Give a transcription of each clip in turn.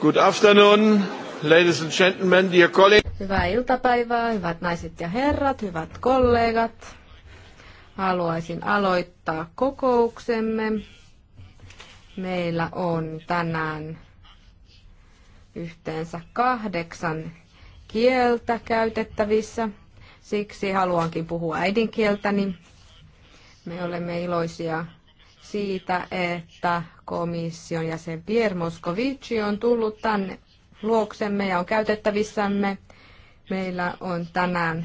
Good afternoon, ladies and gentlemen, dear colleagues. Hyvää iltapäivää, hyvät naiset ja herrat, hyvät kollegat. Haluaisin aloittaa kokouksemme. Meillä on tänään yhteensä kahdeksan kieltä käytettävissä. Siksi haluankin puhua äidinkieltäni. Me olemme iloisia siitä, että komission jäsen Pierre Moscovici on tullut tänne luoksemme ja on käytettävissämme. Meillä on tänään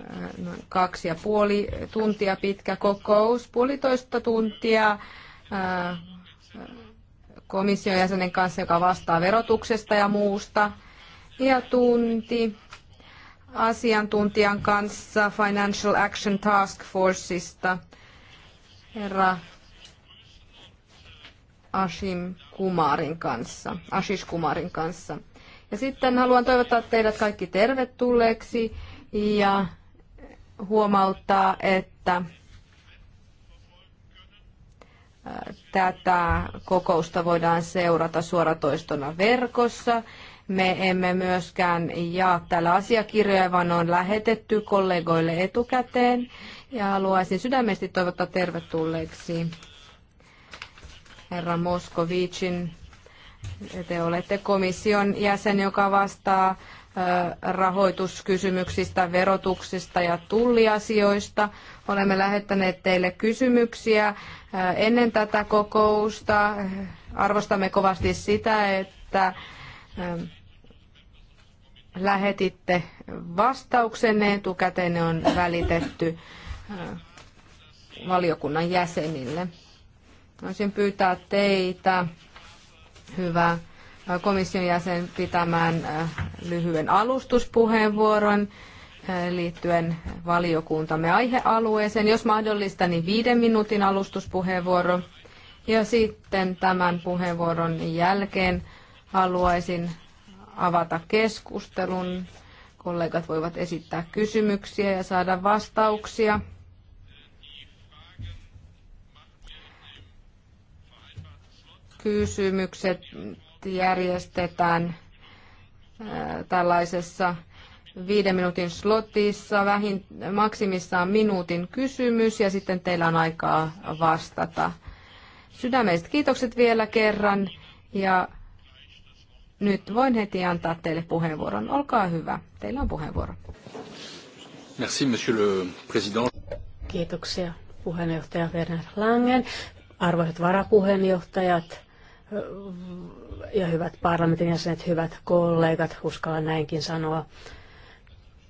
äh, noin kaksi ja puoli tuntia pitkä kokous, puolitoista tuntia äh, komission jäsenen kanssa, joka vastaa verotuksesta ja muusta, ja tunti asiantuntijan kanssa Financial Action Task Forceista – herra Ashim Kumarin kanssa, Ashish Kumarin kanssa. Ja sitten haluan toivottaa teidät kaikki tervetulleeksi ja huomauttaa, että äh, tätä kokousta voidaan seurata suoratoistona verkossa. Me emme myöskään jaa täällä asiakirjoja, vaan on lähetetty kollegoille etukäteen ja haluaisin sydämesti toivottaa tervetulleeksi herra Moskovicin. Te olette komission jäsen, joka vastaa rahoituskysymyksistä, verotuksista ja tulliasioista. Olemme lähettäneet teille kysymyksiä ennen tätä kokousta. Arvostamme kovasti sitä, että lähetitte vastauksenne. Etukäteen ne on välitetty Äh, valiokunnan jäsenille. Voisin pyytää teitä, hyvä äh, komission jäsen, pitämään äh, lyhyen alustuspuheenvuoron liittyen valiokuntamme aihealueeseen. Jos mahdollista, niin viiden minuutin alustuspuheenvuoro. Ja sitten tämän puheenvuoron jälkeen haluaisin avata keskustelun. Kollegat voivat esittää kysymyksiä ja saada vastauksia. kysymykset järjestetään tällaisessa viiden minuutin slotissa, vähin, maksimissaan minuutin kysymys ja sitten teillä on aikaa vastata. Sydämeiset kiitokset vielä kerran ja nyt voin heti antaa teille puheenvuoron. Olkaa hyvä, teillä on puheenvuoro. Merci, monsieur le président. Kiitoksia puheenjohtaja Werner Langen, arvoisat varapuheenjohtajat, ja hyvät parlamentin jäsenet, hyvät kollegat, uskalla näinkin sanoa,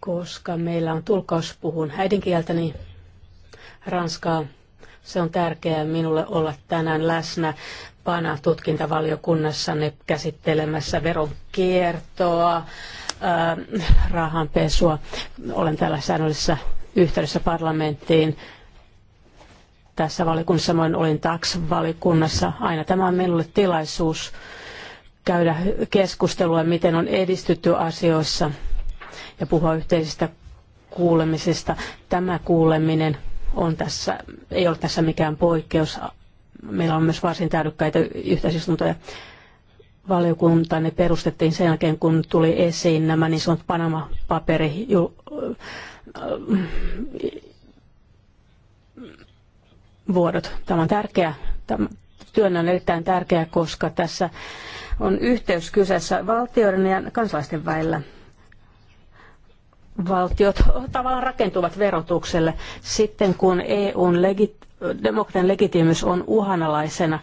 koska meillä on tulkaus puhun äidinkieltäni niin ranskaa. Se on tärkeää minulle olla tänään läsnä pana tutkintavaliokunnassanne käsittelemässä veronkiertoa, äh, rahanpesua. Olen täällä säännöllisessä yhteydessä parlamenttiin tässä valikunnassa, samoin olin TAX-valikunnassa. Aina tämä on minulle tilaisuus käydä keskustelua, miten on edistytty asioissa ja puhua yhteisistä kuulemisista. Tämä kuuleminen on tässä, ei ole tässä mikään poikkeus. Meillä on myös varsin täydykkäitä yhteisistuntoja. Valiokunta ne perustettiin sen jälkeen, kun tuli esiin nämä niin sanotut Panama-paperi vuodot. Tämä on tärkeä, tämä työn on erittäin tärkeä, koska tässä on yhteys kyseessä valtioiden ja kansalaisten välillä. Valtiot tavallaan rakentuvat verotukselle. Sitten kun EUn legit- demokratian legitiimus on uhanalaisena,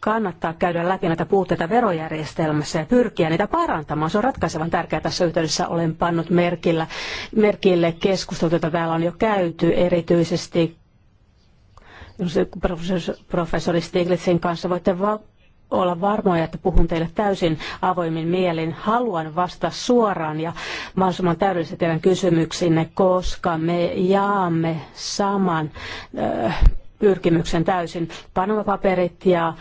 kannattaa käydä läpi näitä puutteita verojärjestelmässä ja pyrkiä niitä parantamaan. Se on ratkaisevan tärkeää tässä yhteydessä. Olen pannut merkillä, merkille keskustelut, joita täällä on jo käyty, erityisesti professori Stiglitzin kanssa. Voitte va- olla varmoja, että puhun teille täysin avoimin mielin. Haluan vastata suoraan ja mahdollisimman täydellisesti teidän kysymyksinne, koska me jaamme saman äh, pyrkimyksen täysin. Panama-paperit ja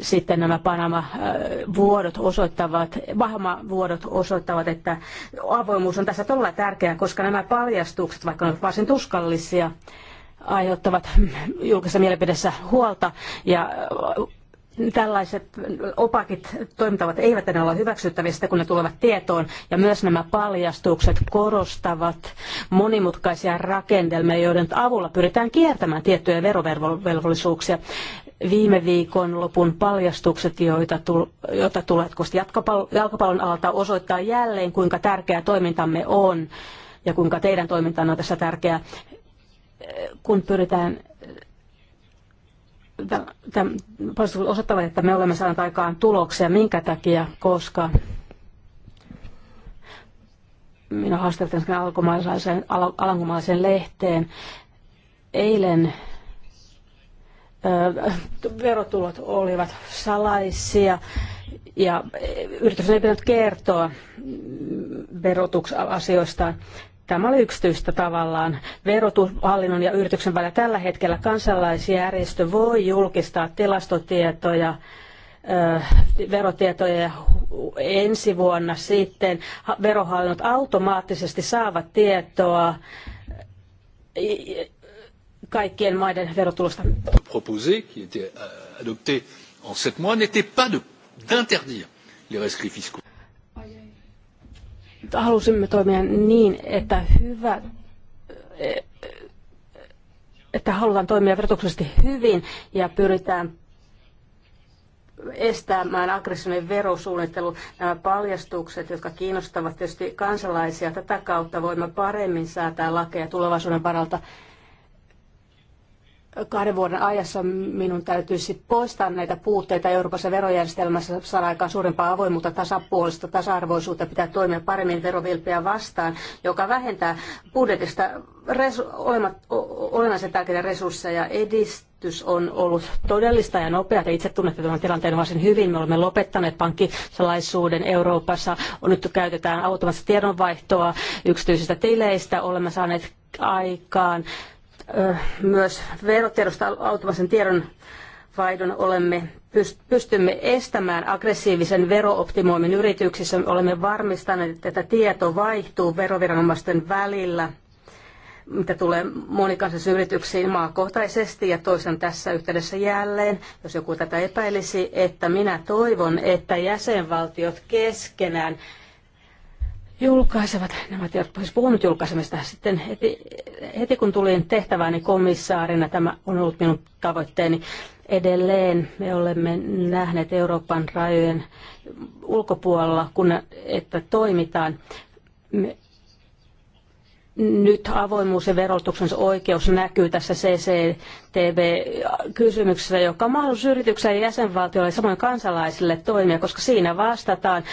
sitten nämä Panama-vuodot äh, osoittavat, Bahama-vuodot osoittavat, että avoimuus on tässä todella tärkeää, koska nämä paljastukset, vaikka ne ovat varsin tuskallisia, aiheuttavat julkisessa mielipidessä huolta ja äh, tällaiset opakit toimintavat eivät enää ole hyväksyttävistä, kun ne tulevat tietoon. Ja myös nämä paljastukset korostavat monimutkaisia rakennelmia, joiden avulla pyritään kiertämään tiettyjä verovelvollisuuksia. Viime viikon lopun paljastukset, joita, tul, joita tulee jalkapallon alta, osoittaa jälleen, kuinka tärkeää toimintamme on ja kuinka teidän toimintanne on tässä tärkeää kun pyritään äh, Puolustusvoimat osoittavat, että me olemme saaneet aikaan tuloksia. Minkä takia? Koska minä haastateltiin alkomaalaiseen, al- alankomaalaiseen lehteen. Eilen äh, verotulot olivat salaisia ja yritys ei pitänyt kertoa verotuksasioistaan. Tämä oli yksityistä tavallaan verotushallinnon ja yrityksen välillä. Tällä hetkellä kansalaisjärjestö voi julkistaa tilastotietoja, verotietoja ensi vuonna sitten verohallinnot automaattisesti saavat tietoa kaikkien maiden verotulosta. Proposé, qui était euh, adopté en sept mois, n'était pas d'interdire les rescrits fiscaux halusimme toimia niin, että hyvä e, että halutaan toimia verotuksellisesti hyvin ja pyritään estämään aggressiivinen verosuunnittelu, nämä paljastukset, jotka kiinnostavat tietysti kansalaisia. Tätä kautta voimme paremmin säätää lakeja tulevaisuuden varalta kahden vuoden ajassa minun täytyisi poistaa näitä puutteita Euroopassa verojärjestelmässä, saada aikaan suurempaa avoimuutta, tasapuolista, tasa-arvoisuutta, pitää toimia paremmin verovilpeä vastaan, joka vähentää budjetista resu- olennaisen tärkeitä resursseja edistää on ollut todellista ja nopeaa, Itse tunnette tämän tilanteen varsin hyvin. Me olemme lopettaneet pankkisalaisuuden Euroopassa. Nyt käytetään automaattista tiedonvaihtoa yksityisistä tileistä. Olemme saaneet aikaan myös verotiedosta autuvaisen tiedon vaihdon olemme, pystymme estämään aggressiivisen verooptimoimin yrityksissä. Olemme varmistaneet, että tieto vaihtuu veroviranomaisten välillä, mitä tulee monikansallisiin yrityksiin maakohtaisesti. Ja toisen tässä yhteydessä jälleen, jos joku tätä epäilisi, että minä toivon, että jäsenvaltiot keskenään julkaisevat nämä tiedot, siis puhun julkaisemista. Sitten heti, heti kun tulin tehtävääni komissaarina, tämä on ollut minun tavoitteeni, edelleen me olemme nähneet Euroopan rajojen ulkopuolella, kun, että toimitaan. Me, nyt avoimuus ja verotuksen oikeus näkyy tässä CCTV-kysymyksessä, joka on mahdollisuus yritykselle ja ja samoin kansalaisille toimia, koska siinä vastataan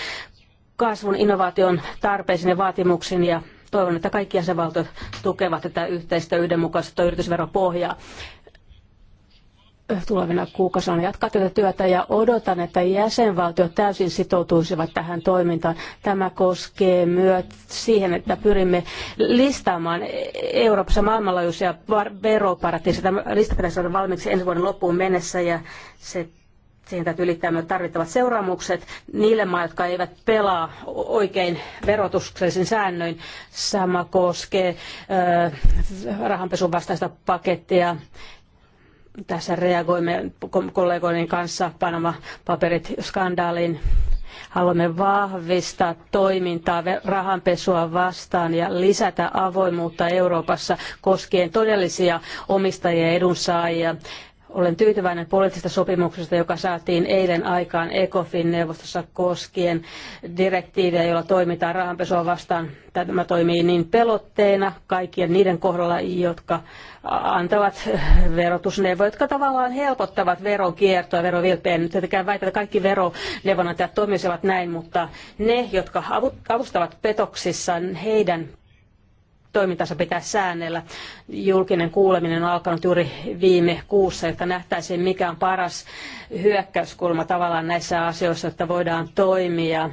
kasvun innovaation tarpeisiin ja vaatimuksiin ja toivon, että kaikki jäsenvaltiot tukevat tätä yhteistä yhdenmukaista yritysveropohjaa. Tulevina kuukausina jatkaa tätä työtä ja odotan, että jäsenvaltiot täysin sitoutuisivat tähän toimintaan. Tämä koskee myös siihen, että pyrimme listaamaan Euroopassa maailmanlaajuisia veroparatiiseja. Tämä lista pitäisi saada valmiiksi ensi vuoden loppuun mennessä ja se siihen täytyy liittää myös tarvittavat seuraamukset niille maille, jotka eivät pelaa oikein verotuksellisin säännöin. Sama koskee rahanpesun vastaista pakettia. Tässä reagoimme kollegoiden kanssa Panama-paperit-skandaaliin. Haluamme vahvistaa toimintaa rahanpesua vastaan ja lisätä avoimuutta Euroopassa koskien todellisia omistajia ja edunsaajia olen tyytyväinen poliittisesta sopimuksesta, joka saatiin eilen aikaan ECOFIN-neuvostossa koskien direktiiviä, jolla toimitaan rahanpesua vastaan. Tämä toimii niin pelotteena kaikkien niiden kohdalla, jotka antavat verotusneuvoja, jotka tavallaan helpottavat veronkiertoa ja verovilpeen. Nyt tietenkään väitä, että kaikki veroneuvonantajat toimisivat näin, mutta ne, jotka avustavat petoksissa, heidän toimintansa pitää säännellä. Julkinen kuuleminen on alkanut juuri viime kuussa, jotta nähtäisiin mikä on paras hyökkäyskulma tavallaan näissä asioissa, että voidaan toimia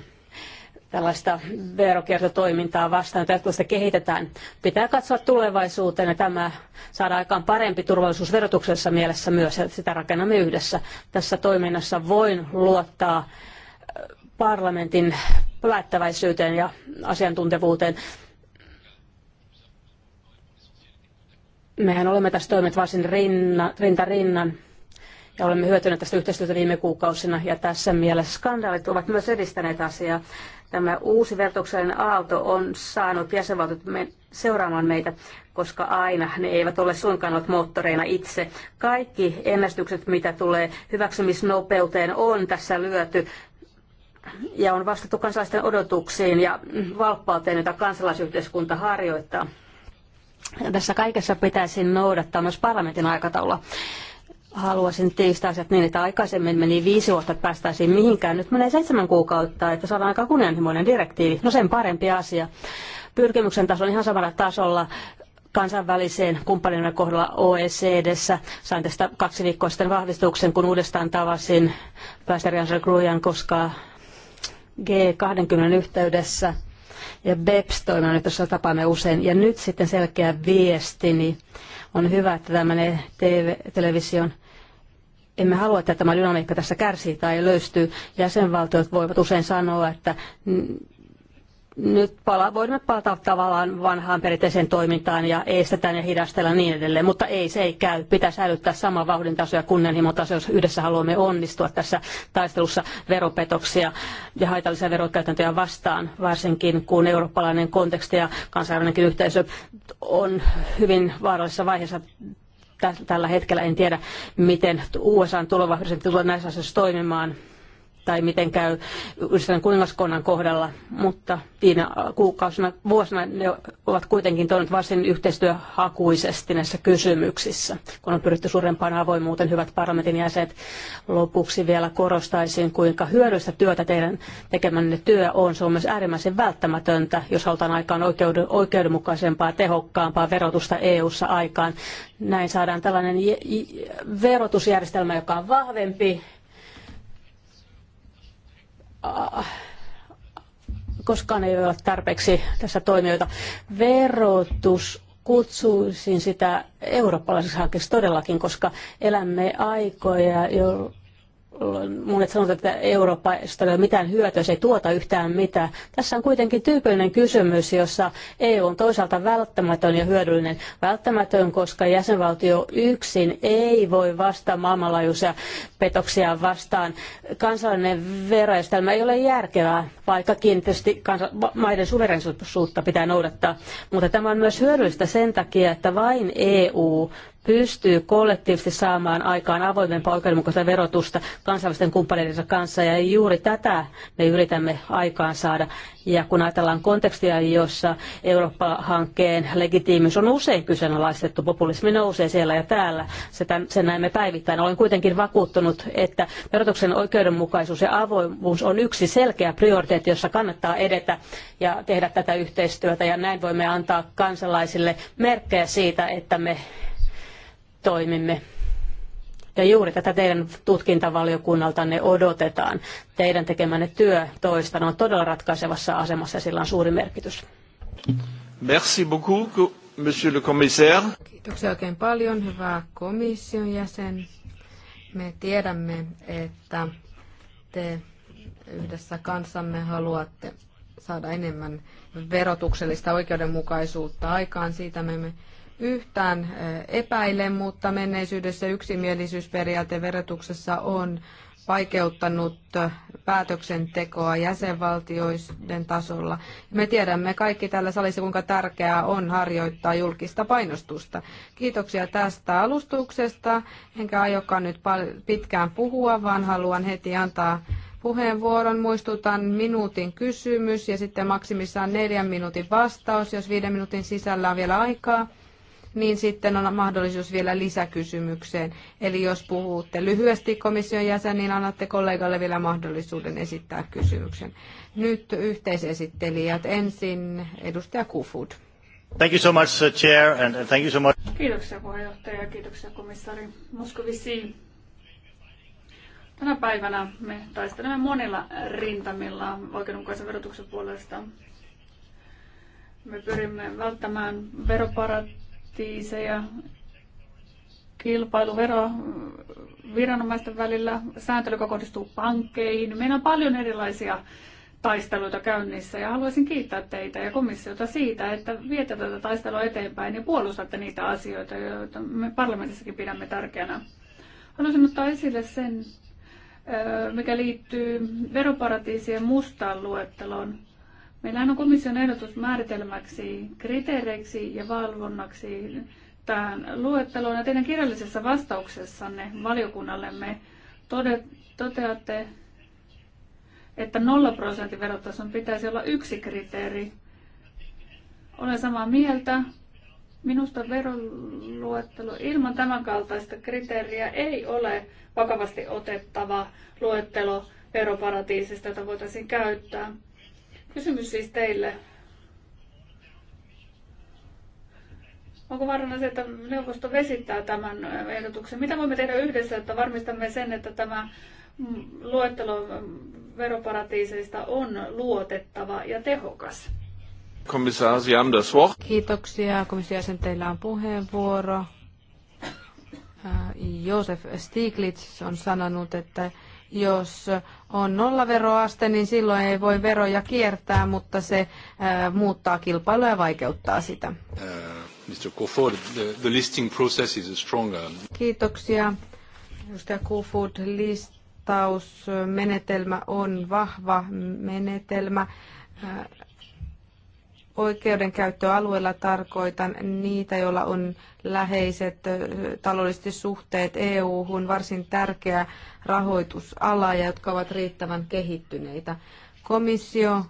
tällaista verokiertotoimintaa vastaan, jota jatkuvasti kehitetään. Pitää katsoa tulevaisuuteen ja tämä saada aikaan parempi turvallisuus verotuksessa mielessä myös, ja sitä rakennamme yhdessä. Tässä toiminnassa voin luottaa äh, parlamentin päättäväisyyteen ja asiantuntevuuteen. mehän olemme tässä toimet varsin rinna, rinta rinnan ja olemme hyötyneet tästä yhteistyötä viime kuukausina ja tässä mielessä skandaalit ovat myös edistäneet asiaa. Tämä uusi vertauksellinen aalto on saanut jäsenvaltiot me, seuraamaan meitä, koska aina ne eivät ole suinkaan olleet moottoreina itse. Kaikki ennästykset, mitä tulee hyväksymisnopeuteen, on tässä lyöty ja on vastattu kansalaisten odotuksiin ja valppauteen, jota kansalaisyhteiskunta harjoittaa. Tässä kaikessa pitäisi noudattaa myös parlamentin aikataulua. Haluaisin tiivistää asiat niin, että aikaisemmin meni viisi vuotta, että päästäisiin mihinkään. Nyt menee seitsemän kuukautta, että saadaan aika kunnianhimoinen direktiivi. No sen parempi asia. Pyrkimyksen taso on ihan samalla tasolla kansainväliseen kumppanimme kohdalla OECDssä. Sain tästä kaksi viikkoa sitten vahvistuksen, kun uudestaan tavasin päästöri Angel Grujan, koska G20 yhteydessä – ja BEPS-toiminnot, jossa tapaamme usein. Ja nyt sitten selkeä viesti, niin on hyvä, että tämmöinen TV, television emme halua, että tämä dynamiikka tässä kärsii tai löystyy. Jäsenvaltiot voivat usein sanoa, että nyt pala, voimme palata tavallaan vanhaan perinteiseen toimintaan ja estetään ja hidastella niin edelleen, mutta ei se ei käy. Pitää säilyttää sama vauhdin taso ja kunnianhimon taso, jos yhdessä haluamme onnistua tässä taistelussa veropetoksia ja haitallisia verokäytäntöjä vastaan, varsinkin kun eurooppalainen konteksti ja kansainvälinenkin yhteisö on hyvin vaarallisessa vaiheessa tällä hetkellä. En tiedä, miten USA tuleva presidentti tulee näissä asioissa toimimaan tai miten käy yhdistön kuningaskonnan kohdalla, mutta viime kuukausina, vuosina ne ovat kuitenkin toimineet varsin yhteistyöhakuisesti näissä kysymyksissä, kun on pyritty suurempaan avoimuuteen, hyvät parlamentin jäsenet. Lopuksi vielä korostaisin, kuinka hyödyllistä työtä teidän tekemänne työ on. Se on myös äärimmäisen välttämätöntä, jos halutaan aikaan oikeudenmukaisempaa, tehokkaampaa verotusta EU-ssa aikaan. Näin saadaan tällainen verotusjärjestelmä, joka on vahvempi, Ah, koskaan ei ole tarpeeksi tässä toimijoita. Verotus kutsuisin sitä eurooppalaisessa hankkeessa todellakin, koska elämme aikoja, jolloin monet sanovat, että Euroopasta ei ole mitään hyötyä, se ei tuota yhtään mitään. Tässä on kuitenkin tyypillinen kysymys, jossa EU on toisaalta välttämätön ja hyödyllinen. Välttämätön, koska jäsenvaltio yksin ei voi vastata maailmanlaajuisia petoksia vastaan. Kansallinen verojärjestelmä ei ole järkevää, vaikkakin tietysti kansa- maiden suverensuutta pitää noudattaa. Mutta tämä on myös hyödyllistä sen takia, että vain EU pystyy kollektiivisesti saamaan aikaan avoimempaa oikeudenmukaista verotusta kansainvälisten kumppaneidensa kanssa. Ja juuri tätä me yritämme aikaan saada. Ja kun ajatellaan kontekstia, jossa Eurooppa-hankkeen legitiimiys on usein kyseenalaistettu, populismi nousee siellä ja täällä, sen näemme päivittäin. Olen kuitenkin vakuuttunut, että verotuksen oikeudenmukaisuus ja avoimuus on yksi selkeä prioriteetti, jossa kannattaa edetä ja tehdä tätä yhteistyötä. Ja näin voimme antaa kansalaisille merkkejä siitä, että me toimimme. Ja juuri tätä teidän tutkintavaliokunnaltanne odotetaan. Teidän tekemänne työ toista on todella ratkaisevassa asemassa ja sillä on suuri merkitys. Merci beaucoup, monsieur le commissaire. Kiitoksia oikein paljon, hyvä komission jäsen. Me tiedämme, että te yhdessä kanssamme haluatte saada enemmän verotuksellista oikeudenmukaisuutta aikaan. Siitä me emme yhtään epäile, mutta menneisyydessä yksimielisyysperiaate verotuksessa on vaikeuttanut päätöksentekoa jäsenvaltioiden tasolla. Me tiedämme kaikki täällä salissa, kuinka tärkeää on harjoittaa julkista painostusta. Kiitoksia tästä alustuksesta. Enkä aiokaan nyt pitkään puhua, vaan haluan heti antaa puheenvuoron. Muistutan minuutin kysymys ja sitten maksimissaan neljän minuutin vastaus, jos viiden minuutin sisällä on vielä aikaa niin sitten on mahdollisuus vielä lisäkysymykseen. Eli jos puhutte lyhyesti komission jäsen, niin annatte kollegalle vielä mahdollisuuden esittää kysymyksen. Nyt yhteisesittelijät. Ensin edustaja Kufud. Thank you so much, uh, Chair, and thank you so much. Kiitoksia puheenjohtaja ja kiitoksia komissaari Moskovisi. Tänä päivänä me taistelemme monilla rintamilla oikeudenmukaisen verotuksen puolesta. Me pyrimme välttämään veroparatiiseja tiisejä kilpailuvero viranomaisten välillä, sääntely, joka kohdistuu pankkeihin. Meillä on paljon erilaisia taisteluita käynnissä ja haluaisin kiittää teitä ja komissiota siitä, että viette tätä taistelua eteenpäin ja puolustatte niitä asioita, joita me parlamentissakin pidämme tärkeänä. Haluaisin ottaa esille sen, mikä liittyy veroparatiisien mustaan luetteloon. Meillähän on komission ehdotus määritelmäksi, kriteereiksi ja valvonnaksi tähän luetteloon. Ja teidän kirjallisessa vastauksessanne valiokunnallemme tode, toteatte, että 0 prosentin verotason pitäisi olla yksi kriteeri. Olen samaa mieltä. Minusta veroluettelo ilman tämänkaltaista kriteeriä ei ole vakavasti otettava luettelo veroparatiisista, jota voitaisiin käyttää. Kysymys siis teille. Onko varmaan se, että neuvosto vesittää tämän ehdotuksen? Mitä voimme tehdä yhdessä, että varmistamme sen, että tämä mm, luettelo mm, veroparatiiseista on luotettava ja tehokas? Komissaari, Sie Kiitoksia. Komissiasen, teillä on puheenvuoro. Äh, Josef Stiglitz on sanonut, että jos on nollaveroaste, niin silloin ei voi veroja kiertää, mutta se äh, muuttaa kilpailua ja vaikeuttaa sitä. Äh, Mr. Kofod, the, the listing process is stronger. Kiitoksia. Edustaja Kofod, listausmenetelmä on vahva menetelmä. Äh, oikeudenkäyttöalueella tarkoitan niitä, joilla on läheiset taloudelliset suhteet EU-hun, varsin tärkeä rahoitusala ja jotka ovat riittävän kehittyneitä. Komissio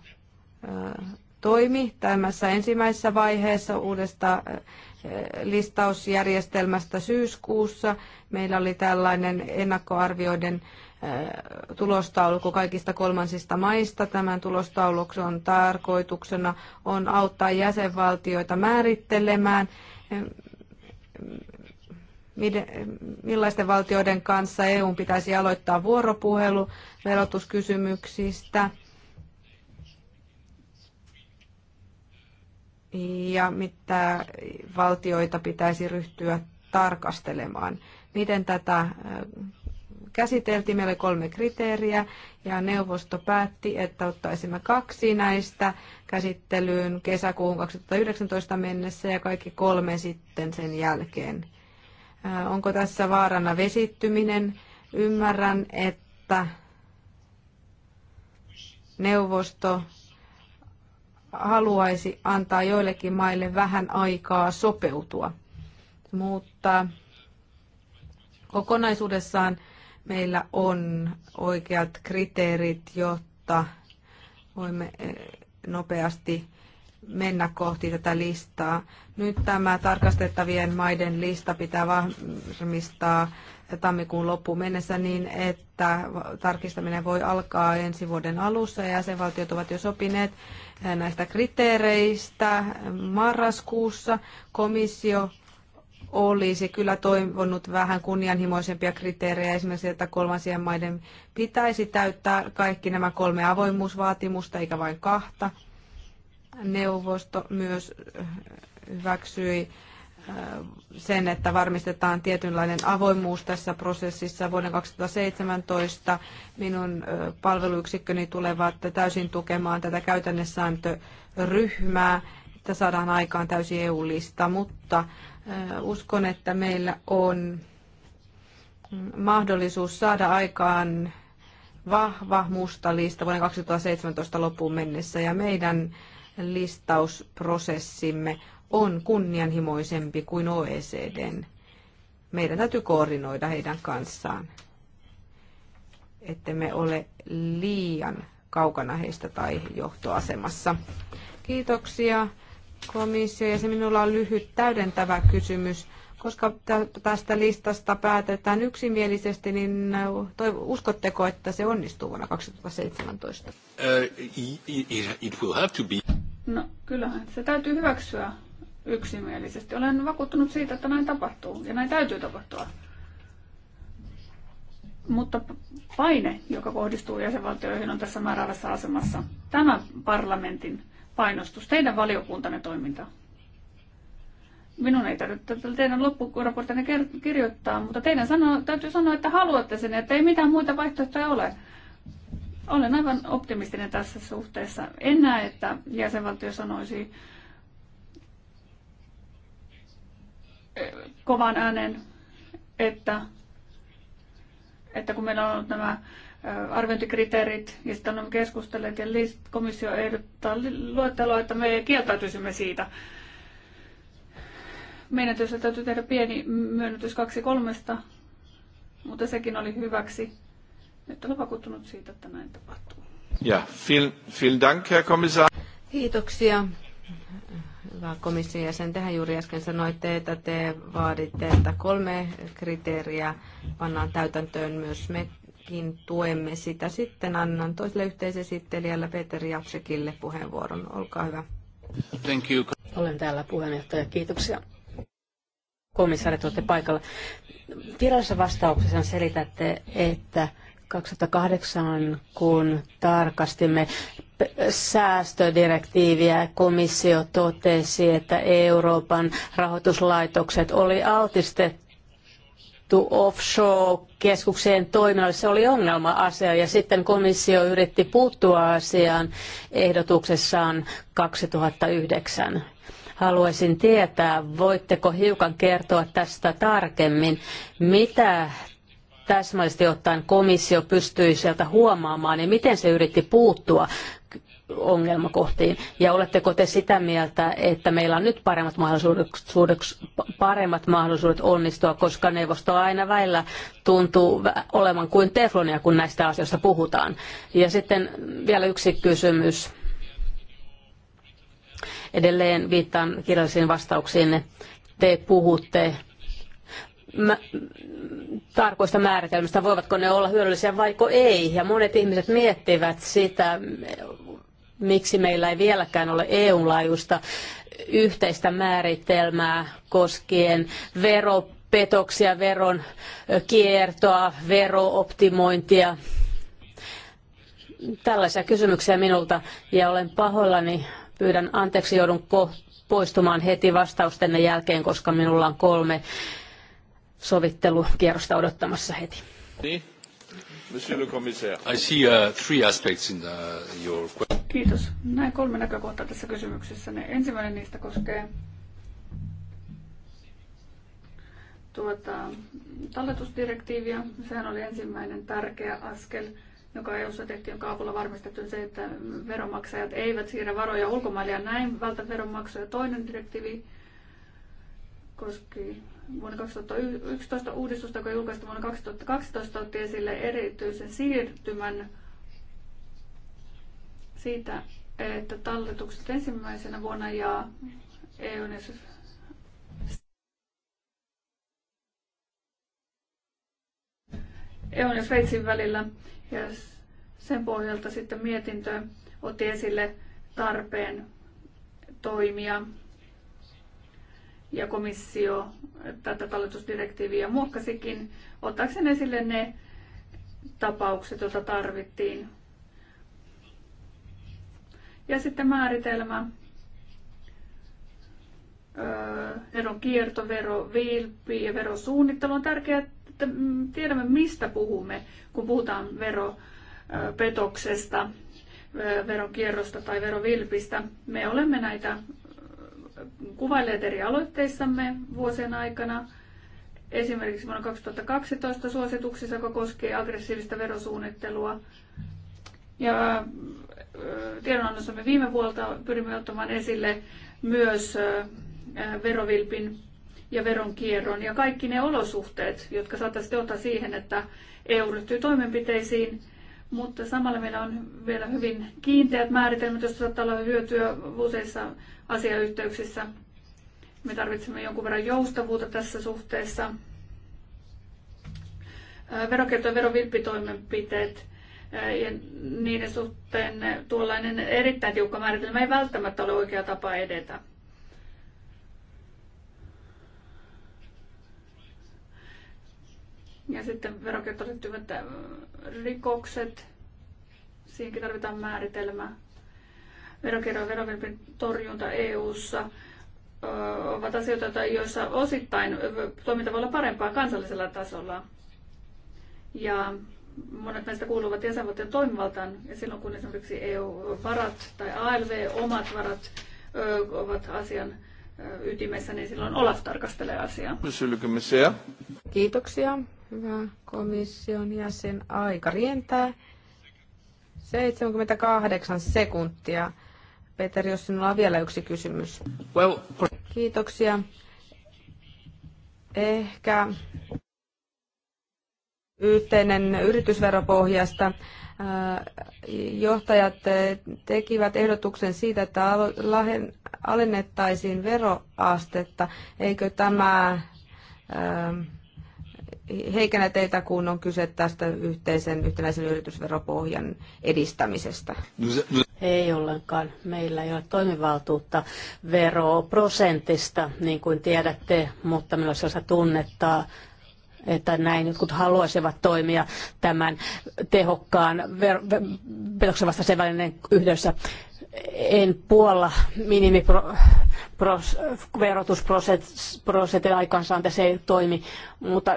toimi tämässä ensimmäisessä vaiheessa uudesta listausjärjestelmästä syyskuussa. Meillä oli tällainen ennakkoarvioiden Äh, tulostaulukko kaikista kolmansista maista. Tämän tulostauluksen tarkoituksena on auttaa jäsenvaltioita määrittelemään, millaisten valtioiden kanssa EU pitäisi aloittaa vuoropuhelu verotuskysymyksistä. ja mitä valtioita pitäisi ryhtyä tarkastelemaan. Miten tätä äh, käsiteltiin. Meillä oli kolme kriteeriä ja neuvosto päätti, että ottaisimme kaksi näistä käsittelyyn kesäkuun 2019 mennessä ja kaikki kolme sitten sen jälkeen. Äh, onko tässä vaarana vesittyminen? Ymmärrän, että neuvosto haluaisi antaa joillekin maille vähän aikaa sopeutua, mutta kokonaisuudessaan meillä on oikeat kriteerit, jotta voimme eh, nopeasti mennä kohti tätä listaa. Nyt tämä tarkastettavien maiden lista pitää varmistaa tammikuun loppuun mennessä niin, että tarkistaminen voi alkaa ensi vuoden alussa ja jäsenvaltiot ovat jo sopineet näistä kriteereistä marraskuussa. Komissio olisi kyllä toivonut vähän kunnianhimoisempia kriteerejä, esimerkiksi, että kolmansien maiden pitäisi täyttää kaikki nämä kolme avoimuusvaatimusta, eikä vain kahta. Neuvosto myös eh, hyväksyi eh, sen, että varmistetaan tietynlainen avoimuus tässä prosessissa. Vuoden 2017 minun eh, palveluyksikköni tulevat täysin tukemaan tätä käytännössääntöryhmää että saadaan aikaan täysi EU-lista, mutta uskon, että meillä on mahdollisuus saada aikaan vahva musta lista vuoden 2017 loppuun mennessä ja meidän listausprosessimme on kunnianhimoisempi kuin OECDn. Meidän täytyy koordinoida heidän kanssaan, ettei me ole liian kaukana heistä tai johtoasemassa. Kiitoksia komissio ja se minulla on lyhyt täydentävä kysymys. Koska tästä listasta päätetään yksimielisesti, niin äh, uskotteko, että se onnistuu vuonna 2017? Uh, no kyllähän se täytyy hyväksyä yksimielisesti. Olen vakuuttunut siitä, että näin tapahtuu ja näin täytyy tapahtua. Mutta paine, joka kohdistuu jäsenvaltioihin, on tässä määräävässä asemassa. Tämä parlamentin painostus, teidän valiokuntanne toiminta? Minun ei tarvitse teidän loppuraporttinne kirjoittaa, mutta teidän sano, täytyy sanoa, että haluatte sen, että ei mitään muita vaihtoehtoja ole. Olen aivan optimistinen tässä suhteessa. En näe, että jäsenvaltio sanoisi eh, kovan äänen, että, että kun meillä on ollut nämä arviointikriteerit, joista olemme keskustelleet, ja komissio ehdottaa luetteloa, että me kieltäytyisimme siitä. Meidän työssä täytyy tehdä pieni myönnytys kaksi kolmesta, mutta sekin oli hyväksi. Nyt olen vakuuttunut siitä, että näin tapahtuu. Ja, vielen, vielen dank, Herr Kommissar. Kiitoksia. Hyvä komission jäsen, tähän juuri äsken sanoitte, että te vaaditte, että kolme kriteeriä pannaan täytäntöön myös me mekin tuemme sitä. Sitten annan toiselle yhteisesittelijällä Peter Japsekille puheenvuoron. Olkaa hyvä. Thank you. Olen täällä puheenjohtaja. Kiitoksia. Komissaari, olette paikalla. Virallisessa vastauksessa selitätte, että 2008, kun tarkastimme säästödirektiiviä, komissio totesi, että Euroopan rahoituslaitokset oli altistettu sijoitettu offshore-keskukseen toiminnalle. Se oli ongelma-asia ja sitten komissio yritti puuttua asiaan ehdotuksessaan 2009. Haluaisin tietää, voitteko hiukan kertoa tästä tarkemmin, mitä täsmällisesti ottaen komissio pystyi sieltä huomaamaan ja miten se yritti puuttua ongelmakohtiin? Ja oletteko te sitä mieltä, että meillä on nyt paremmat mahdollisuudet, paremmat mahdollisuudet onnistua, koska neuvosto aina välillä tuntuu olevan kuin teflonia, kun näistä asioista puhutaan? Ja sitten vielä yksi kysymys. Edelleen viittaan kirjallisiin vastauksiin. Te puhutte mä, tarkoista määritelmistä, voivatko ne olla hyödyllisiä vaiko ei. Ja monet ihmiset miettivät sitä, miksi meillä ei vieläkään ole EU-laajuista yhteistä määritelmää koskien veropetoksia, veron kiertoa, verooptimointia. Tällaisia kysymyksiä minulta ja olen pahoillani. Pyydän anteeksi, joudun poistumaan heti vastaustenne jälkeen, koska minulla on kolme sovittelukierrosta odottamassa heti. Niin. Monsieur le commissaire. I see uh, three aspects in the, your question. Kiitos. Näin kolme näkökohtaa tässä kysymyksessä. Ensimmäinen niistä koskee tuota, talletusdirektiiviä. Sehän oli ensimmäinen tärkeä askel, joka EU-ssa tehtiin, jonka avulla varmistettiin se, että veronmaksajat eivät siirrä varoja ulkomaille ja näin vältä veronmaksuja. Toinen direktiivi koski vuonna 2011 uudistusta, joka julkaistiin vuonna 2012, otti esille erityisen siirtymän siitä, että talletukset ensimmäisenä vuonna ja EUn EUn ja Sveitsin välillä ja sen pohjalta sitten mietintö otti esille tarpeen toimia ja komissio tätä talletusdirektiiviä muokkasikin ottaakseen esille ne tapaukset, joita tarvittiin. Ja sitten määritelmä, veron kierto, vero vilppi ja verosuunnittelu on tärkeää, että tiedämme mistä puhumme, kun puhutaan veropetoksesta, veronkierrosta tai verovilpistä. Me olemme näitä kuvailleet eri aloitteissamme vuosien aikana. Esimerkiksi vuonna 2012 suosituksissa, joka koskee aggressiivista verosuunnittelua. Ja tiedonannossamme viime vuolta pyrimme ottamaan esille myös verovilpin ja veronkierron ja kaikki ne olosuhteet, jotka saattaisivat johtaa siihen, että EU ryhtyy toimenpiteisiin, mutta samalla meillä on vielä hyvin kiinteät määritelmät, joista saattaa olla hyötyä useissa asiayhteyksissä. Me tarvitsemme jonkun verran joustavuutta tässä suhteessa. Verokierto- ja verovilppitoimenpiteet ja niiden suhteen tuollainen erittäin tiukka määritelmä ei välttämättä ole oikea tapa edetä. Ja sitten veronkiertoon liittyvät äh, rikokset. Siihenkin tarvitaan määritelmä. Veronkierron ja torjunta EU-ssa äh, ovat asioita, joissa osittain äh, toiminta voi olla parempaa kansallisella tasolla. Ja monet näistä kuuluvat jäsenvaltion toimivaltaan, ja silloin kun esimerkiksi EU-varat tai ALV-omat varat ovat asian ytimessä, niin silloin Olaf tarkastelee asiaa. Kiitoksia. Hyvä komission jäsen. Aika rientää. 78 sekuntia. Peter, jos sinulla on vielä yksi kysymys. Well, Kiitoksia. Ehkä yhteinen yritysveropohjasta. Äh, johtajat äh, tekivät ehdotuksen siitä, että alennettaisiin veroastetta. Eikö tämä ähm, heikennä teitä, kun on kyse tästä yhteisen yhtenäisen yritysveropohjan edistämisestä? Ei ollenkaan. Meillä ei ole toimivaltuutta veroprosentista, niin kuin tiedätte, mutta meillä on sellaista tunnetta, että näin jotkut haluaisivat toimia tämän tehokkaan ver- ve- petoksen vastaisen välinen yhdessä en puolla minimiverotusprosentin aikaansaanta, se ei toimi, mutta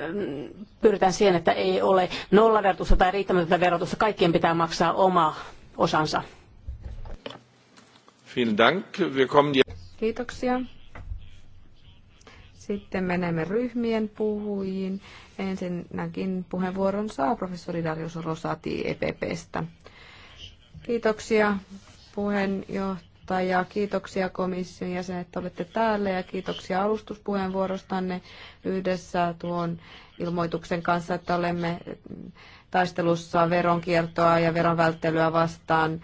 pyritään siihen, että ei ole nollaverotusta tai riittämätöntä verotusta. Kaikkien pitää maksaa oma osansa. Kiitoksia. Sitten menemme ryhmien puhujiin. Ensinnäkin puheenvuoron saa professori Darius Rosati EPPstä. Kiitoksia puheenjohtaja. Kiitoksia komission jäsenet, että olette täällä ja kiitoksia alustuspuheenvuorostanne yhdessä tuon ilmoituksen kanssa, että olemme taistelussa veronkiertoa ja veronvälttelyä vastaan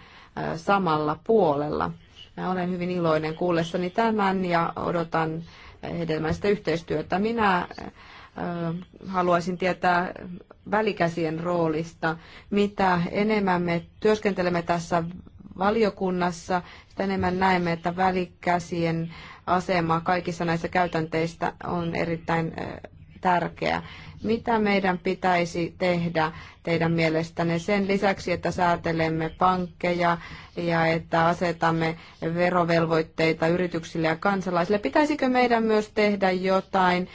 samalla puolella. Mä olen hyvin iloinen kuullessani tämän ja odotan hedelmällistä yhteistyötä. Minä haluaisin tietää välikäsien roolista. Mitä enemmän me työskentelemme tässä valiokunnassa, sitä enemmän näemme, että välikäsien asema kaikissa näissä käytänteissä on erittäin eh, tärkeä. Mitä meidän pitäisi tehdä teidän mielestänne sen lisäksi, että säätelemme pankkeja ja että asetamme verovelvoitteita yrityksille ja kansalaisille? Pitäisikö meidän myös tehdä jotain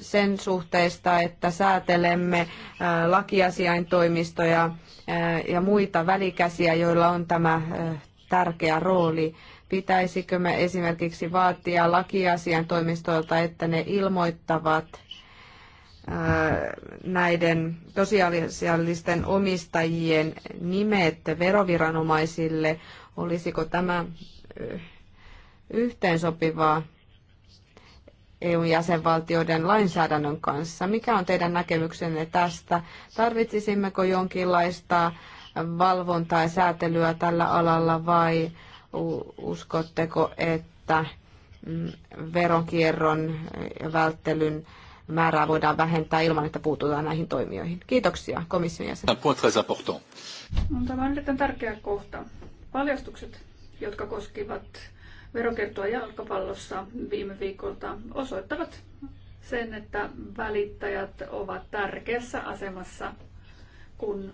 sen suhteesta, että säätelemme lakiasiaintoimistoja ja muita välikäsiä, joilla on tämä tärkeä rooli? Pitäisikö me esimerkiksi vaatia lakiasiantoimistolta, että ne ilmoittavat näiden tosiasiallisten omistajien nimet veroviranomaisille, olisiko tämä yhteensopivaa EUn jäsenvaltioiden lainsäädännön kanssa. Mikä on teidän näkemyksenne tästä? Tarvitsisimmeko jonkinlaista valvontaa ja säätelyä tällä alalla vai uskotteko, että mm, veronkierron ja välttelyn määrää voidaan vähentää ilman, että puututaan näihin toimijoihin. Kiitoksia komission jäsen. Tämä on erittäin tärkeä kohta. Paljastukset, jotka koskivat verokertoa jalkapallossa viime viikolta, osoittavat sen, että välittäjät ovat tärkeässä asemassa, kun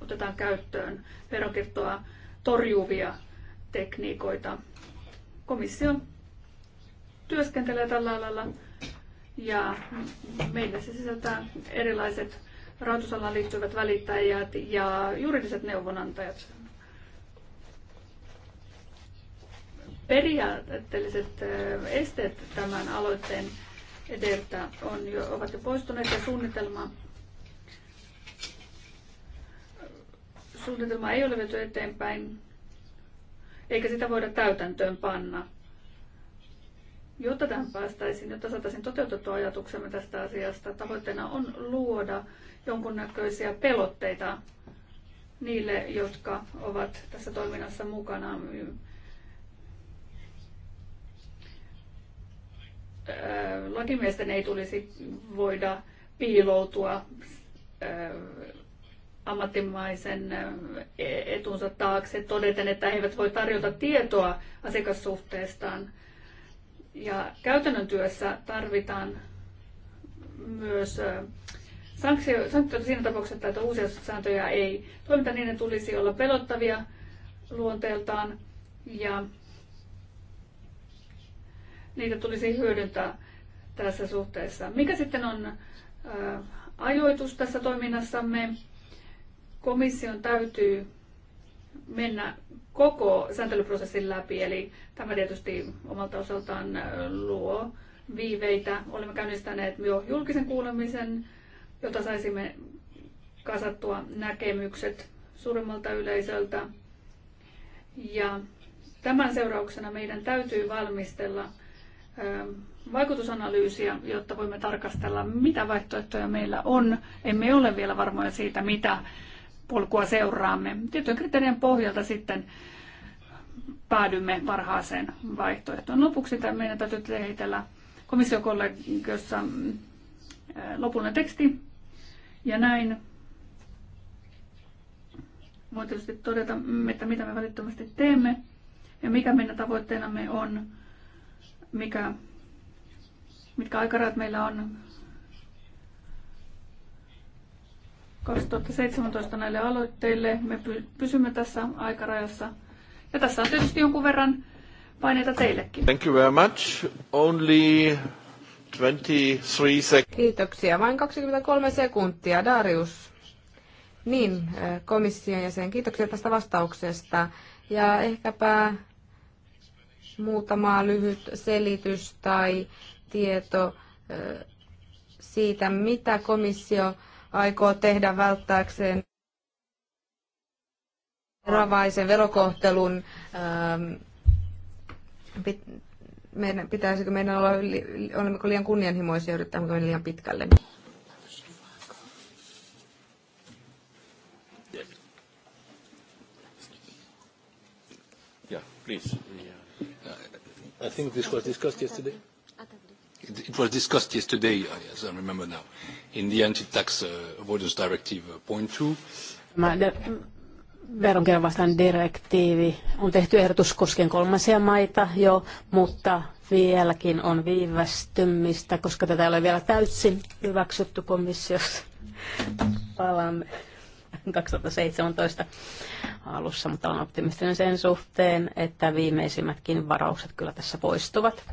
otetaan käyttöön verokertoa torjuvia tekniikoita. Komissio työskentelee tällä alalla ja meillä se sisältää erilaiset rahoitusalaan liittyvät välittäjät ja juridiset neuvonantajat. Periaatteelliset esteet tämän aloitteen edeltä on jo, ovat jo poistuneet ja suunnitelma, suunnitelma ei ole viety eteenpäin, eikä sitä voida täytäntöön panna Jotta tähän päästäisiin, jotta saataisiin toteutettua ajatuksemme tästä asiasta, tavoitteena on luoda jonkunnäköisiä pelotteita niille, jotka ovat tässä toiminnassa mukana. Lakimiesten ei tulisi voida piiloutua ammattimaisen e-, etunsa taakse todeten, että he eivät voi tarjota tietoa asiakassuhteestaan ja käytännön työssä tarvitaan myös sanktioita siinä tapauksessa, että uusia sääntöjä ei toimita, niin, ne tulisi olla pelottavia luonteeltaan ja niitä tulisi hyödyntää tässä suhteessa. Mikä sitten on ajoitus tässä toiminnassamme? Komission täytyy mennä koko sääntelyprosessin läpi, eli tämä tietysti omalta osaltaan luo viiveitä. Olemme käynnistäneet jo julkisen kuulemisen, jota saisimme kasattua näkemykset suuremmalta yleisöltä. Ja tämän seurauksena meidän täytyy valmistella vaikutusanalyysiä, jotta voimme tarkastella, mitä vaihtoehtoja meillä on. Emme ole vielä varmoja siitä, mitä polkua seuraamme. tietyn kriteerien pohjalta sitten päädymme parhaaseen vaihtoehtoon. Lopuksi meidän täytyy tehdä komissiokollegiossa mm, lopullinen teksti. Ja näin voin tietysti todeta, mm, että mitä me välittömästi teemme ja mikä meidän tavoitteenamme on, mikä, mitkä aikarajat meillä on 2017 näille aloitteille. Me pysymme tässä aikarajassa. Ja tässä on tietysti jonkun verran paineita teillekin. Thank you very much. Only 23 sek- Kiitoksia. Vain 23 sekuntia. Darius. Niin, äh, komission jäsen. Kiitoksia tästä vastauksesta. Ja ehkäpä muutama lyhyt selitys tai tieto äh, siitä, mitä komissio aikoo tehdä välttääkseen ravaisen verokohtelun. Ähm, meidän, pitäisikö meidän olla, olemmeko liian kunnianhimoisia, yrittämmekö me liian pitkälle? Yeah, please. I think this was discussed yesterday. It was discussed yesterday, as I remember now in the Anti-Tax uh, Avoidance Directive uh, Point 2. veronkierron vastaan direktiivi on tehty ehdotus koskien kolmansia maita jo, mutta vieläkin on viivästymistä, koska tätä ei ole vielä täysin hyväksytty komissiossa. Palaamme 2017 alussa, mutta olen optimistinen sen suhteen, että viimeisimmätkin varaukset kyllä tässä poistuvat.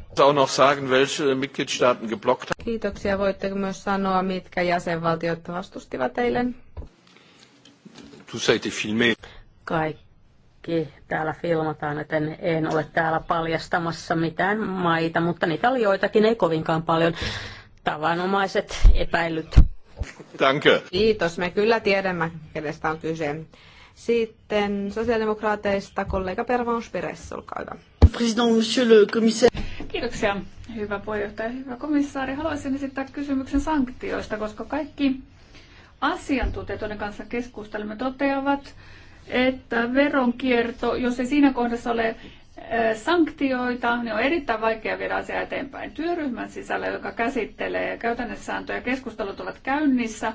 Kiitoksia. Voitteko myös sanoa, mitkä jäsenvaltiot vastustivat eilen? Kaikki täällä filmataan, joten en ole täällä paljastamassa mitään maita, mutta niitä oli joitakin, ei kovinkaan paljon tavanomaiset epäilyt Danke. Kiitos, me kyllä tiedämme, kenestä on kyse. Sitten sosiaalidemokraateista kollega Pervaus Peres, olkaa hyvä. President, monsieur le commissaire. Kiitoksia, hyvä puheenjohtaja, hyvä komissaari. Haluaisin esittää kysymyksen sanktioista, koska kaikki asiantuntijat, joiden kanssa keskustelimme, toteavat, että veronkierto, jos ei siinä kohdassa ole sanktioita, niin on erittäin vaikea viedä asiaa eteenpäin työryhmän sisällä, joka käsittelee käytännössääntöjä. Keskustelut ovat käynnissä.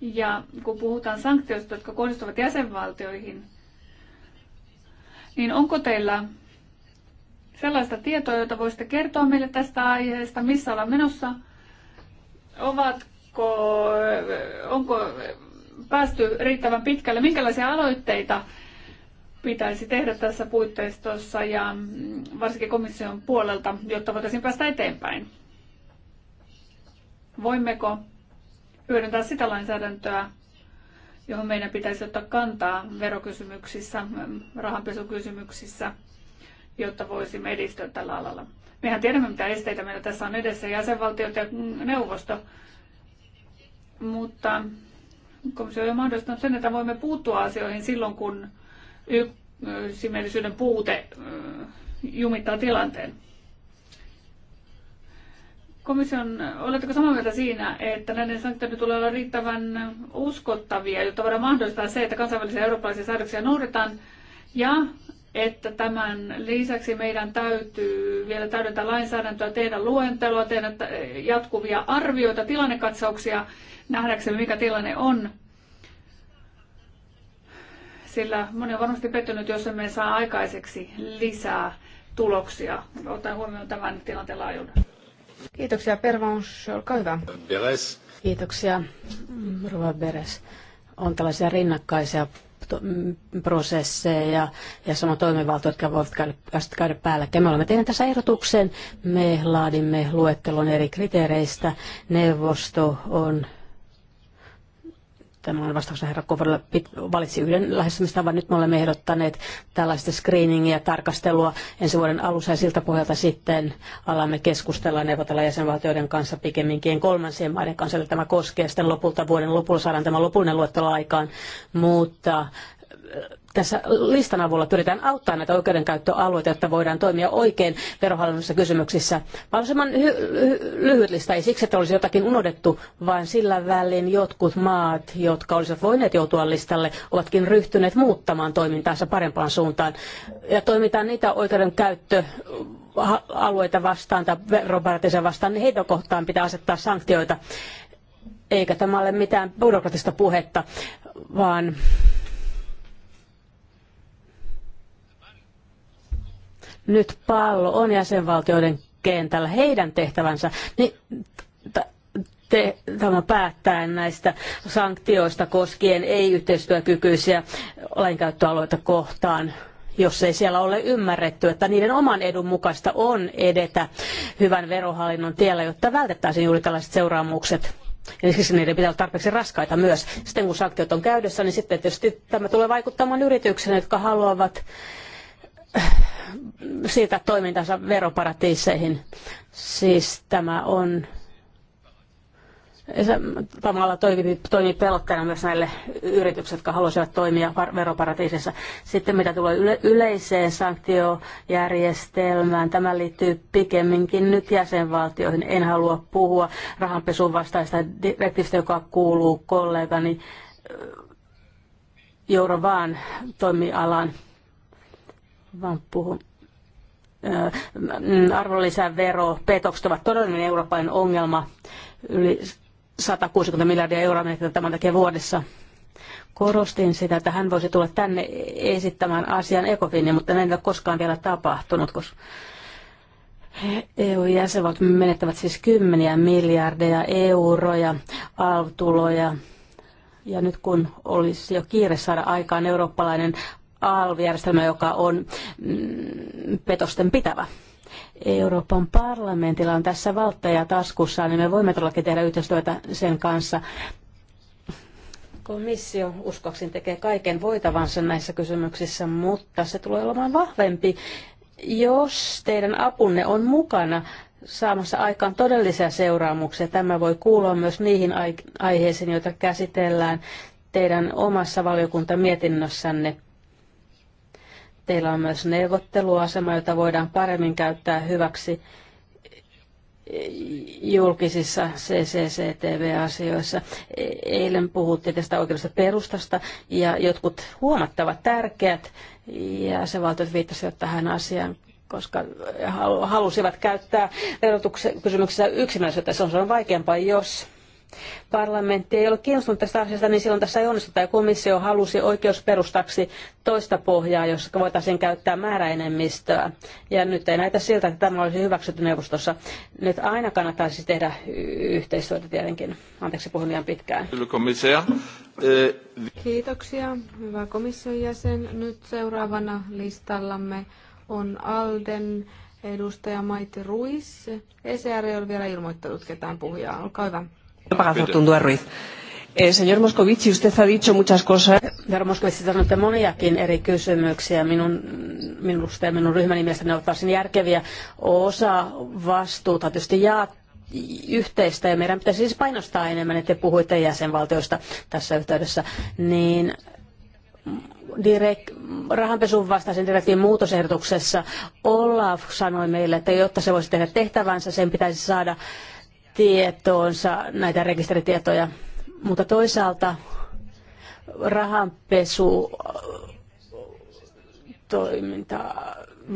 Ja kun puhutaan sanktioista, jotka kohdistuvat jäsenvaltioihin, niin onko teillä sellaista tietoa, jota voisitte kertoa meille tästä aiheesta, missä ollaan menossa? Ovatko, onko päästy riittävän pitkälle? Minkälaisia aloitteita pitäisi tehdä tässä puitteistossa ja mm, varsinkin komission puolelta, jotta voitaisiin päästä eteenpäin? Voimmeko hyödyntää sitä lainsäädäntöä, johon meidän pitäisi ottaa kantaa verokysymyksissä, mm, rahanpesukysymyksissä, jotta voisimme edistyä tällä alalla. Mehän tiedämme, mitä esteitä meillä tässä on edessä, jäsenvaltiot ja neuvosto, mutta komissio on mahdollistanut sen, että voimme puuttua asioihin silloin, kun yksimielisyyden puute jumittaa tilanteen. Komission, oletteko samaa mieltä siinä, että näiden sanktioiden tulee olla riittävän uskottavia, jotta voidaan mahdollistaa se, että kansainvälisiä eurooppalaisia säädöksiä noudetaan, ja että tämän lisäksi meidän täytyy vielä täydentää lainsäädäntöä, tehdä luentelua, tehdä jatkuvia arvioita, tilannekatsauksia, nähdäksemme mikä tilanne on sillä moni on varmasti pettynyt, jos emme saa aikaiseksi lisää tuloksia, ottaen huomioon tämän tilanteen laajuuden. Kiitoksia, Pervans, olkaa hyvä. Beres. Kiitoksia, Rova Beres. On tällaisia rinnakkaisia prosesseja ja, ja sama toimivaltuudet, jotka voivat käydä, käydä päällekkäin. Me olemme tehneet tässä ehdotuksen. Me laadimme luettelon eri kriteereistä. Neuvosto on Tämä on vastauksena herra Kovarilla valitsi yhden vaan Nyt me olemme ehdottaneet tällaista screeningia, tarkastelua ensi vuoden alussa ja siltä pohjalta sitten alamme keskustella neuvotella jäsenvaltioiden kanssa pikemminkin kolmansien maiden kanssa. Eli tämä koskee sitten lopulta vuoden lopulla saadaan tämä lopullinen luettelo aikaan, mutta tässä listan avulla pyritään auttamaan näitä oikeudenkäyttöalueita, jotta voidaan toimia oikein verohallinnossa kysymyksissä. Mahdollisimman lyhyt lista ei siksi, että olisi jotakin unohdettu, vaan sillä välin jotkut maat, jotka olisivat voineet joutua listalle, ovatkin ryhtyneet muuttamaan toimintaansa parempaan suuntaan. Ja toimitaan niitä oikeudenkäyttö alueita vastaan tai veroparatiiseja vastaan, niin heitä kohtaan pitää asettaa sanktioita. Eikä tämä ole mitään byrokratista puhetta, vaan nyt pallo on jäsenvaltioiden kentällä, heidän tehtävänsä, niin te, tämä päättää näistä sanktioista koskien ei-yhteistyökykyisiä lainkäyttöalueita kohtaan jos ei siellä ole ymmärretty, että niiden oman edun mukaista on edetä hyvän verohallinnon tiellä, jotta vältettäisiin juuri tällaiset seuraamukset. Eli siis niiden pitää olla tarpeeksi raskaita myös. Sitten kun sanktiot on käydessä, niin sitten tietysti tämä tulee vaikuttamaan yrityksiin, jotka haluavat siirtää toimintansa veroparatiiseihin. Siis tämä on Tavalla toimii, toimii pelotteena myös näille yrityksille, jotka haluaisivat toimia veroparatiisissa. Sitten mitä tulee yle, yleiseen sanktiojärjestelmään, tämä liittyy pikemminkin nyt jäsenvaltioihin. En halua puhua rahanpesun vastaista direktiivistä, joka kuuluu kollegani Jouro Vaan toimialaan vaan puhun mm, arvonlisävero, petokset ovat todellinen eurooppalainen ongelma. Yli 160 miljardia euroa menetetään tämän takia vuodessa. Korostin sitä, että hän voisi tulla tänne esittämään asian ekofinia, mutta näin ei ole koskaan vielä tapahtunut, koska EU-jäsenvaltiot menettävät siis kymmeniä miljardeja euroja, alvtuloja. Ja nyt kun olisi jo kiire saada aikaan eurooppalainen ALV-järjestelmä, joka on mm, petosten pitävä. Euroopan parlamentilla on tässä valtteja taskussaan, niin me voimme todellakin tehdä yhteistyötä sen kanssa. Komissio uskoakseni tekee kaiken voitavansa näissä kysymyksissä, mutta se tulee olemaan vahvempi, jos teidän apunne on mukana saamassa aikaan todellisia seuraamuksia. Tämä voi kuulua myös niihin aiheisiin, joita käsitellään teidän omassa valiokuntamietinnössänne Teillä on myös neuvotteluasema, jota voidaan paremmin käyttää hyväksi julkisissa CCCTV-asioissa. Eilen puhuttiin tästä oikeudesta perustasta ja jotkut huomattavat tärkeät ja se valtuut viittasivat tähän asiaan koska halusivat käyttää verotuksen kysymyksessä yksinäisyyttä. Se on vaikeampaa, jos parlamentti ei ole kiinnostunut tästä asiasta, niin silloin tässä ei onnistuta. Ja komissio halusi oikeusperustaksi toista pohjaa, jossa voitaisiin käyttää määräenemmistöä. Ja nyt ei näitä siltä, että tämä olisi hyväksytty neuvostossa. Nyt aina kannattaisi tehdä yhteistyötä tietenkin. Anteeksi, puhun liian pitkään. Eh, Kiitoksia, hyvä komission jäsen. Nyt seuraavana listallamme on Alden edustaja Maite Ruis. ECR ei ole vielä ilmoittanut ketään puhujaa. Olkaa hyvä. Eh, señor Moscovici, usted ha dicho muchas cosas. Herra Moscovici, sanoitte moniakin eri kysymyksiä. Minun, minusta ja minun ryhmäni mielestä ne ovat varsin järkeviä. Osa vastuuta tietysti jaa yhteistä ja meidän pitäisi siis painostaa enemmän, että te puhuitte jäsenvaltioista tässä yhteydessä, niin direkt, rahanpesun vastaisen direktiivin muutosehdotuksessa Olaf sanoi meille, että jotta se voisi tehdä tehtävänsä, sen pitäisi saada tietoonsa näitä rekisteritietoja, mutta toisaalta rahanpesu toiminta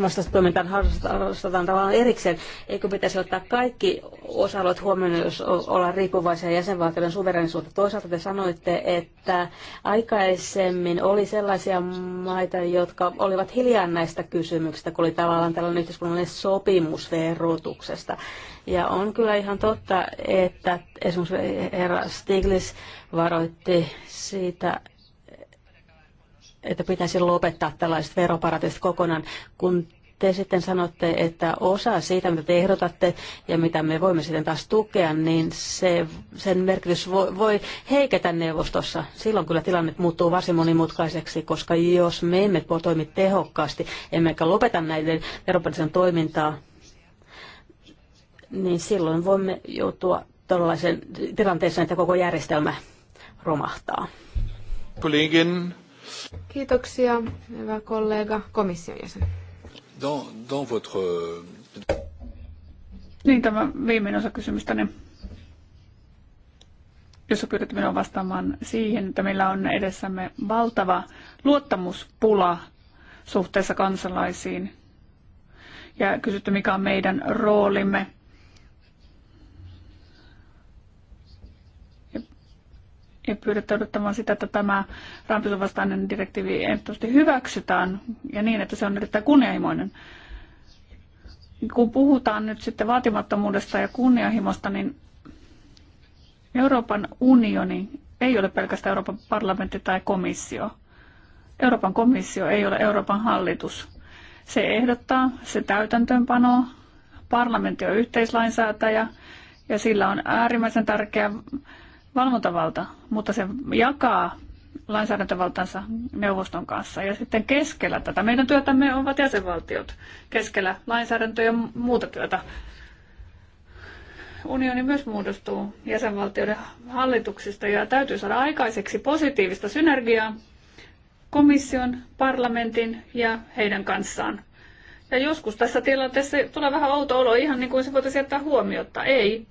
vastaista toimintaan harrastetaan tavallaan erikseen. Eikö pitäisi ottaa kaikki osa-alueet huomioon, jos ollaan riippuvaisia jäsenvaltioiden suverenisuutta? Toisaalta te sanoitte, että aikaisemmin oli sellaisia maita, jotka olivat hiljaa näistä kysymyksistä, kun oli tavallaan tällainen yhteiskunnallinen sopimus verotuksesta. Ja on kyllä ihan totta, että esimerkiksi herra Stiglitz varoitti siitä, että pitäisi lopettaa tällaiset veroparatiisit kokonaan, kun te sitten sanotte, että osa siitä, mitä te ehdotatte ja mitä me voimme sitten taas tukea, niin se, sen merkitys voi, voi heiketä neuvostossa. Silloin kyllä tilanne muuttuu varsin monimutkaiseksi, koska jos me emme toimi tehokkaasti, emmekä lopeta näiden veroparatiisien toimintaa, niin silloin voimme joutua tällaisen tilanteeseen, että koko järjestelmä romahtaa. Kollegin Kiitoksia, hyvä kollega, komission jäsen. Dans, dans votre... Euh, niin, tämä viimeinen osa kysymystäni, jossa pyydät minua vastaamaan siihen, että meillä on edessämme valtava luottamuspula suhteessa kansalaisiin. Ja kysytty, mikä on meidän roolimme ja niin pyydetty odottamaan sitä, että tämä rahanpesun vastainen direktiivi ehdottomasti hyväksytään ja niin, että se on erittäin kunnianhimoinen. Kun puhutaan nyt sitten vaatimattomuudesta ja kunnianhimosta, niin Euroopan unioni ei ole pelkästään Euroopan parlamentti tai komissio. Euroopan komissio ei ole Euroopan hallitus. Se ehdottaa, se täytäntöönpano, parlamentti on yhteislainsäätäjä ja sillä on äärimmäisen tärkeä valvontavalta, mutta se jakaa lainsäädäntövaltansa neuvoston kanssa. Ja sitten keskellä tätä meidän työtämme ovat jäsenvaltiot keskellä lainsäädäntöä ja muuta työtä. Unioni myös muodostuu jäsenvaltioiden hallituksista ja täytyy saada aikaiseksi positiivista synergiaa komission, parlamentin ja heidän kanssaan. Ja joskus tässä tilanteessa tulee vähän outo olo, ihan niin kuin se voitaisiin jättää huomiota. Ei.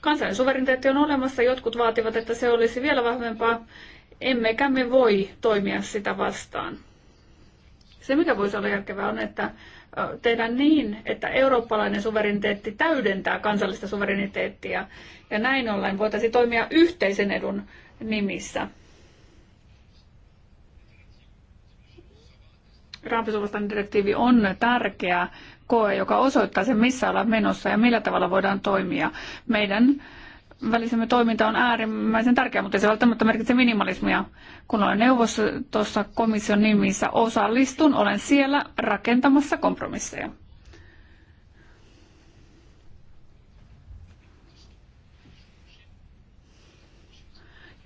Kansallinen suvereniteetti on olemassa, jotkut vaativat, että se olisi vielä vahvempaa, emmekä me voi toimia sitä vastaan. Se, mikä voisi olla järkevää, on, että tehdä niin, että eurooppalainen suvereniteetti täydentää kansallista suvereniteettia, ja näin ollen voitaisiin toimia yhteisen edun nimissä. rahanpesuvastainen direktiivi on tärkeä koe, joka osoittaa sen, missä ollaan menossa ja millä tavalla voidaan toimia. Meidän välisemme toiminta on äärimmäisen tärkeää, mutta ei se välttämättä merkitse minimalismia. Kun olen tuossa komission nimissä osallistun, olen siellä rakentamassa kompromisseja.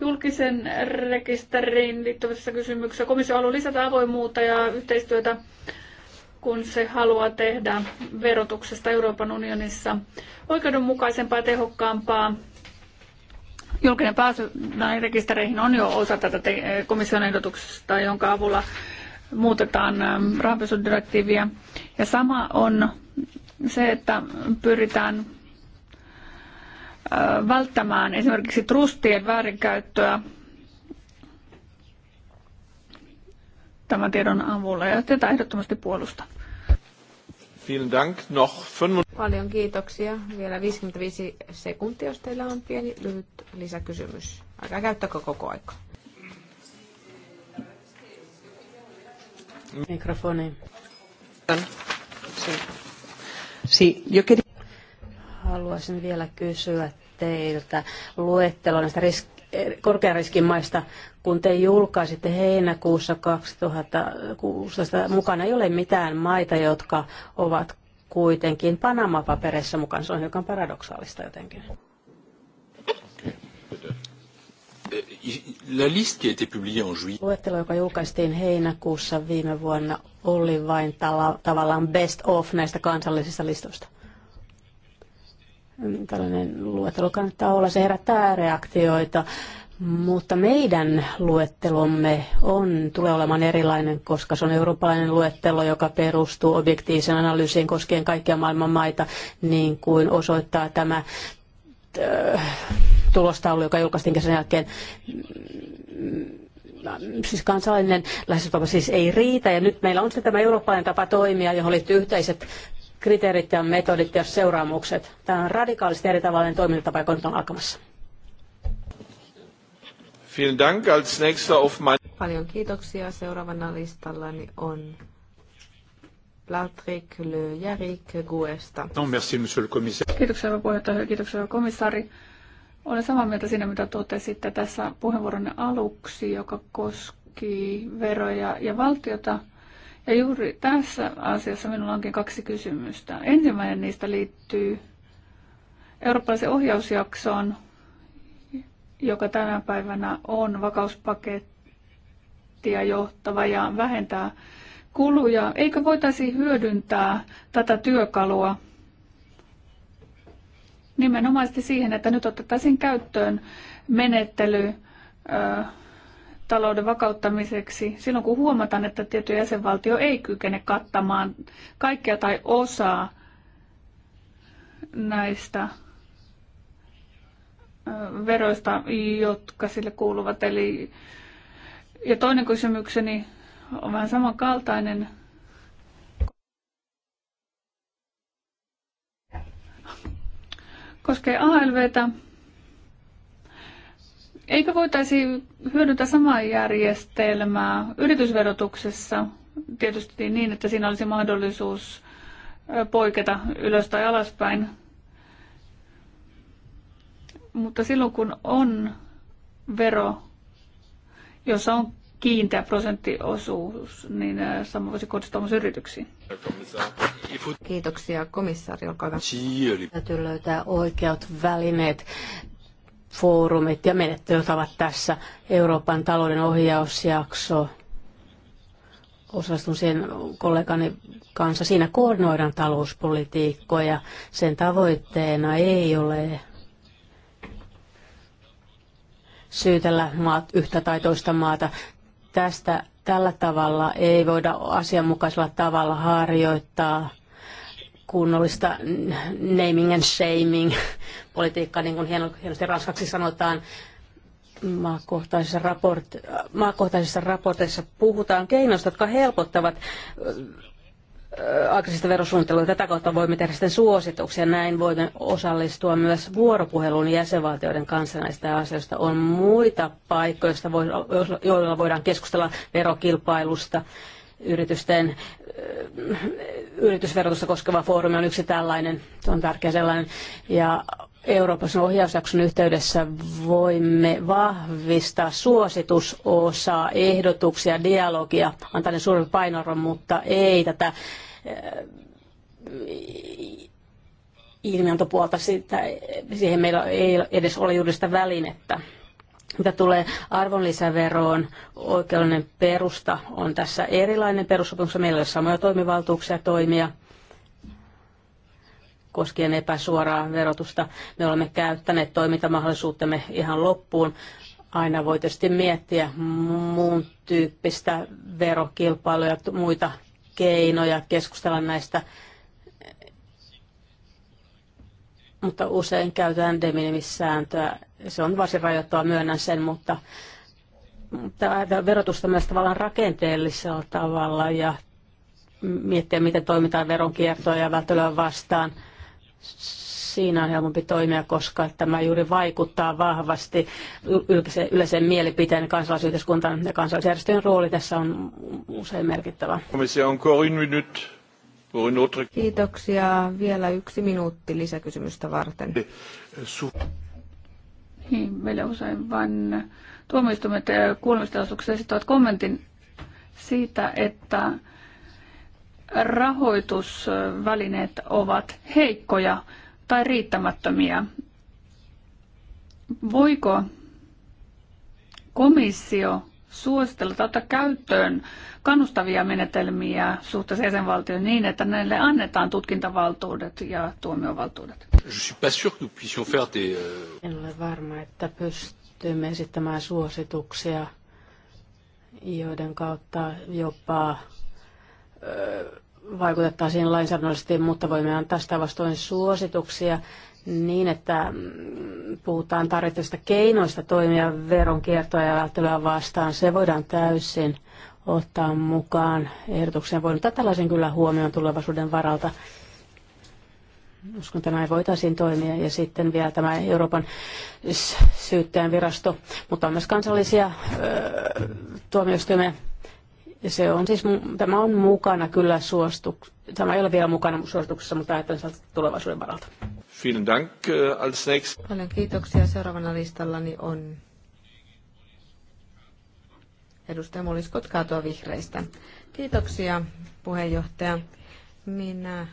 julkisen rekisteriin liittyvissä kysymyksissä Komissio haluaa lisätä avoimuutta ja yhteistyötä kun se haluaa tehdä verotuksesta Euroopan unionissa oikeudenmukaisempaa ja tehokkaampaa. Julkinen pääsy näihin rekistereihin on jo osa tätä komission ehdotuksesta, jonka avulla muutetaan ähm, rahanpesudirektiiviä. Ja sama on se, että pyritään äh, välttämään esimerkiksi trustien väärinkäyttöä tämän tiedon avulla ja tätä ehdottomasti puolustan. Vielen Dank. Noch Paljon kiitoksia. Vielä 55 sekuntia, jos teillä on pieni lyhyt lisäkysymys. Älkää käyttäkö koko aika. Mikrofoni. Haluaisin vielä kysyä teiltä luettelon näistä korkean riskin maista, kun te julkaisitte heinäkuussa 2016. Mukana ei ole mitään maita, jotka ovat kuitenkin Panama-papereissa mukana. Se on hiukan paradoksaalista jotenkin. La liste qui a été publiée en juillet. Luettelo, joka julkaistiin heinäkuussa viime vuonna, oli vain tavallaan best of näistä kansallisista listoista tällainen luettelo kannattaa olla, se herättää reaktioita. Mutta meidän luettelomme on, tulee olemaan erilainen, koska se on eurooppalainen luettelo, joka perustuu objektiivisen analyysiin koskien kaikkia maailman maita, niin kuin osoittaa tämä äh, tulostaulu, joka julkaistiin sen jälkeen mm, siis kansallinen lähestymistapa siis ei riitä. Ja nyt meillä on sitten tämä eurooppalainen tapa toimia, johon liittyy yhteiset kriteerit ja metodit ja seuraamukset. Tämä on radikaalisti eri tavallinen toimintatapa, joka nyt on alkamassa. Paljon kiitoksia. Seuraavana listallani on Patrick Le Jarik Guesta. No, merci, monsieur le commissaire. Kiitoksia, hyvä puheenjohtaja. Kiitoksia, hyvä komissaari. Olen samaa mieltä siinä, mitä totesitte tässä puheenvuoronne aluksi, joka koski veroja ja valtiota. Ja juuri tässä asiassa minulla onkin kaksi kysymystä. Ensimmäinen niistä liittyy eurooppalaisen ohjausjaksoon, joka tänä päivänä on vakauspakettia johtava ja vähentää kuluja. Eikö voitaisi hyödyntää tätä työkalua nimenomaisesti siihen, että nyt otettaisiin käyttöön menettely, talouden vakauttamiseksi silloin, kun huomataan, että tietty jäsenvaltio ei kykene kattamaan kaikkea tai osaa näistä veroista, jotka sille kuuluvat. Eli, ja toinen kysymykseni on vähän samankaltainen. Koskee ALVtä. Eikö voitaisi hyödyntää samaa järjestelmää yritysverotuksessa tietysti niin, että siinä olisi mahdollisuus poiketa ylös tai alaspäin. Mutta silloin kun on vero, jossa on kiinteä prosenttiosuus, niin sama voisi kohdistua myös yrityksiin. Kiitoksia komissaari, olkaa hyvä. Täytyy löytää oikeat välineet foorumit ja menettelytavat tässä. Euroopan talouden ohjausjakso, osastun siihen kollegani kanssa, siinä koordinoidaan talouspolitiikkoja. Sen tavoitteena ei ole syytellä maat, yhtä tai toista maata. Tästä tällä tavalla ei voida asianmukaisella tavalla harjoittaa – kunnollista naming and shaming politiikkaa, niin kuin hienosti ranskaksi sanotaan. Maakohtaisissa, raport, maakohtaisissa raporteissa puhutaan keinoista, jotka helpottavat äh, aggressiivista verosuunnittelua. Tätä kautta voimme tehdä sitten suosituksia. Näin voimme osallistua myös vuoropuheluun jäsenvaltioiden kanssa näistä asioista. On muita paikkoja, joilla voidaan keskustella verokilpailusta yritysten yritysverotusta koskeva foorumi on yksi tällainen, se on tärkeä sellainen. Ja Euroopan ohjausjakson yhteydessä voimme vahvistaa suositusosaa, ehdotuksia, dialogia, antaa ne suurempi painoarvon, mutta ei tätä ilmiantopuolta, siitä, siihen meillä ei edes ole juuri sitä välinettä. Mitä tulee arvonlisäveroon, oikeudellinen perusta on tässä erilainen perussopimuksessa. Meillä on samoja toimivaltuuksia toimia koskien epäsuoraa verotusta. Me olemme käyttäneet toimintamahdollisuuttamme ihan loppuun. Aina voi tietysti miettiä muun tyyppistä verokilpailua ja muita keinoja keskustella näistä mutta usein käytetään de minimis-sääntöä. Se on varsin rajoittava, myönnän sen, mutta verotusta myös tavallaan rakenteellisella tavalla ja miettiä, miten toimitaan veronkiertoa ja välttelyä vastaan. Siinä on helpompi toimia, koska tämä juuri vaikuttaa vahvasti yleisen mielipiteen kansalaisyhteiskuntaan ja kansalaisjärjestöjen rooli tässä on usein merkittävä. Komissio on une minute. Kiitoksia. Vielä yksi minuutti lisäkysymystä varten. Niin, meillä usein vain tuomioistuimet ja kuulemistilaisuuksia esittävät kommentin siitä, että rahoitusvälineet ovat heikkoja tai riittämättömiä. Voiko komissio suositella tai ottaa käyttöön kannustavia menetelmiä suhteessa jäsenvaltioon niin, että näille annetaan tutkintavaltuudet ja tuomiovaltuudet? Euh, en ole varma, että pystymme esittämään suosituksia, joiden kautta jopa vaikutettaisiin lainsäädännöllisesti, mutta voimme antaa sitä vastoin suosituksia, niin, että puhutaan tarvittavista keinoista toimia veronkiertoa ja välttelyä vastaan. Se voidaan täysin ottaa mukaan ehdotukseen. Voin ottaa tällaisen kyllä huomioon tulevaisuuden varalta. Uskon, että näin voitaisiin toimia. Ja sitten vielä tämä Euroopan syyttäjän virasto, mutta on myös kansallisia öö, tuomioistuimia ja se on siis, tämä on mukana kyllä suostuksessa. tämä ei ole vielä mukana suosituksessa, mutta ajattelen tulevaisuuden varalta. Vielen dank, äh, als next. Paljon kiitoksia. Seuraavana listallani on edustaja Molis Kotkaatua vihreistä. Kiitoksia puheenjohtaja. Minä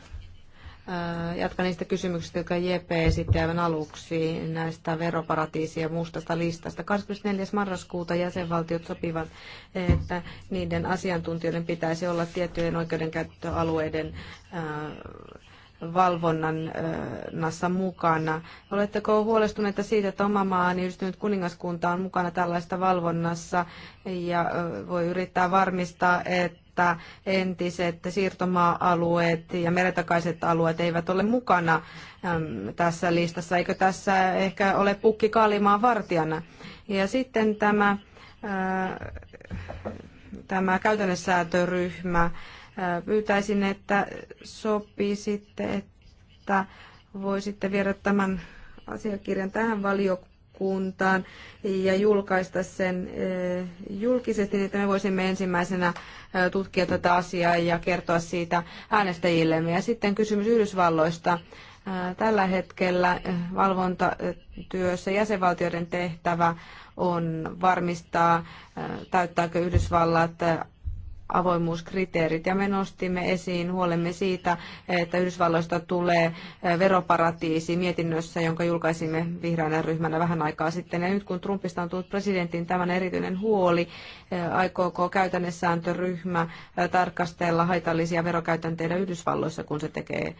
Äh, jatkan niistä kysymyksistä, jotka JP esitti aivan aluksi näistä veroparatiisien mustasta listasta. 24. marraskuuta jäsenvaltiot sopivat, että niiden asiantuntijoiden pitäisi olla tiettyjen oikeudenkäyttöalueiden äh, valvonnassa äh, mukana. Oletteko huolestuneita siitä, että oma maani yhdistynyt kuningaskunta on mukana tällaista valvonnassa ja voi yrittää varmistaa, että että entiset siirtomaa-alueet ja meretakaiset alueet eivät ole mukana tässä listassa, eikö tässä ehkä ole pukki kaalimaan vartijana. Ja sitten tämä, äh, tämä säätöryhmä. Äh, pyytäisin, että sopisitte, että voisitte viedä tämän asiakirjan tähän valiokuntaan valiokuntaan ja julkaista sen eh, julkisesti, niin että me voisimme ensimmäisenä eh, tutkia tätä asiaa ja kertoa siitä äänestäjillemme. Ja sitten kysymys Yhdysvalloista. Eh, tällä hetkellä valvontatyössä jäsenvaltioiden tehtävä on varmistaa, täyttääkö Yhdysvallat avoimuuskriteerit ja me nostimme esiin huolemme siitä, että Yhdysvalloista tulee eh, veroparatiisi mietinnössä, jonka julkaisimme vihreänä ryhmänä vähän aikaa sitten. Ja nyt kun Trumpista on tullut presidentin tämän erityinen huoli, eh, aikooko käytännessääntöryhmä eh, tarkastella haitallisia verokäytänteitä Yhdysvalloissa, kun se tekee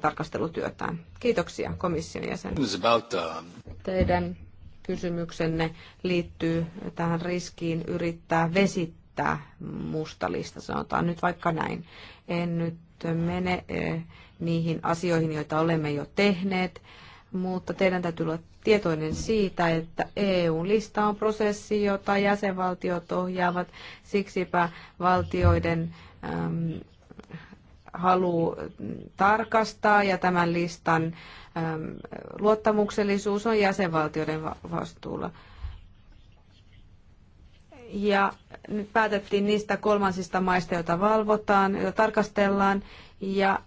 tarkastelutyötään. Kiitoksia komission jäsen. Uh, Teidän kysymyksenne liittyy tähän riskiin yrittää vesittää jättää mustalista, sanotaan nyt vaikka näin. En nyt mene eh, niihin asioihin, joita olemme jo tehneet, mutta teidän täytyy olla tietoinen siitä, että EU-lista on prosessi, jota jäsenvaltiot ohjaavat. Siksipä valtioiden äm, halu tarkastaa ja tämän listan äm, luottamuksellisuus on jäsenvaltioiden vastuulla. Ja nyt päätettiin niistä kolmansista maista, joita valvotaan, joita tarkastellaan. Ja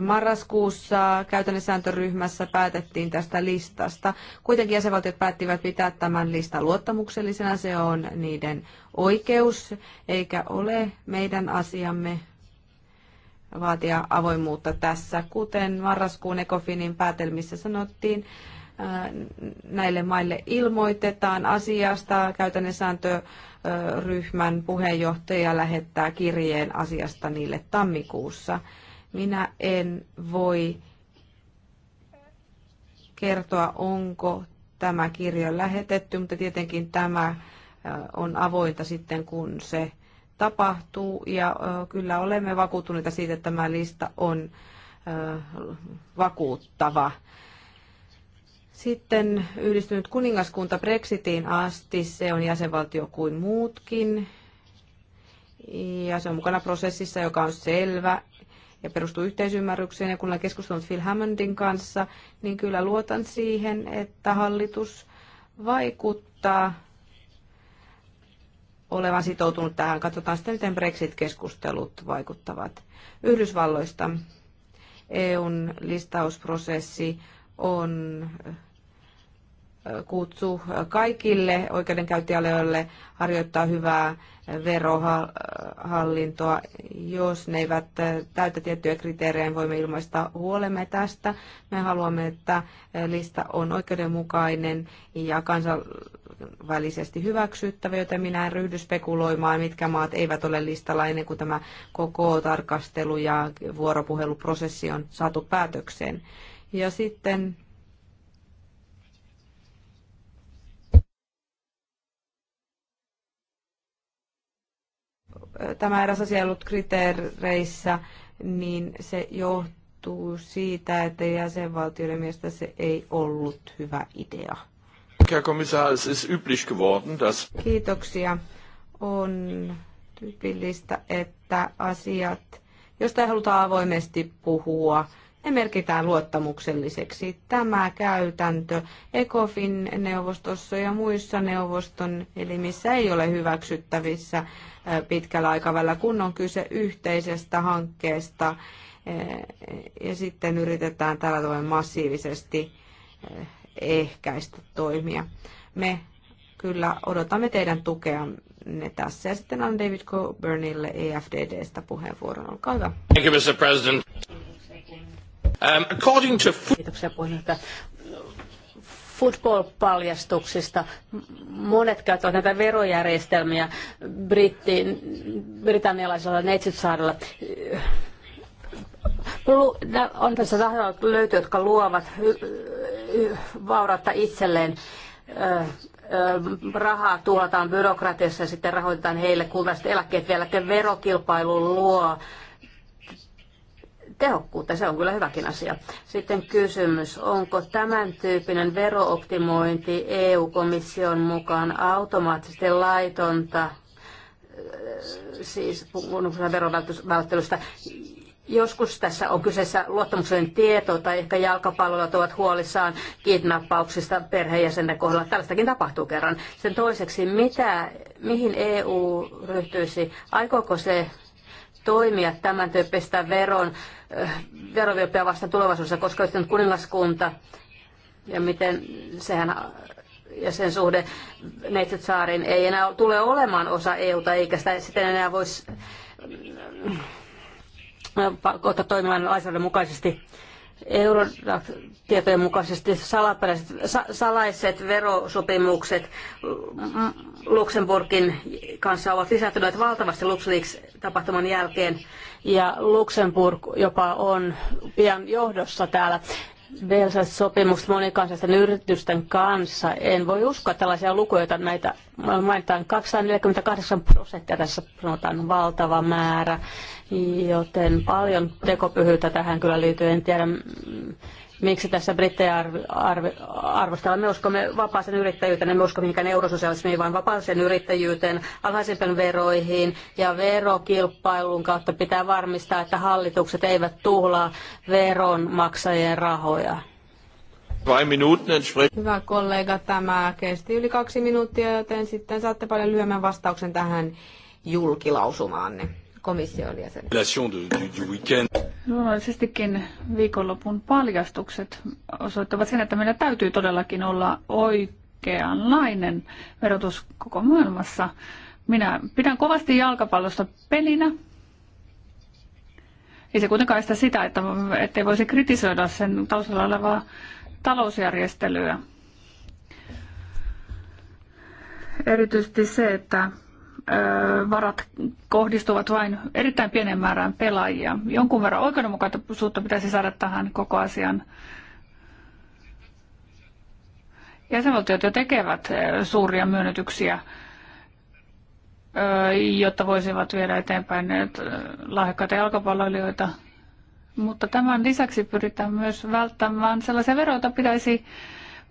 marraskuussa käytännössääntöryhmässä päätettiin tästä listasta. Kuitenkin jäsenvaltiot päättivät pitää tämän listan luottamuksellisena. Se on niiden oikeus, eikä ole meidän asiamme vaatia avoimuutta tässä. Kuten marraskuun Ekofinin päätelmissä sanottiin, näille maille ilmoitetaan asiasta. Käytännön sääntöryhmän puheenjohtaja lähettää kirjeen asiasta niille tammikuussa. Minä en voi kertoa, onko tämä kirje lähetetty, mutta tietenkin tämä on avointa sitten, kun se tapahtuu. Ja kyllä olemme vakuuttuneita siitä, että tämä lista on vakuuttava. Sitten yhdistynyt kuningaskunta Brexitiin asti, se on jäsenvaltio kuin muutkin. Ja se on mukana prosessissa, joka on selvä ja perustuu yhteisymmärrykseen. Ja kun olen keskustellut Phil Hammondin kanssa, niin kyllä luotan siihen, että hallitus vaikuttaa olevan sitoutunut tähän. Katsotaan sitten, miten Brexit-keskustelut vaikuttavat. Yhdysvalloista EUn listausprosessi on kutsu kaikille oikeudenkäyntialueille harjoittaa hyvää verohallintoa. Jos ne eivät täytä tiettyjä kriteerejä, niin voimme ilmaista huolemme tästä. Me haluamme, että lista on oikeudenmukainen ja kansainvälisesti hyväksyttävä, joten minä en ryhdy spekuloimaan, mitkä maat eivät ole listalla ennen kuin tämä koko tarkastelu ja vuoropuheluprosessi on saatu päätökseen. Ja sitten tämä eräs asia ollut kriteereissä, niin se johtuu siitä, että jäsenvaltioiden mielestä se ei ollut hyvä idea. Kommissar, es ist üblich geworden, dass... Kiitoksia. On tyypillistä, että asiat, josta haluta avoimesti puhua, ne merkitään luottamukselliseksi. Tämä käytäntö ECOFIN-neuvostossa ja muissa neuvoston elimissä ei ole hyväksyttävissä pitkällä aikavälillä, kun on kyse yhteisestä hankkeesta ja sitten yritetään tällä tavalla massiivisesti ehkäistä toimia. Me kyllä odotamme teidän tukea ne tässä. Ja sitten on David Coburnille EFDDstä puheenvuoron. Olkaa hyvä. Thank you, Mr. President. Um, according to... Kiitoksia puheenjohtaja football-paljastuksista. Monet käyttävät näitä verojärjestelmiä brittiin, britannialaisella neitsytsaarella. On tässä tahdot löytyy, jotka luovat vaurautta itselleen. Rahaa tuotaan byrokratiassa ja sitten rahoitetaan heille kultaiset eläkkeet. Vieläkin verokilpailu luo tehokkuutta. Se on kyllä hyväkin asia. Sitten kysymys, onko tämän tyyppinen verooptimointi EU-komission mukaan automaattisesti laitonta, äh, siis kun verovälttelystä, Joskus tässä on kyseessä luottamuksellinen tieto tai ehkä jalkapallolla ovat huolissaan kidnappauksista perheenjäsenten kohdalla. Tällaistakin tapahtuu kerran. Sen toiseksi, mitä, mihin EU ryhtyisi? Aikooko se toimia tämän tyyppistä veron, eh, verovilppiä vasta tulevaisuudessa, koska nyt kuningaskunta ja miten sehän ja sen suhde Neitsytsaarin ei enää tule olemaan osa EUta, eikä sitä sitten enää voisi eh, ottaa toimimaan lainsäädännön mukaisesti Eurodac-tietojen mukaisesti salaperäiset, sa, salaiset verosopimukset mm, Luxemburgin kanssa ovat lisääntyneet valtavasti LuxLeaks-tapahtuman jälkeen. Ja Luxemburg jopa on pian johdossa täällä Belsan sopimus monikansallisten yritysten kanssa. En voi uskoa tällaisia lukuja, joita näitä mainitaan 248 prosenttia tässä sanotaan valtava määrä, joten paljon tekopyhyyttä tähän kyllä liittyy. En tiedä, miksi tässä brittejä arv, arv, arvostellaan. Me uskomme vapaaseen yrittäjyyteen, me uskomme mikään eurososialismiin, vaan vapaaseen yrittäjyyteen, alhaisempien veroihin ja verokilpailun kautta pitää varmistaa, että hallitukset eivät tuhlaa veronmaksajien rahoja. Hyvä kollega, tämä kesti yli kaksi minuuttia, joten sitten saatte paljon lyhyemmän vastauksen tähän julkilausumaanne komission jäsen. Luonnollisestikin viikonlopun paljastukset osoittavat sen, että meillä täytyy todellakin olla oikeanlainen verotus koko maailmassa. Minä pidän kovasti jalkapallosta pelinä. Ei se kuitenkaan sitä sitä, että ettei voisi kritisoida sen taustalla olevaa talousjärjestelyä. Erityisesti se, että varat kohdistuvat vain erittäin pienen määrään pelaajia. Jonkun verran oikeudenmukaisuutta pitäisi saada tähän koko asian. Jäsenvaltiot jo tekevät suuria myönnytyksiä, jotta voisivat viedä eteenpäin lahjakkaita jalkapalloilijoita. Mutta tämän lisäksi pyritään myös välttämään sellaisia veroita, pitäisi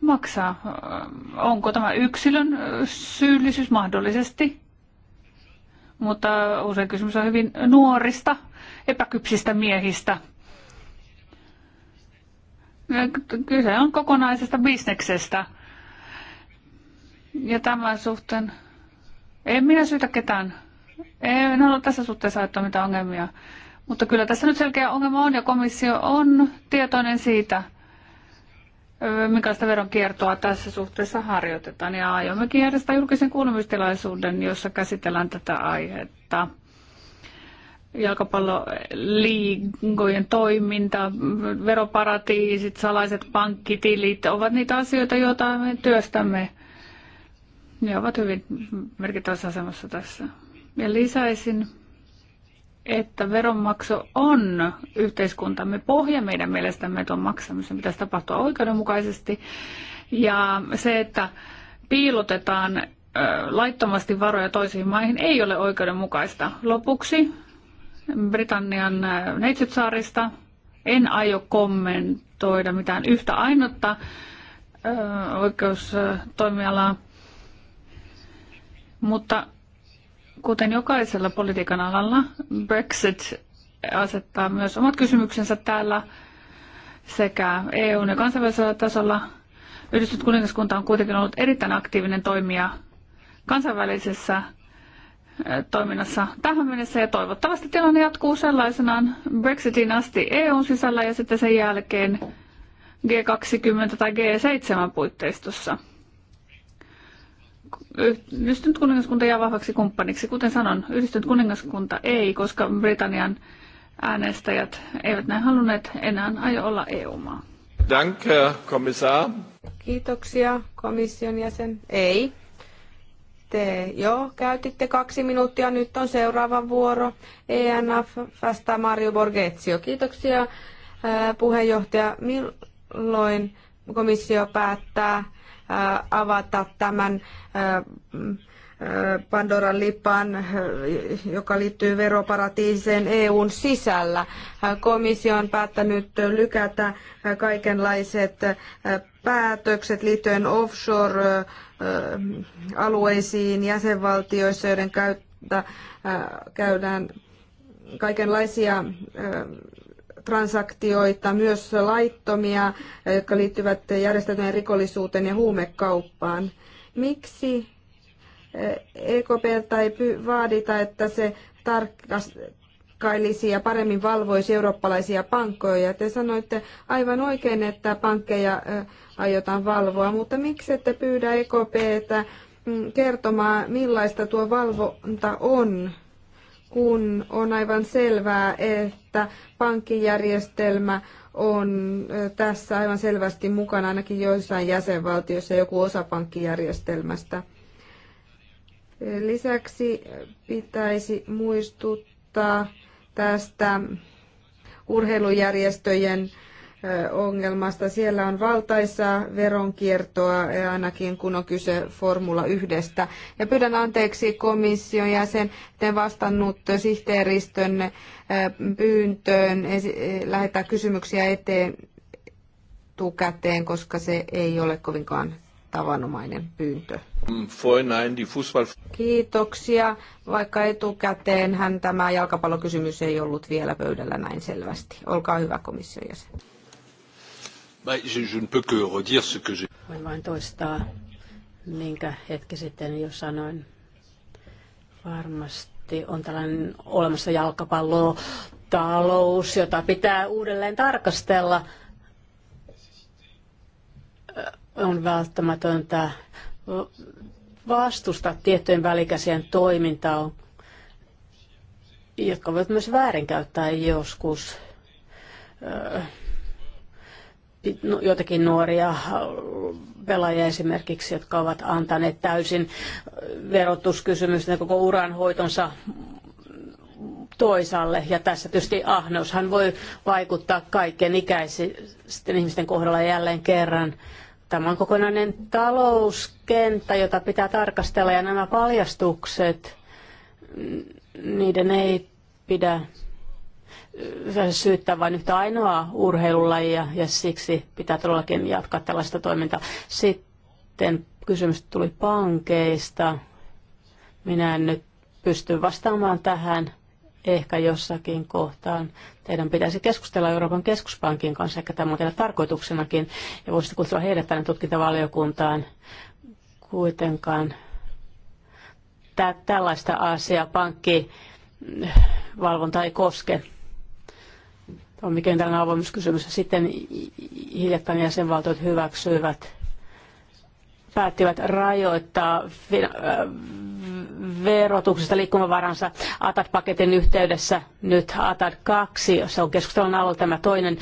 maksaa? Onko tämä yksilön syyllisyys mahdollisesti? mutta usein kysymys on hyvin nuorista, epäkypsistä miehistä. Kyse on kokonaisesta bisneksestä. Ja tämän suhteen en minä syytä ketään. En halua tässä suhteessa aiheuttaa mitään ongelmia. Mutta kyllä tässä nyt selkeä ongelma on ja komissio on tietoinen siitä – minkälaista veronkiertoa tässä suhteessa harjoitetaan. Ja aiommekin järjestää julkisen kuulemistilaisuuden, jossa käsitellään tätä aihetta jalkapalloliigojen toiminta, veroparatiisit, salaiset pankkitilit ovat niitä asioita, joita me työstämme. Ne ovat hyvin merkittävässä asemassa tässä. Ja lisäisin että veronmaksu on yhteiskuntamme pohja. Meidän mielestämme tuon maksamisen pitäisi tapahtua oikeudenmukaisesti. Ja se, että piilotetaan laittomasti varoja toisiin maihin, ei ole oikeudenmukaista. Lopuksi Britannian Neitsytsaarista en aio kommentoida mitään yhtä ainutta oikeustoimialaa, mutta Kuten jokaisella politiikan alalla, Brexit asettaa myös omat kysymyksensä täällä sekä EUn ja kansainvälisellä tasolla. Yhdistynyt kuningaskunta on kuitenkin ollut erittäin aktiivinen toimija kansainvälisessä eh, toiminnassa tähän mennessä ja toivottavasti tilanne jatkuu sellaisenaan Brexitin asti EUn sisällä ja sitten sen jälkeen G20 tai G7 puitteistossa. Yhdistynyt kuningaskunta jää vahvaksi kumppaniksi. Kuten sanon, yhdistynyt kuningaskunta ei, koska Britannian äänestäjät eivät näin halunneet enää aio olla EU-maa. Danke, kommissar. Kiitoksia, komission jäsen. Ei. Te jo käytitte kaksi minuuttia, nyt on seuraava vuoro. ENF, Fasta Mario Borgetsio. Kiitoksia, äh, puheenjohtaja. Milloin komissio päättää Äh, avata tämän äh, äh, Pandoran lippaan, joka liittyy veroparatiiseen EUn sisällä. Komissio on päättänyt lykätä kaikenlaiset päätökset liittyen offshore-alueisiin jäsenvaltioissa, joiden käydään kaikenlaisia transaktioita, myös laittomia, jotka liittyvät järjestäytyneen rikollisuuteen ja huumekauppaan. Miksi EKPltä eh, e ei vaadita, että se tarkkailisi ja paremmin valvoisi eurooppalaisia pankkoja? Te sanoitte aivan oikein, että pankkeja eh, aiotaan valvoa, mutta miksi ette pyydä EKPtä mm, kertomaan, millaista tuo valvonta on? kun on aivan selvää, että pankkijärjestelmä on tässä aivan selvästi mukana ainakin joissain jäsenvaltioissa joku osa pankkijärjestelmästä. Lisäksi pitäisi muistuttaa tästä urheilujärjestöjen ongelmasta. Siellä on valtaisaa veronkiertoa, e, ainakin kun on kyse Formula 1. Ja pyydän anteeksi komission jäsen, te vastannut sihteeristön pyyntöön e, lähettää kysymyksiä eteen tukäteen, koska se ei ole kovinkaan tavanomainen pyyntö. Kiitoksia, vaikka etukäteen hän tämä jalkapallokysymys ei ollut vielä pöydällä näin selvästi. Olkaa hyvä komission jäsen. Voin vain toistaa, minkä hetki sitten jo sanoin. Varmasti on tällainen olemassa jalkapallo talous, jota pitää uudelleen tarkastella. On välttämätöntä vastustaa tiettyjen välikäsien toimintaa, jotka voivat myös väärinkäyttää joskus joitakin nuoria pelaajia esimerkiksi, jotka ovat antaneet täysin verotuskysymysten koko uran hoitonsa toisaalle. Ja tässä tietysti ahneushan voi vaikuttaa kaiken ikäisten ihmisten kohdalla jälleen kerran. Tämä on kokonainen talouskenttä, jota pitää tarkastella ja nämä paljastukset, niiden ei pidä syyttää vain yhtä ainoa urheilulajia ja siksi pitää todellakin jatkaa tällaista toimintaa. Sitten kysymys tuli pankeista. Minä en nyt pysty vastaamaan tähän. Ehkä jossakin kohtaan teidän pitäisi keskustella Euroopan keskuspankin kanssa, ehkä tämä on teillä tarkoituksenakin, ja voisitte kutsua heidät tänne tutkintavaliokuntaan kuitenkaan. Tä, tällaista asiaa pankkivalvonta ei koske on mikään tällainen avoimuuskysymys. Sitten hiljattain jäsenvaltiot hyväksyivät, päättivät rajoittaa äh, verotuksesta liikkumavaransa ATAT-paketin yhteydessä nyt ATAT 2, jossa on keskustelun alla tämä toinen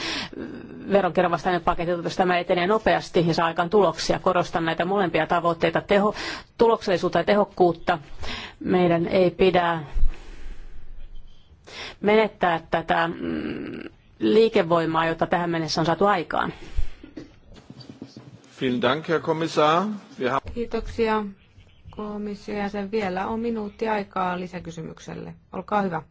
veronkierron paketti, jos tämä etenee nopeasti ja saa aikaan tuloksia. Korostan näitä molempia tavoitteita, teho, tuloksellisuutta ja tehokkuutta. Meidän ei pidä menettää tätä mm, liikevoimaa, jota tähän mennessä on saatu aikaan. Kiitoksia komissio ja sen vielä on minuutti aikaa lisäkysymykselle. Olkaa hyvä.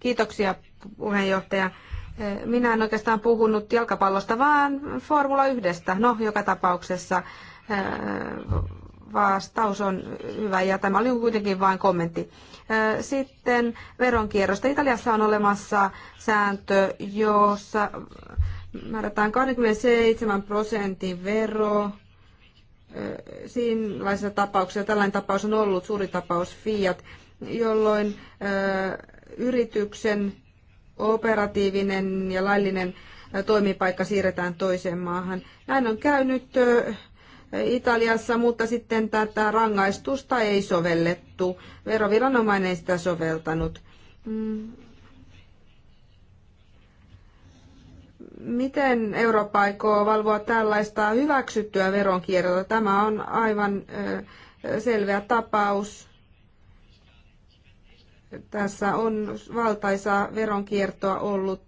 Kiitoksia puheenjohtaja. Eh, minä en oikeastaan puhunut jalkapallosta, vaan Formula 1. No, joka tapauksessa eh, vastaus on hyvä ja tämä oli kuitenkin vain kommentti. Sitten veronkierrosta. Italiassa on olemassa sääntö, jossa määrätään 27 prosentin vero siinlaisissa tapauksessa Tällainen tapaus on ollut suuri tapaus Fiat, jolloin yrityksen operatiivinen ja laillinen toimipaikka siirretään toiseen maahan. Näin on käynyt Italiassa, mutta sitten tätä rangaistusta ei sovellettu. Veroviranomainen ei sitä soveltanut. Mm. Miten Eurooppa aikoo valvoa tällaista hyväksyttyä veronkiertoa? Tämä on aivan selvä tapaus. Tässä on valtaisaa veronkiertoa ollut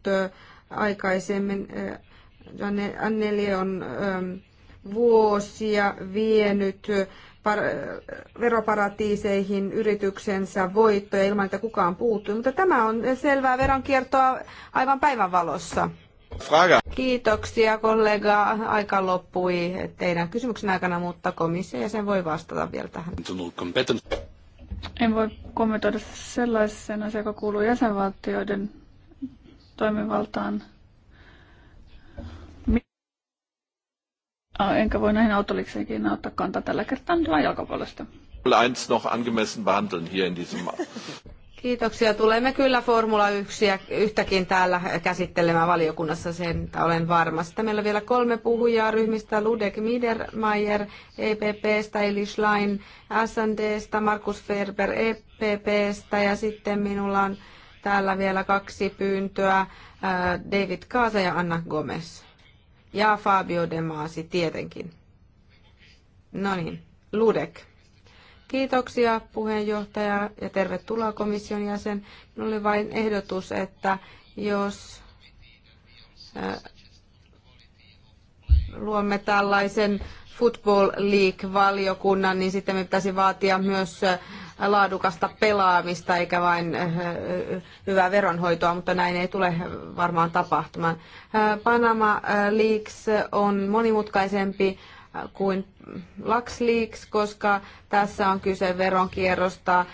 aikaisemmin. Anneli on vuosia vienyt eh, eh, veroparatiiseihin yrityksensä voittoja ilman, että kukaan puuttui. Mutta tämä on selvää veronkiertoa aivan päivän valossa. Fraga. Kiitoksia kollega. Aika loppui teidän kysymyksen aikana, mutta komissio ja sen voi vastata vielä tähän. En voi kommentoida sellaisen asian, joka kuuluu jäsenvaltioiden toimivaltaan. Enkä voi näihin autolikseihin ottaa kantaa tällä kertaa nyt vain jalkapallosta. noch angemessen behandeln hier in diesem Kiitoksia. Tulemme kyllä Formula 1 ja yhtäkin täällä käsittelemään valiokunnassa, sen olen varma. Sitten meillä on vielä kolme puhujaa ryhmistä, Ludek Miedermayer EPPstä, Eli Schlein SNDstä, Markus Ferber EPPstä ja sitten minulla on täällä vielä kaksi pyyntöä, äh, David Kaasa ja Anna Gomez. Ja Fabio De Masi tietenkin. No niin, Ludek. Kiitoksia puheenjohtaja ja tervetuloa komission jäsen. Minulla oli vain ehdotus, että jos äh, luomme tällaisen Football League-valiokunnan, niin sitten me pitäisi vaatia myös äh, laadukasta pelaamista eikä vain eh, hyvää veronhoitoa, mutta näin ei tule varmaan tapahtumaan. Eh, Panama Leaks on monimutkaisempi kuin LuxLeaks, koska tässä on kyse veronkierrosta,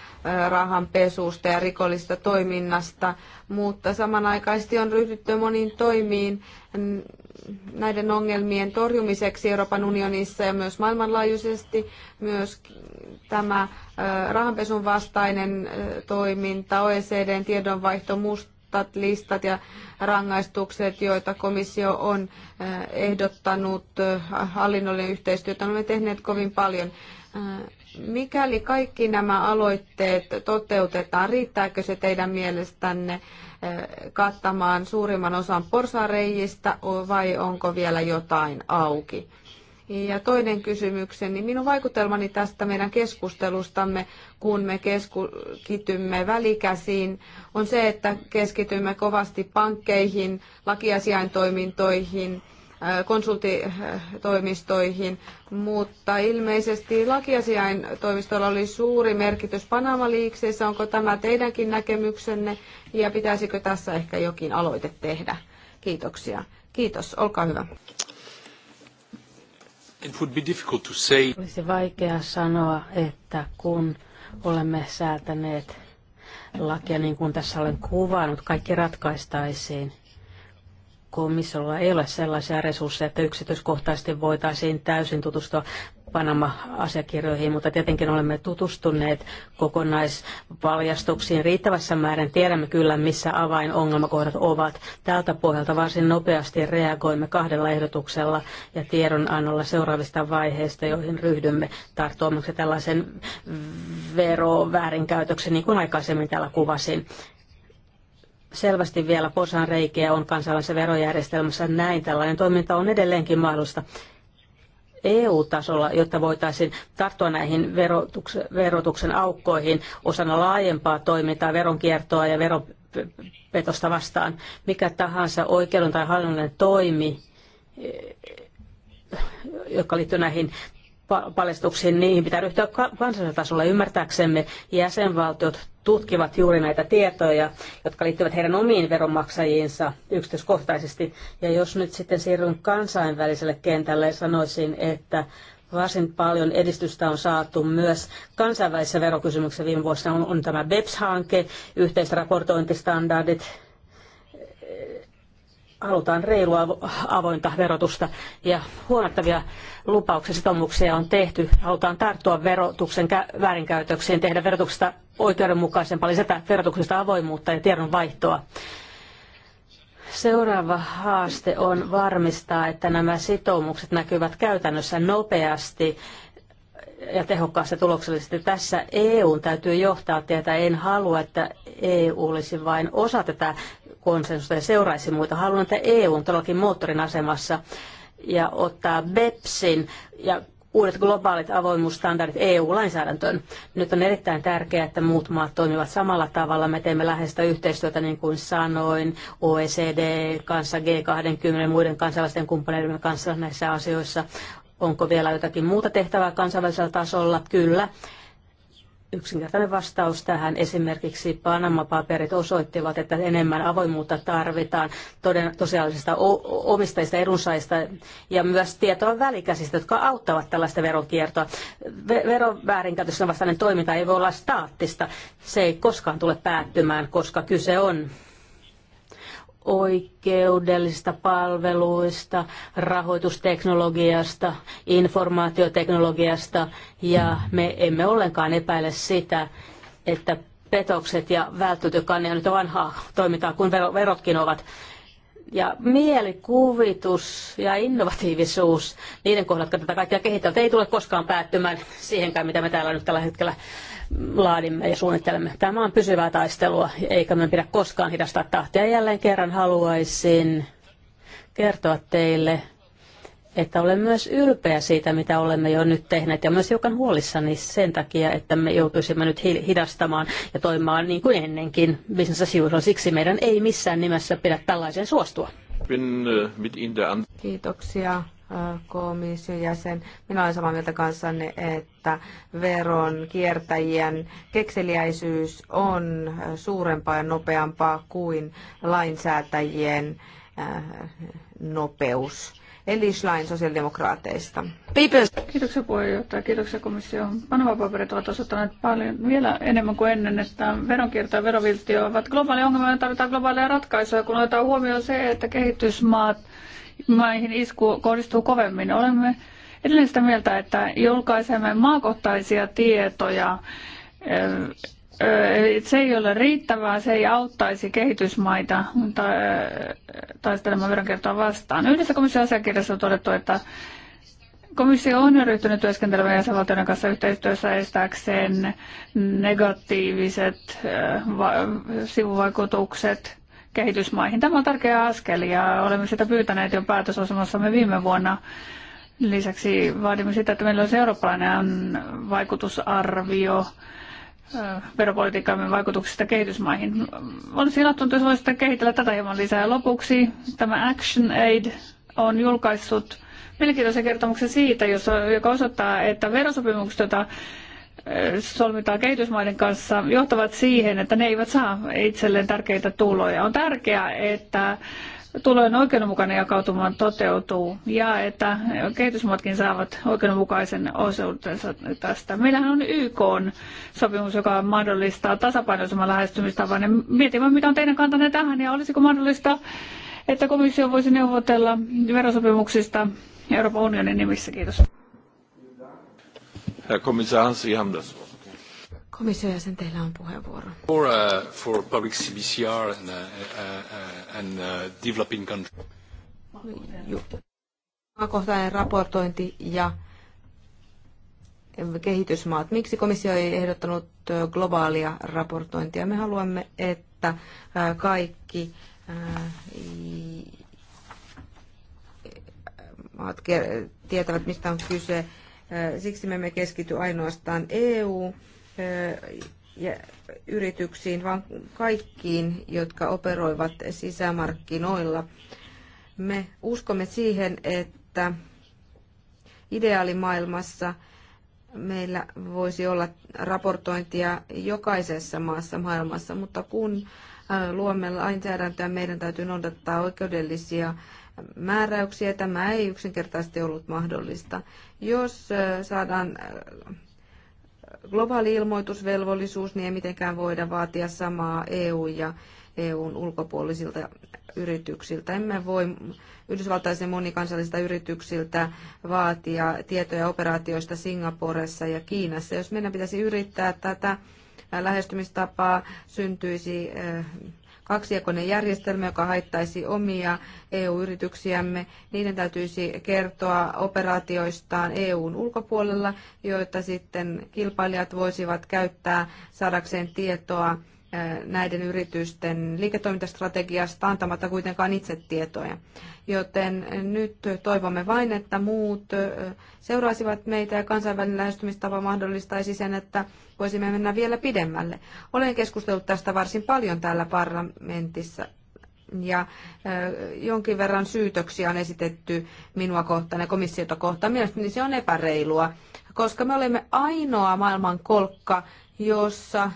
rahanpesusta ja rikollisesta toiminnasta, mutta samanaikaisesti on ryhdytty moniin toimiin näiden ongelmien torjumiseksi Euroopan unionissa ja myös maailmanlaajuisesti. Myös tämä rahanpesun vastainen toiminta, OECDn tiedonvaihto, mustat listat ja rangaistukset, joita komissio on eh, ehdottanut, eh, hallinnollinen yhteistyö, jota olemme tehneet kovin paljon. Eh, mikäli kaikki nämä aloitteet toteutetaan, riittääkö se teidän mielestänne kattamaan suurimman osan porsareijistä vai onko vielä jotain auki? Ja toinen kysymykseni, minun vaikutelmani tästä meidän keskustelustamme, kun me keskitymme välikäsiin, on se, että keskitymme kovasti pankkeihin, lakiasiaintoimintoihin, konsultitoimistoihin, mutta ilmeisesti lakiasiaintoimistolla oli suuri merkitys Panama-liikseissä. Onko tämä teidänkin näkemyksenne ja pitäisikö tässä ehkä jokin aloite tehdä? Kiitoksia. Kiitos, olkaa hyvä. Olisi vaikea sanoa, että kun olemme säätäneet lakia niin kuin tässä olen kuvannut, kaikki ratkaistaisiin komissiolla ei ole sellaisia resursseja, että yksityiskohtaisesti voitaisiin täysin tutustua Panama-asiakirjoihin, mutta tietenkin olemme tutustuneet kokonaisvaljastuksiin riittävässä määrin. Tiedämme kyllä, missä avainongelmakohdat ovat. Tältä pohjalta varsin nopeasti reagoimme kahdella ehdotuksella ja tiedonannolla seuraavista vaiheista, joihin ryhdymme tarttuamme tällaisen veroväärinkäytöksen, niin kuin aikaisemmin täällä kuvasin selvästi vielä porsan reikiä on kansainvälisessä verojärjestelmässä. Näin tällainen toiminta on edelleenkin mahdollista. EU-tasolla, jotta voitaisiin tarttua näihin verotuksen aukkoihin osana laajempaa toimintaa veronkiertoa ja veropetosta vastaan. Mikä tahansa oikeuden tai hallinnollinen toimi, e, joka liittyy näihin paljastuksiin, niihin pitää ryhtyä kansallisella tasolla ymmärtääksemme. Jäsenvaltiot tutkivat juuri näitä tietoja, jotka liittyvät heidän omiin veronmaksajiinsa yksityiskohtaisesti. Ja jos nyt sitten siirryn kansainväliselle kentälle, sanoisin, että varsin paljon edistystä on saatu myös kansainvälisessä verokysymyksessä viime vuosina on, on tämä BEPS-hanke, yhteisraportointistandardit, halutaan reilua avointa verotusta ja huomattavia lupauksia sitoumuksia on tehty. Halutaan tarttua verotuksen väärinkäytöksiin, tehdä verotuksesta oikeudenmukaisempaa, lisätä verotuksesta avoimuutta ja tiedonvaihtoa. Seuraava haaste on varmistaa, että nämä sitoumukset näkyvät käytännössä nopeasti ja tehokkaasti tuloksellisesti. Tässä EU täytyy johtaa tietä. En halua, että EU olisi vain osa tätä konsensusta ja seuraisi muita. Haluan, että EU on todellakin moottorin asemassa ja ottaa BEPSin ja uudet globaalit avoimuusstandardit EU-lainsäädäntöön. Nyt on erittäin tärkeää, että muut maat toimivat samalla tavalla. Me teemme läheistä yhteistyötä, niin kuin sanoin, OECD kanssa, G20 muiden kansainvälisten kumppaneiden kanssa näissä asioissa. Onko vielä jotakin muuta tehtävää kansainvälisellä tasolla? Kyllä. Yksinkertainen vastaus tähän. Esimerkiksi Panama-paperit osoittivat, että enemmän avoimuutta tarvitaan toden, tosiaalisista omistajista, edunsaista ja myös tietoa välikäsistä, jotka auttavat tällaista veronkiertoa. Ve- veroväärinkäytösten vastainen toiminta ei voi olla staattista. Se ei koskaan tule päättymään, koska kyse on oikeudellisista palveluista, rahoitusteknologiasta, informaatioteknologiasta ja me emme ollenkaan epäile sitä, että petokset ja välttytykanne on nyt vanhaa toimintaa kuin verotkin ovat. Ja mielikuvitus ja innovatiivisuus, niiden kohdat, jotka tätä kaikkea kehittävät, ei tule koskaan päättymään siihenkään, mitä me täällä nyt tällä hetkellä laadimme ja suunnittelemme. Tämä on pysyvää taistelua, eikä me pidä koskaan hidastaa tahtia. Jälleen kerran haluaisin kertoa teille, että olen myös ylpeä siitä, mitä olemme jo nyt tehneet, ja myös hiukan huolissani sen takia, että me joutuisimme nyt hidastamaan ja toimimaan niin kuin ennenkin business as usual. Siksi meidän ei missään nimessä pidä tällaiseen suostua. Äh, Kiitoksia äh, komission jäsen. Minä olen samaa mieltä kanssanne, että että veron kiertäjien kekseliäisyys on suurempaa ja nopeampaa kuin lainsäätäjien äh, nopeus. Eli Schlein sosiaalidemokraateista. Kiitoksia puheenjohtaja, kiitoksia komissio. Panama-paperit ovat osoittaneet paljon vielä enemmän kuin ennen, että veronkierto ja veroviltio ovat globaali ongelma ja tarvitaan globaaleja ratkaisuja, kun otetaan huomioon se, että kehitysmaat maihin isku kohdistuu kovemmin. Olemme edelleen sitä mieltä, että julkaisemme maakohtaisia tietoja. Se ei ole riittävää, se ei auttaisi kehitysmaita taistelemaan veronkiertoa vastaan. Yhdessä komission asiakirjassa on todettu, että komissio on jo ryhtynyt työskentelemään jäsenvaltioiden kanssa yhteistyössä estääkseen negatiiviset sivuvaikutukset kehitysmaihin. Tämä on tärkeä askel ja olemme sitä pyytäneet jo päätösosamassamme viime vuonna. Lisäksi vaadimme sitä, että meillä olisi eurooppalainen vaikutusarvio veropolitiikkamme vaikutuksista kehitysmaihin. Olisi ilahtunut, jos voisitte kehitellä tätä hieman lisää. Lopuksi tämä Action Aid on julkaissut mielenkiintoisen kertomuksen siitä, joka osoittaa, että verosopimukset, joita solmitaan kehitysmaiden kanssa, johtavat siihen, että ne eivät saa itselleen tärkeitä tuloja. On tärkeää, että tulojen oikeudenmukainen jakautuma toteutuu ja että kehitysmaatkin saavat oikeudenmukaisen osuutensa tästä. Meillähän on YK on sopimus, joka mahdollistaa tasapainoisemman lähestymistavan. Ja mietin, mitä on teidän kantanne tähän ja olisiko mahdollista, että komissio voisi neuvotella verosopimuksista Euroopan unionin nimissä. Kiitos. Herr Kommissar, Sie haben das Komission jäsen, teillä on puheenvuoro. For, uh, for public CBCR and, uh, uh, and uh, developing country. Maakohtainen raportointi ja kehitysmaat. Miksi komissio ei ehdottanut globaalia raportointia? Me haluamme, että kaikki maat tietävät, mistä on kyse. Siksi me emme keskity ainoastaan EU- yrityksiin, vaan kaikkiin, jotka operoivat sisämarkkinoilla. Me uskomme siihen, että ideaalimaailmassa meillä voisi olla raportointia jokaisessa maassa maailmassa, mutta kun luomme lainsäädäntöä, meidän täytyy noudattaa oikeudellisia määräyksiä. Tämä ei yksinkertaisesti ollut mahdollista. Jos saadaan globaali ilmoitusvelvollisuus, niin ei mitenkään voida vaatia samaa EU- ja EUn ulkopuolisilta yrityksiltä. Emme voi Yhdysvaltaisen monikansallisilta yrityksiltä vaatia tietoja operaatioista Singaporessa ja Kiinassa. Jos meidän pitäisi yrittää tätä lähestymistapaa, syntyisi eh, kaksijakoinen järjestelmä, joka haittaisi omia EU-yrityksiämme. Niiden täytyisi kertoa operaatioistaan EUn ulkopuolella, joita sitten kilpailijat voisivat käyttää saadakseen tietoa näiden yritysten liiketoimintastrategiasta antamatta kuitenkaan itse tietoja. Joten nyt toivomme vain, että muut seuraisivat meitä ja kansainvälinen lähestymistapa mahdollistaisi sen, että voisimme mennä vielä pidemmälle. Olen keskustellut tästä varsin paljon täällä parlamentissa ja jonkin verran syytöksiä on esitetty minua kohtaan ja komissiota kohtaan. Mielestäni se on epäreilua, koska me olemme ainoa maailmankolkka, jossa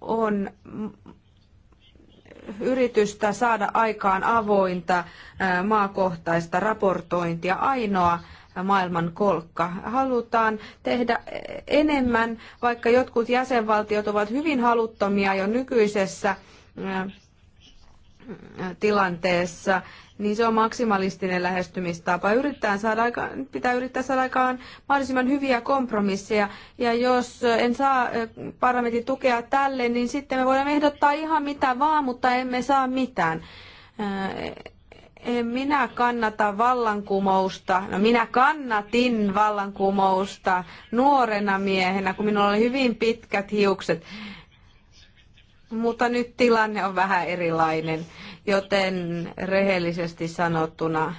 on yritystä saada aikaan avointa maakohtaista raportointia ainoa maailman kolkka. Halutaan tehdä enemmän, vaikka jotkut jäsenvaltiot ovat hyvin haluttomia jo nykyisessä tilanteessa niin se on maksimalistinen lähestymistapa. Yrittää saada aikaan, pitää yrittää saada aikaan mahdollisimman hyviä kompromisseja. Ja jos en saa parlamentin tukea tälle, niin sitten me voidaan ehdottaa ihan mitä vaan, mutta emme saa mitään. En minä kannata vallankumousta. No minä kannatin vallankumousta nuorena miehenä, kun minulla oli hyvin pitkät hiukset. Mutta nyt tilanne on vähän erilainen joten rehellisesti sanottuna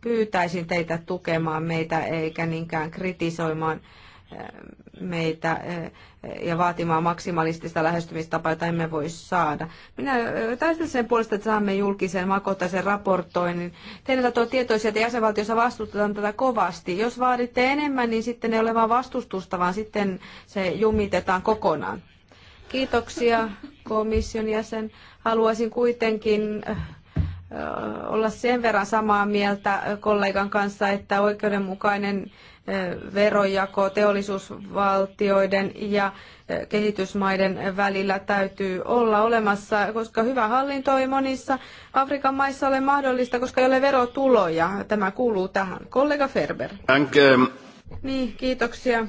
pyytäisin teitä tukemaan meitä eikä niinkään kritisoimaan eh, meitä eh, ja vaatimaan maksimalistista lähestymistapaa, jota emme voi saada. Minä eh, taistelen sen puolesta, että saamme julkisen makotaisen raportoinnin. Teillä on tietoisia, että jäsenvaltiossa vastustetaan tätä kovasti. Jos vaaditte enemmän, niin sitten ei ole vain vastustusta, vaan sitten se jumitetaan kokonaan. Kiitoksia komission jäsen. Haluaisin kuitenkin äh, olla sen verran samaa mieltä kollegan kanssa, että oikeudenmukainen äh, verojako teollisuusvaltioiden ja äh, kehitysmaiden välillä täytyy olla olemassa, koska hyvä hallinto ei monissa Afrikan maissa ole mahdollista, koska ei ole verotuloja. Tämä kuuluu tähän. Kollega Ferber. Niin, kiitoksia.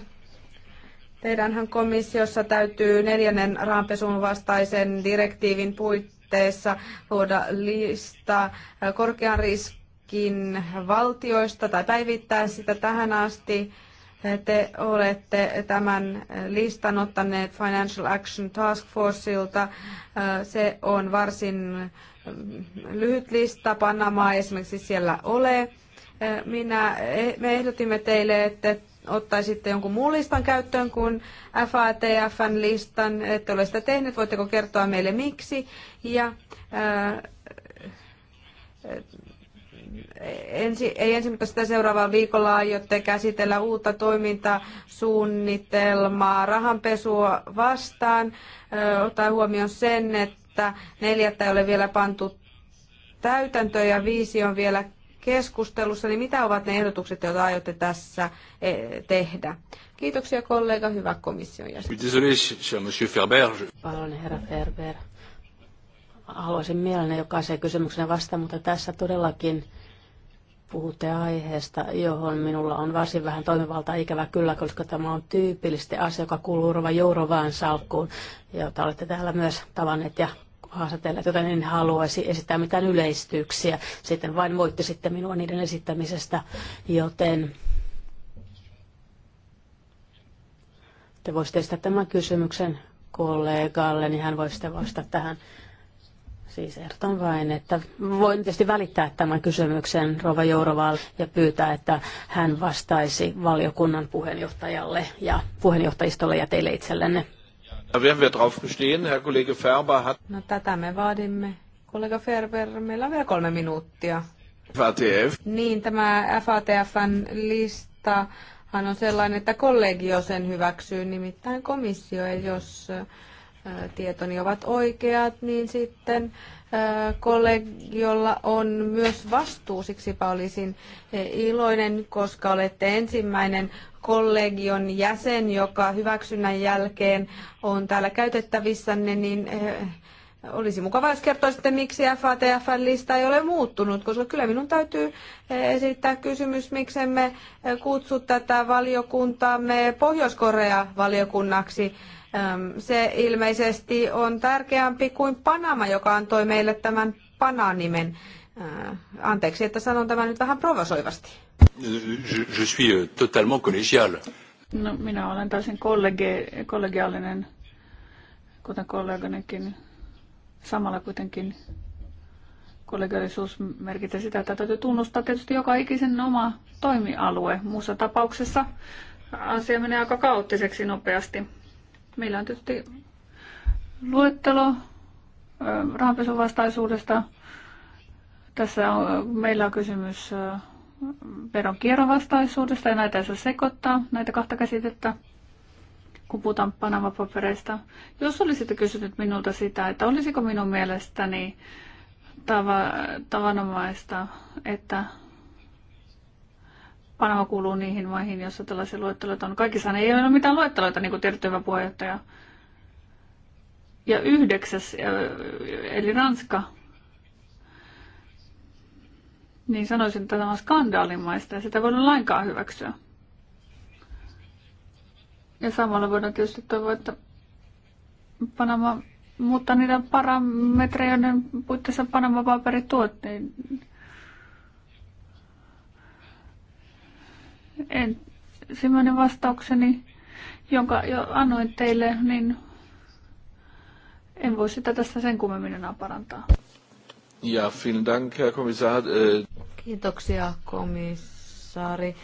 Teidänhän komissiossa täytyy neljännen rahanpesun vastaisen direktiivin puitteissa luoda lista korkean riskin valtioista tai päivittää sitä tähän asti. Te olette tämän listan ottaneet Financial Action Task Forceilta. Se on varsin lyhyt lista. Panamaa esimerkiksi siellä ole. Minä, me ehdotimme teille, että ottaisitte jonkun muun listan käyttöön kuin FATFn listan? Ette ole sitä tehnyt, voitteko kertoa meille miksi? Ja, ää, äh, ensi, ei ensin, mutta sitä seuraavaa viikolla aiotte käsitellä uutta toimintasuunnitelmaa rahanpesua vastaan, äh, ottaa huomioon sen, että neljättä ei ole vielä pantu täytäntöön ja viisi on vielä keskustelussa, niin mitä ovat ne ehdotukset, joita aiotte tässä e, tehdä? Kiitoksia kollega, hyvä komission jäsen. monsieur Ferber. Paljon herra Ferber. Haluaisin mielelläni jokaisen kysymyksen vasta, mutta tässä todellakin puhutte aiheesta, johon minulla on varsin vähän toimivaltaa ikävä kyllä, koska tämä on tyypillisesti asia, joka kuuluu Rova Jourovaan salkkuun, jota olette täällä myös tavanneet ja haastatella, joten en haluaisi esittää mitään yleistyksiä. Sitten vain voitte sitten minua niiden esittämisestä, joten te voisitte esittää tämän kysymyksen kollegalle, niin hän voisi sitten vastata tähän. Siis ehdotan vain, että voin tietysti välittää tämän kysymyksen Rova Jourovalle ja pyytää, että hän vastaisi valiokunnan puheenjohtajalle ja puheenjohtajistolle ja teille itsellenne. No tätä me vaadimme. Kollega Ferber, meillä on vielä kolme minuuttia. FATF. Niin, tämä FATFn lista hän on sellainen, että kollegio sen hyväksyy, nimittäin komissio, ja jos tietoni ovat oikeat, niin sitten kollegiolla on myös vastuu, siksipä olisin e, iloinen, koska olette ensimmäinen kollegion jäsen, joka hyväksynnän jälkeen on täällä käytettävissänne, niin e, olisi mukava, jos kertoisitte, miksi FATF-lista ei ole muuttunut, koska kyllä minun täytyy e, esittää kysymys, miksemme kutsu tätä valiokuntaamme Pohjois-Korea-valiokunnaksi se ilmeisesti on tärkeämpi kuin Panama, joka antoi meille tämän Pananimen. Anteeksi, että sanon tämän nyt vähän provosoivasti. Je, suis euh, totalement collégial. No, minä olen täysin kollegi, kollegiaalinen, kuten kolleganikin. Samalla kuitenkin kollegiaalisuus merkitsee sitä, että täytyy tunnustaa tietysti joka ikisen oma toimialue. Muussa tapauksessa asia menee aika kaoottiseksi nopeasti. Meillä on tietysti luettelo rahanpesun vastaisuudesta. Tässä on, meillä on kysymys veronkierron vastaisuudesta ja näitä ei saa sekoittaa, näitä kahta käsitettä, kun puhutaan Panama-papereista. Jos olisitte kysynyt minulta sitä, että olisiko minun mielestäni tava, tavanomaista, että Panama kuuluu niihin maihin, joissa tällaisia luetteloita on. Kaikissa ei ole mitään luetteloita, niin kuin tiedätte, hyvä puheenjohtaja. Ja yhdeksäs, eh, eli Ranska, niin sanoisin, että tämä on skandaalimaista ja sitä voinut lainkaan hyväksyä. Ja samalla voidaan tietysti toivoa, että Panama, mutta niitä parametreja, joiden puitteissa Panama-paperit Niin ensimmäinen vastaukseni, jonka jo annoin teille, niin en voi sitä tästä sen kummemmin enää parantaa. Ja, vielen dank, Herr Kommissar. Äh, Kiitoksia, komissaari.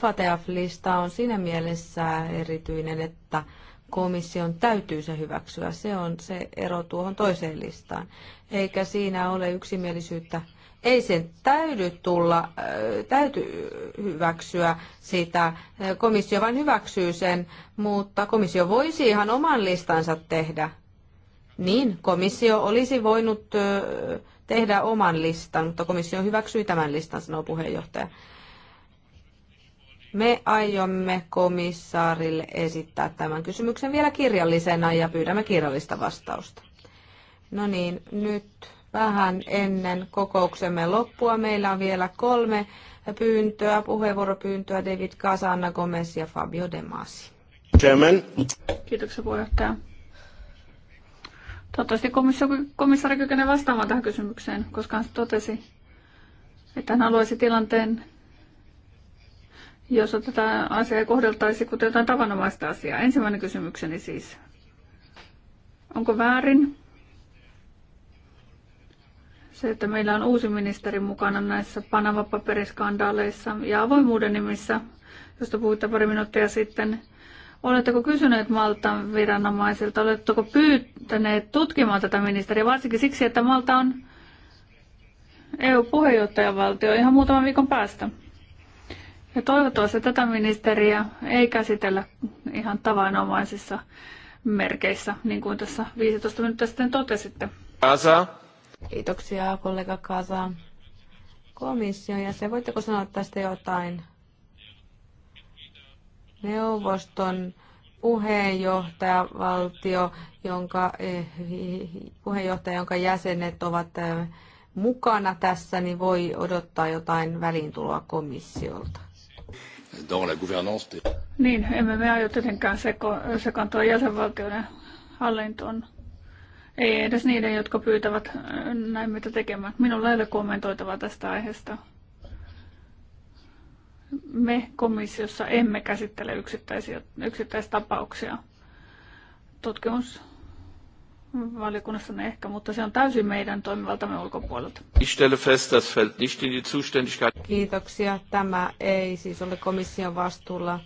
FATF-lista on siinä mielessä erityinen, että komission täytyy se hyväksyä. Se on se ero tuohon toiseen listaan. Eikä siinä ole yksimielisyyttä ei sen täydy tulla, äh, täytyy hyväksyä sitä. Komissio vain hyväksyy sen, mutta komissio voisi ihan oman listansa tehdä. Niin, komissio olisi voinut äh, tehdä oman listan, mutta komissio hyväksyi tämän listan, sanoo puheenjohtaja. Me aiomme komissaarille esittää tämän kysymyksen vielä kirjallisena ja pyydämme kirjallista vastausta. No niin, nyt vähän ennen kokouksemme loppua. Meillä on vielä kolme pyyntöä, puheenvuoropyyntöä David Casa, Gomez ja Fabio De Masi. Chairman. Kiitoksia puheenjohtaja. Toivottavasti komissio, komissaari kykenee vastaamaan tähän kysymykseen, koska hän totesi, että hän haluaisi tilanteen, jos tätä asiaa kohdeltaisi kuten jotain tavanomaista asiaa. Ensimmäinen kysymykseni siis. Onko väärin, se, että meillä on uusi ministeri mukana näissä Panama-paperiskandaaleissa ja avoimuuden nimissä, josta puhuitte pari minuuttia sitten. Oletteko kysyneet Maltan viranomaisilta, oletteko pyytäneet tutkimaan tätä ministeriä, varsinkin siksi, että Malta on EU-puheenjohtajavaltio ihan muutaman viikon päästä. Ja toivottavasti tätä ministeriä ei käsitellä ihan tavanomaisissa merkeissä, niin kuin tässä 15 minuuttia sitten totesitte. Kiitoksia kollega Kasa. Komission jäsen, voitteko sanoa tästä jotain? Neuvoston puheenjohtajavaltio, jonka, eh, puheenjohtaja, jonka jäsenet ovat eh, mukana tässä, niin voi odottaa jotain väliintuloa komissiolta. Niin, emme me aio tietenkään sekaantua jäsenvaltioiden hallintoon. Ei edes niiden, jotka pyytävät äh, näin mitä tekemään. Minulla ei ole kommentoitavaa tästä aiheesta. Me komissiossa emme käsittele yksittäisiä, yksittäistapauksia. Tutkimus valiokunnassa ne ehkä, mutta se on täysin meidän toimivaltamme ulkopuolelta. Kiitoksia. Tämä ei siis ole komission vastuulla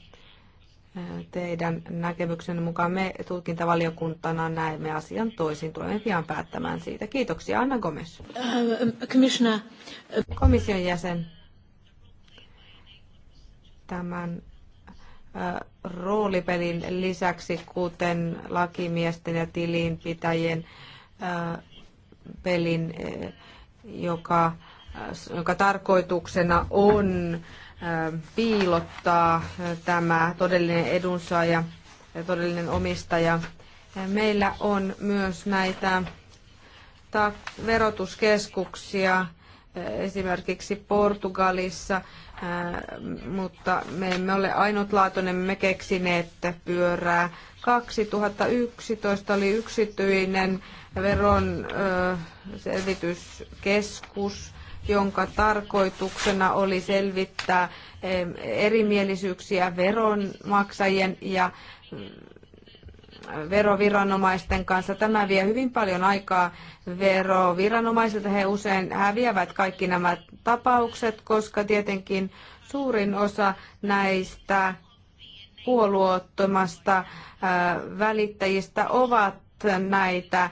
teidän näkemyksenne mukaan me tutkintavaliokuntana näemme asian toisin. Tulemme pian päättämään siitä. Kiitoksia, Anna Gomes. Uh, uh, Komission jäsen. Tämän uh, roolipelin lisäksi, kuten lakimiesten ja tilinpitäjien pelin, joka, joka tarkoituksena on Ähm, piilottaa äh, tämä todellinen edunsaaja ja todellinen omistaja. Äh, meillä on myös näitä verotuskeskuksia äh, esimerkiksi Portugalissa, mutta me emme ole ainutlaatuinen, me keksineet pyörää. 2011 oli yksityinen veron selvityskeskus jonka tarkoituksena oli selvittää erimielisyyksiä veronmaksajien ja mm, veroviranomaisten kanssa. Tämä vie hyvin paljon aikaa veroviranomaisilta. He usein häviävät kaikki nämä tapaukset, koska tietenkin suurin osa näistä puolueettomasta välittäjistä ovat näitä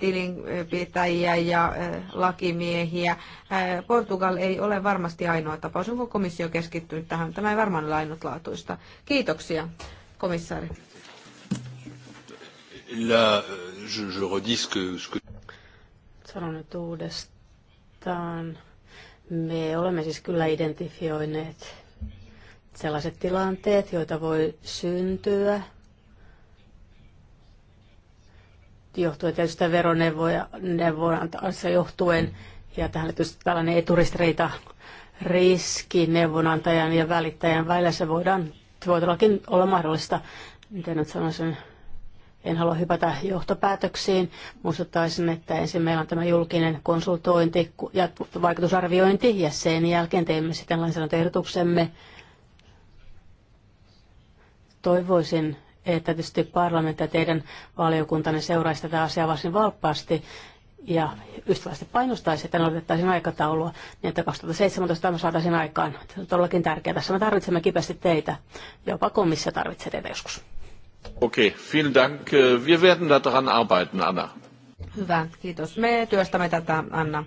tilinpitäjiä ja lakimiehiä. Portugal ei ole varmasti ainoa tapaus, onko komissio keskittynyt tähän. Tämä ei varmaan ole ainutlaatuista. Kiitoksia, komissaari. La, je, je redis que, que... Sanon nyt uudestaan. Me olemme siis kyllä identifioineet sellaiset tilanteet, joita voi syntyä johtuen tietystä veroneuvonantaansa johtuen, ja tähän tietysti tällainen eturistireita riski neuvonantajan ja välittäjän välillä, se voidaan, se voi todellakin olla mahdollista, miten nyt sanoisin, en halua hypätä johtopäätöksiin. Muistuttaisin, että ensin meillä on tämä julkinen konsultointi ja vaikutusarviointi, ja sen jälkeen teemme sitten lainsäädäntöehdotuksemme. Toivoisin, että tietysti parlamentti ja teidän valiokuntanne seuraisi tätä asiaa varsin valppaasti ja ystävästi painostaisi, että noudatettaisiin aikataulua niin, että 2017 tämä saataisiin aikaan. Se on todellakin tärkeää. Tässä me tarvitsemme kipeästi teitä. Jopa komissio tarvitsee teitä joskus. Okei, okay, vielen dank. Wir werden daran arbeiten, Anna. Hyvä, kiitos. Me työstämme tätä, Anna.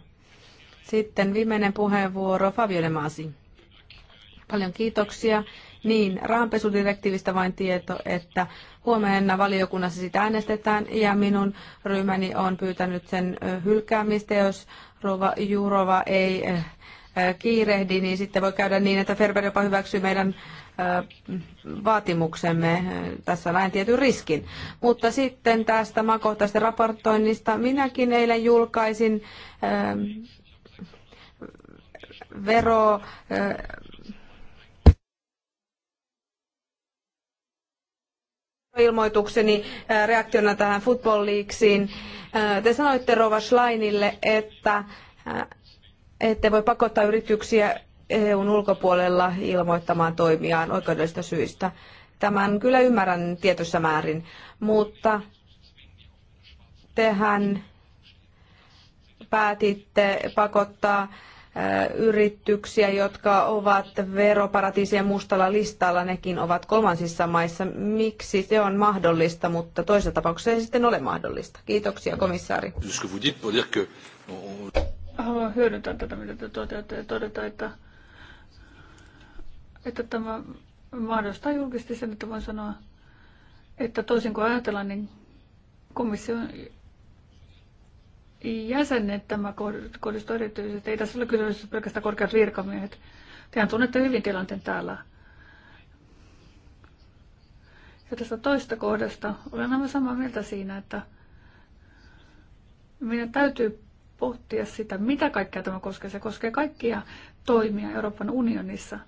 Sitten viimeinen puheenvuoro Fabio Masi. Paljon kiitoksia niin rahanpesudirektiivistä vain tieto, että huomenna valiokunnassa sitä äänestetään ja minun ryhmäni on pyytänyt sen hylkäämistä, jos Rova Jurova ei kiirehdi, niin sitten voi käydä niin, että Ferber jopa hyväksyy meidän vaatimuksemme. Tässä näin tietyn riskin. Mutta sitten tästä maakohtaisesta raportoinnista. Minäkin eilen julkaisin vero ilmoitukseni äh, reaktiona tähän Football Leaguesiin. Äh, te sanoitte Rova Schleinille, että äh, ette voi pakottaa yrityksiä EUn ulkopuolella ilmoittamaan toimiaan oikeudellisista syistä. Tämän kyllä ymmärrän tietyssä määrin, mutta tehän päätitte pakottaa yrityksiä, jotka ovat veroparatiisien mustalla listalla, nekin ovat kolmansissa maissa. Miksi se on mahdollista, mutta toisessa tapauksessa ei sitten ole mahdollista? Kiitoksia, komissaari. Haluan hyödyntää tätä, mitä te toteatte, ja todeta, että, että tämä mahdollistaa julkisesti sen, että voin sanoa, että toisin kuin ajatellaan, niin komissio jäsenet tämä kohdistuu erityisesti. Ei tässä ole kysymys pelkästään korkeat virkamiehet. Tehän tunnette hyvin tilanteen täällä. Ja tästä toista kohdasta olen aivan samaa mieltä siinä, että meidän täytyy pohtia sitä, mitä kaikkea tämä koskee. Se koskee kaikkia toimia Euroopan unionissa,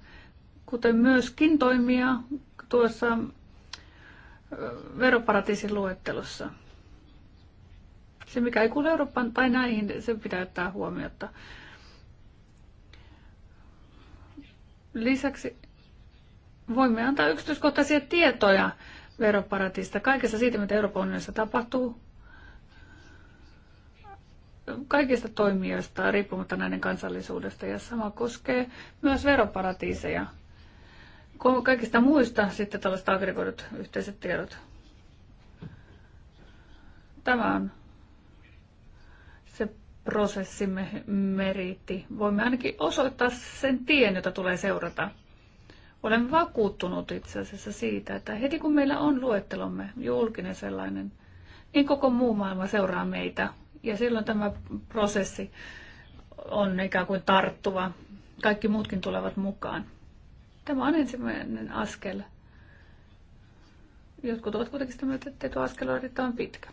kuten myöskin toimia tuossa veroparatiisin luettelossa. Se, mikä ei kuulu Euroopan tai näihin, se pitää ottaa huomiota. Lisäksi voimme antaa yksityiskohtaisia tietoja veroparatista, kaikessa siitä, mitä Euroopan unionissa tapahtuu, kaikista toimijoista, riippumatta näiden kansallisuudesta. Ja sama koskee myös veroparatiiseja. Kaikista muista sitten tällaiset aggregoidut yhteiset tiedot. Tämä on prosessimme meritti. Voimme ainakin osoittaa sen tien, jota tulee seurata. Olen vakuuttunut itse asiassa siitä, että heti kun meillä on luettelomme, julkinen sellainen, niin koko muu maailma seuraa meitä. Ja silloin tämä prosessi on ikään kuin tarttuva. Kaikki muutkin tulevat mukaan. Tämä on ensimmäinen askel. Jotkut ovat kuitenkin sitä mieltä, että tuo askel on erittäin pitkä.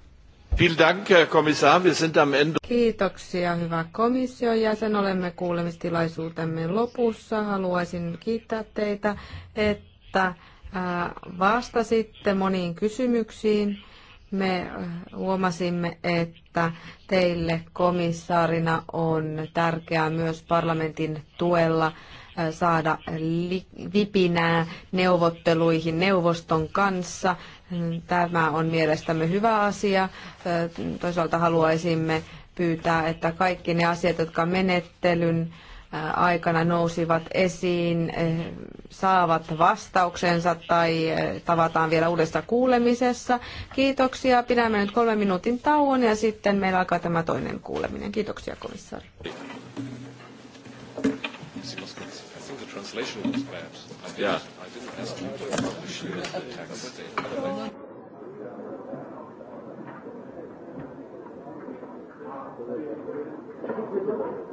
Kiitoksia, hyvä komission jäsen. Olemme kuulemistilaisuutemme lopussa. Haluaisin kiittää teitä, että vastasitte moniin kysymyksiin. Me huomasimme, että teille komissaarina on tärkeää myös parlamentin tuella saada vipinää neuvotteluihin neuvoston kanssa. Tämä on mielestämme hyvä asia. Toisaalta haluaisimme pyytää, että kaikki ne asiat, jotka menettelyn aikana nousivat esiin, saavat vastauksensa tai tavataan vielä uudessa kuulemisessa. Kiitoksia. Pidämme nyt kolmen minuutin tauon ja sitten meillä alkaa tämä toinen kuuleminen. Kiitoksia komissaari translation was bad. yeah. I didn't ask you to publish the text. Thank you.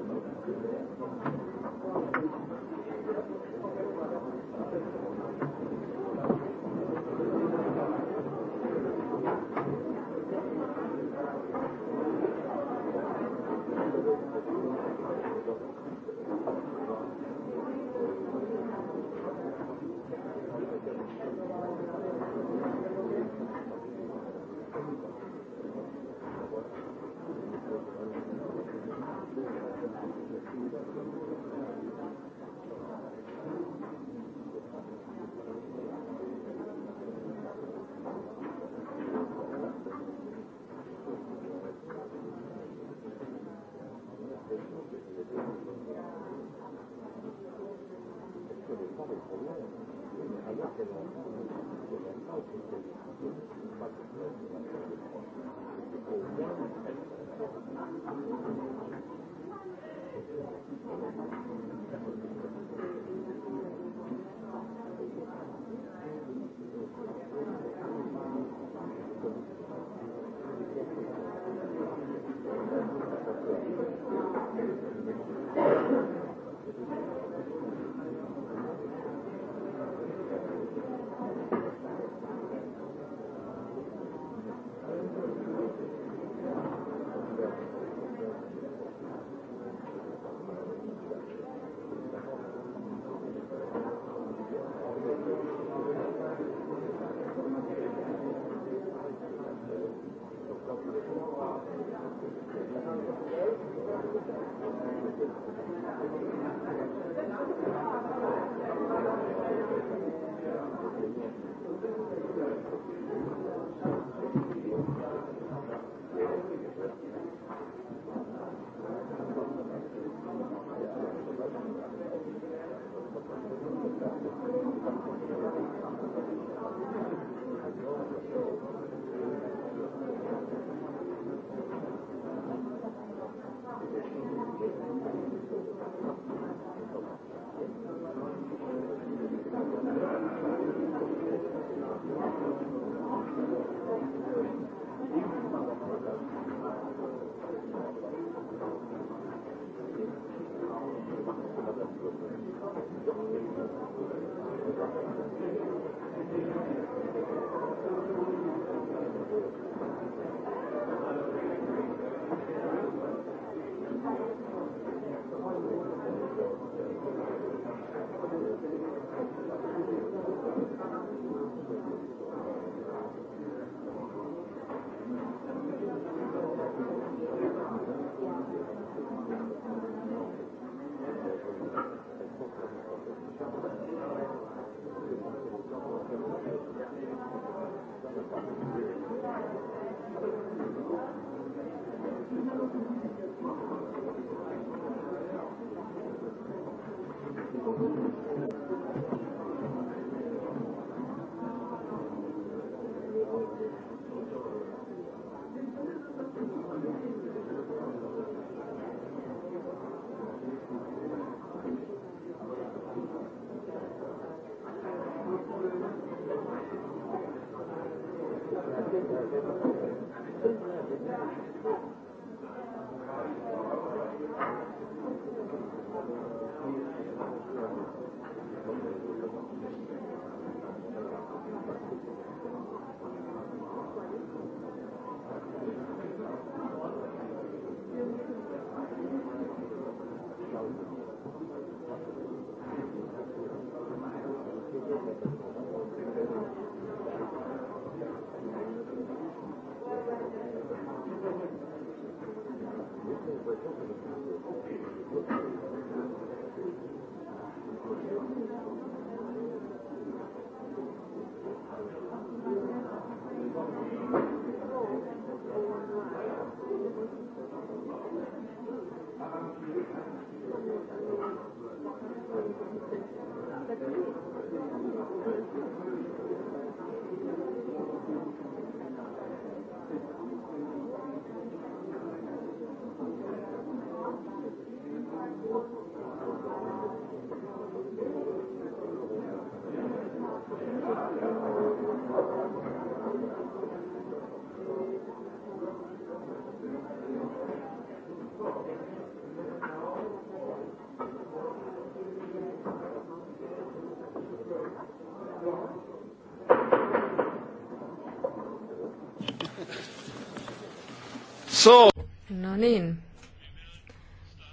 So. No niin,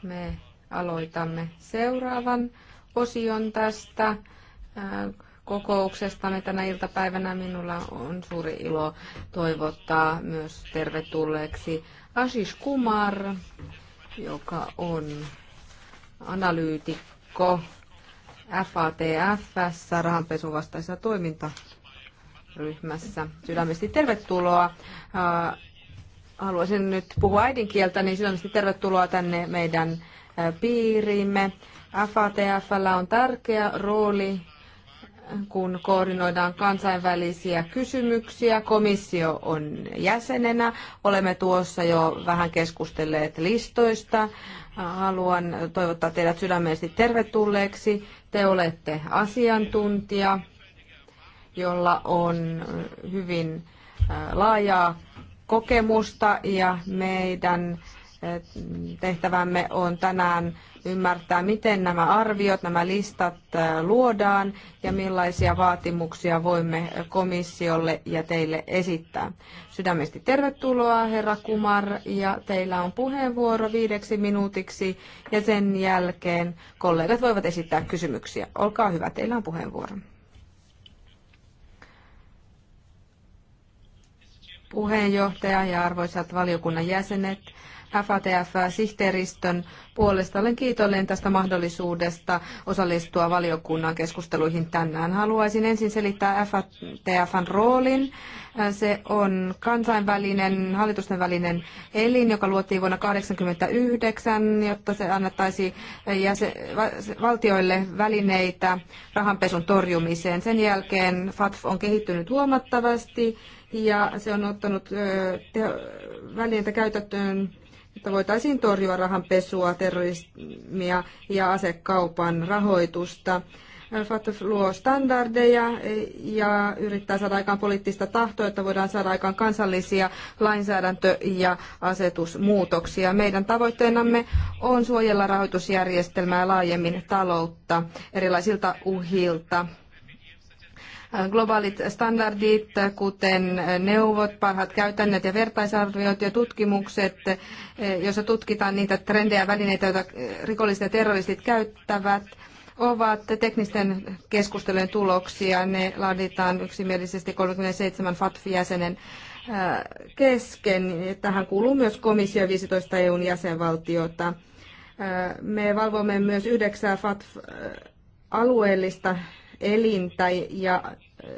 me aloitamme seuraavan osion tästä äh, kokouksesta, Me tänä iltapäivänä. Minulla on suuri ilo toivottaa myös tervetulleeksi Ashish Kumar, joka on analyytikko FATFssä, rahanpesuvastaisessa vastaisessa toimintaryhmässä. Sydämesti tervetuloa äh, haluaisin nyt puhua äidinkieltä, niin sydämesti tervetuloa tänne meidän piiriimme. FATF on tärkeä rooli, kun koordinoidaan kansainvälisiä kysymyksiä. Komissio on jäsenenä. Olemme tuossa jo vähän keskustelleet listoista. Haluan toivottaa teidät sydämellisesti tervetulleeksi. Te olette asiantuntija, jolla on hyvin laajaa kokemusta ja meidän eh, tehtävämme on tänään ymmärtää, miten nämä arviot, nämä listat eh, luodaan ja millaisia vaatimuksia voimme komissiolle ja teille esittää. Sydämesti tervetuloa, herra Kumar, ja teillä on puheenvuoro viideksi minuutiksi ja sen jälkeen kollegat voivat esittää kysymyksiä. Olkaa hyvä, teillä on puheenvuoro. puheenjohtaja ja arvoisat valiokunnan jäsenet. FATF-sihteeristön puolesta. Olen kiitollinen tästä mahdollisuudesta osallistua valiokunnan keskusteluihin tänään. Haluaisin ensin selittää FATFn roolin. Se on kansainvälinen, hallitusten välinen elin, joka luotiin vuonna 1989, jotta se annettaisi valtioille välineitä rahanpesun torjumiseen. Sen jälkeen FATF on kehittynyt huomattavasti ja se on ottanut välineitä käytettyyn että voitaisiin torjua rahanpesua, terrorismia ja asekaupan rahoitusta. FATF luo standardeja ja yrittää saada aikaan poliittista tahtoa, että voidaan saada aikaan kansallisia lainsäädäntö- ja asetusmuutoksia. Meidän tavoitteenamme on suojella rahoitusjärjestelmää laajemmin taloutta erilaisilta uhilta Globaalit standardit, kuten neuvot, parhaat käytännöt ja vertaisarviot ja tutkimukset, joissa tutkitaan niitä trendejä ja välineitä, joita rikolliset ja terroristit käyttävät, ovat teknisten keskustelujen tuloksia. Ne laaditaan yksimielisesti 37 FATF-jäsenen äh, kesken. Tähän kuuluu myös komissio 15 EUn jäsenvaltiota. Äh, me valvomme myös yhdeksää FATF äh, alueellista elin tai ja,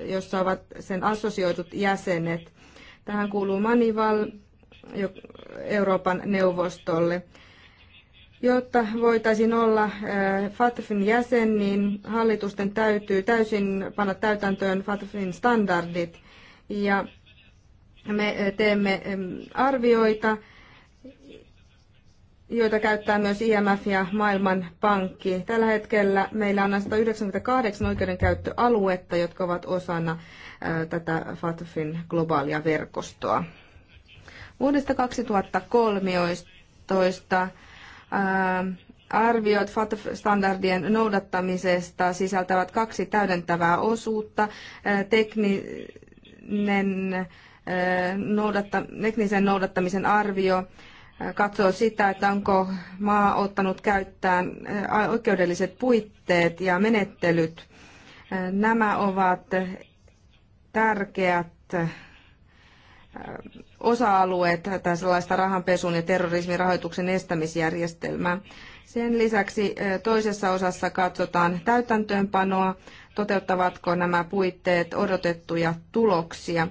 jossa ovat sen assosioidut jäsenet. Tähän kuuluu Manival Euroopan neuvostolle. Jotta voitaisiin olla eh, FATFin jäsen, niin hallitusten täytyy täysin panna täytäntöön FATFin standardit. Ja me eh, teemme arvioita joita käyttää myös IMF ja Maailmanpankki. Tällä hetkellä meillä on 198 oikeudenkäyttöaluetta, jotka ovat osana tätä FATFin globaalia verkostoa. Vuodesta 2013 arviot FATF-standardien noudattamisesta sisältävät kaksi täydentävää osuutta. teknisen noudattamisen arvio katsoo sitä, että onko maa ottanut käyttään oikeudelliset puitteet ja menettelyt. Nämä ovat tärkeät osa-alueet tällaista rahanpesun ja terrorismin rahoituksen estämisjärjestelmää. Sen lisäksi toisessa osassa katsotaan täytäntöönpanoa, toteuttavatko nämä puitteet odotettuja tuloksia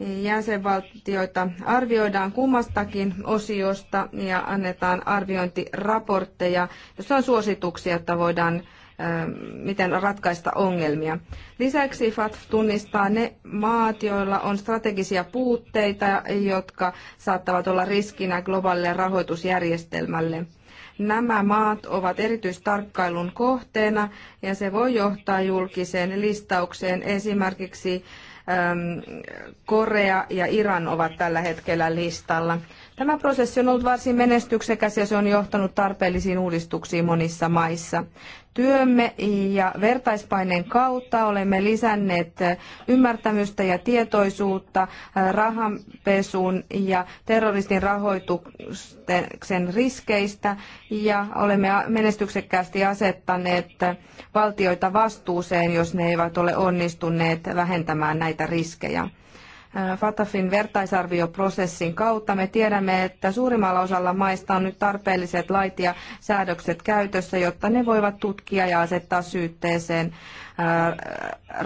jäsenvaltioita arvioidaan kummastakin osiosta ja annetaan arviointiraportteja, joissa on suosituksia, että voidaan ähm, miten ratkaista ongelmia. Lisäksi FATF tunnistaa ne maat, joilla on strategisia puutteita, jotka saattavat olla riskinä globaalille rahoitusjärjestelmälle. Nämä maat ovat erityistarkkailun kohteena ja se voi johtaa julkiseen listaukseen esimerkiksi Korea ja Iran ovat tällä hetkellä listalla. Tämä prosessi on ollut varsin menestyksekäs ja se on johtanut tarpeellisiin uudistuksiin monissa maissa. Työmme ja vertaispaineen kautta olemme lisänneet ymmärtämystä ja tietoisuutta äh, rahanpesun ja terroristin rahoituksen riskeistä ja olemme menestyksekkäästi asettaneet valtioita vastuuseen, jos ne eivät ole onnistuneet vähentämään näitä riskejä. FATAFin äh, vertaisarvioprosessin kautta. Me tiedämme, että suurimmalla osalla maista on nyt tarpeelliset lait ja säädökset käytössä, jotta ne voivat tutkia ja asettaa syytteeseen äh,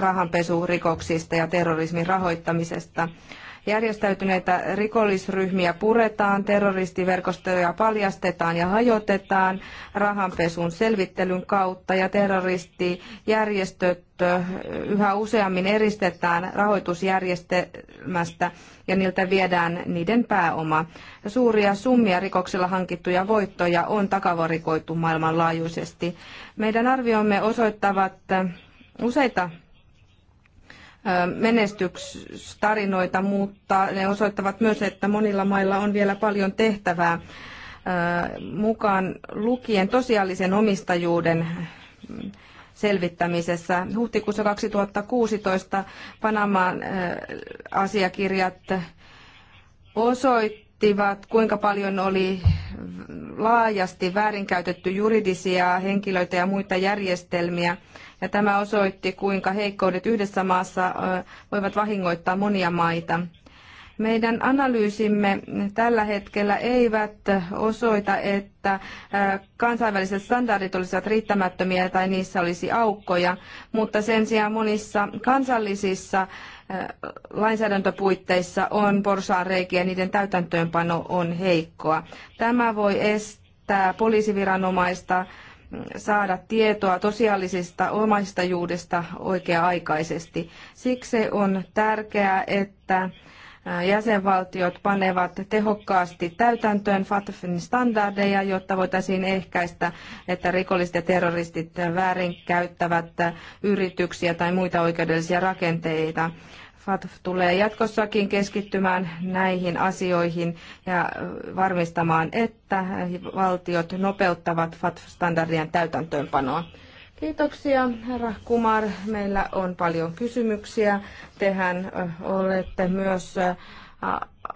rahanpesurikoksista ja terrorismin rahoittamisesta. Järjestäytyneitä rikollisryhmiä puretaan, terroristiverkostoja paljastetaan ja hajotetaan rahanpesun selvittelyn kautta ja terroristijärjestöt yhä useammin eristetään rahoitusjärjestelmästä ja niiltä viedään niiden pääoma. Suuria summia rikoksilla hankittuja voittoja on takavarikoitu maailmanlaajuisesti. Meidän arviomme osoittavat useita menestystarinoita, mutta ne osoittavat myös, että monilla mailla on vielä paljon tehtävää mukaan lukien tosiaalisen omistajuuden selvittämisessä. Huhtikuussa 2016 Panaman asiakirjat osoittivat, kuinka paljon oli laajasti väärinkäytetty juridisia henkilöitä ja muita järjestelmiä ja tämä osoitti, kuinka heikkoudet yhdessä maassa voivat vahingoittaa monia maita. Meidän analyysimme tällä hetkellä eivät osoita, että kansainväliset standardit olisivat riittämättömiä tai niissä olisi aukkoja, mutta sen sijaan monissa kansallisissa lainsäädäntöpuitteissa on porsaanreikiä ja niiden täytäntöönpano on heikkoa. Tämä voi estää poliisiviranomaista saada tietoa omaista omistajuudesta oikea-aikaisesti. Siksi on tärkeää, että jäsenvaltiot panevat tehokkaasti täytäntöön FATFin standardeja, jotta voitaisiin ehkäistä, että rikolliset ja terroristit väärinkäyttävät yrityksiä tai muita oikeudellisia rakenteita. FATF tulee jatkossakin keskittymään näihin asioihin ja varmistamaan, että valtiot nopeuttavat FATF-standardien täytäntöönpanoa. Kiitoksia, herra Kumar. Meillä on paljon kysymyksiä. Tehän olette myös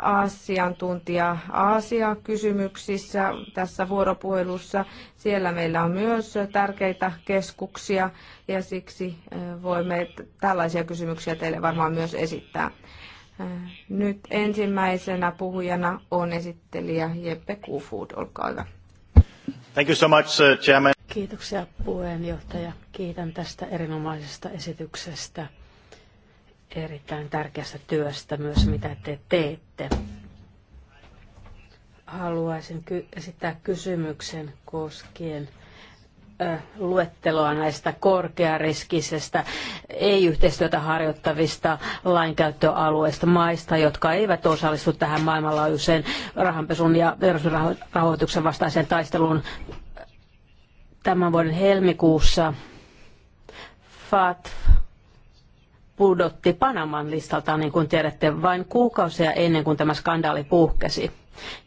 asiantuntija Aasia-kysymyksissä tässä vuoropuhelussa. Siellä meillä on myös tärkeitä keskuksia ja siksi eh, voimme tällaisia kysymyksiä teille varmaan myös esittää. Eh, nyt ensimmäisenä puhujana on esittelijä Jeppe Kufuud, Olkaa hyvä. Thank you so much, uh, Chairman. Kiitoksia puheenjohtaja. Kiitän tästä erinomaisesta esityksestä erittäin tärkeästä työstä myös, mitä te teette. Haluaisin ky- esittää kysymyksen koskien luetteloa näistä korkeariskisestä, ei-yhteistyötä harjoittavista lainkäyttöalueista, maista, jotka eivät osallistu tähän maailmanlaajuiseen rahanpesun ja rahoituksen vastaiseen taisteluun. Tämän vuoden helmikuussa FATF pudotti Panaman listalta, niin kuin tiedätte, vain kuukausia ennen kuin tämä skandaali puhkesi.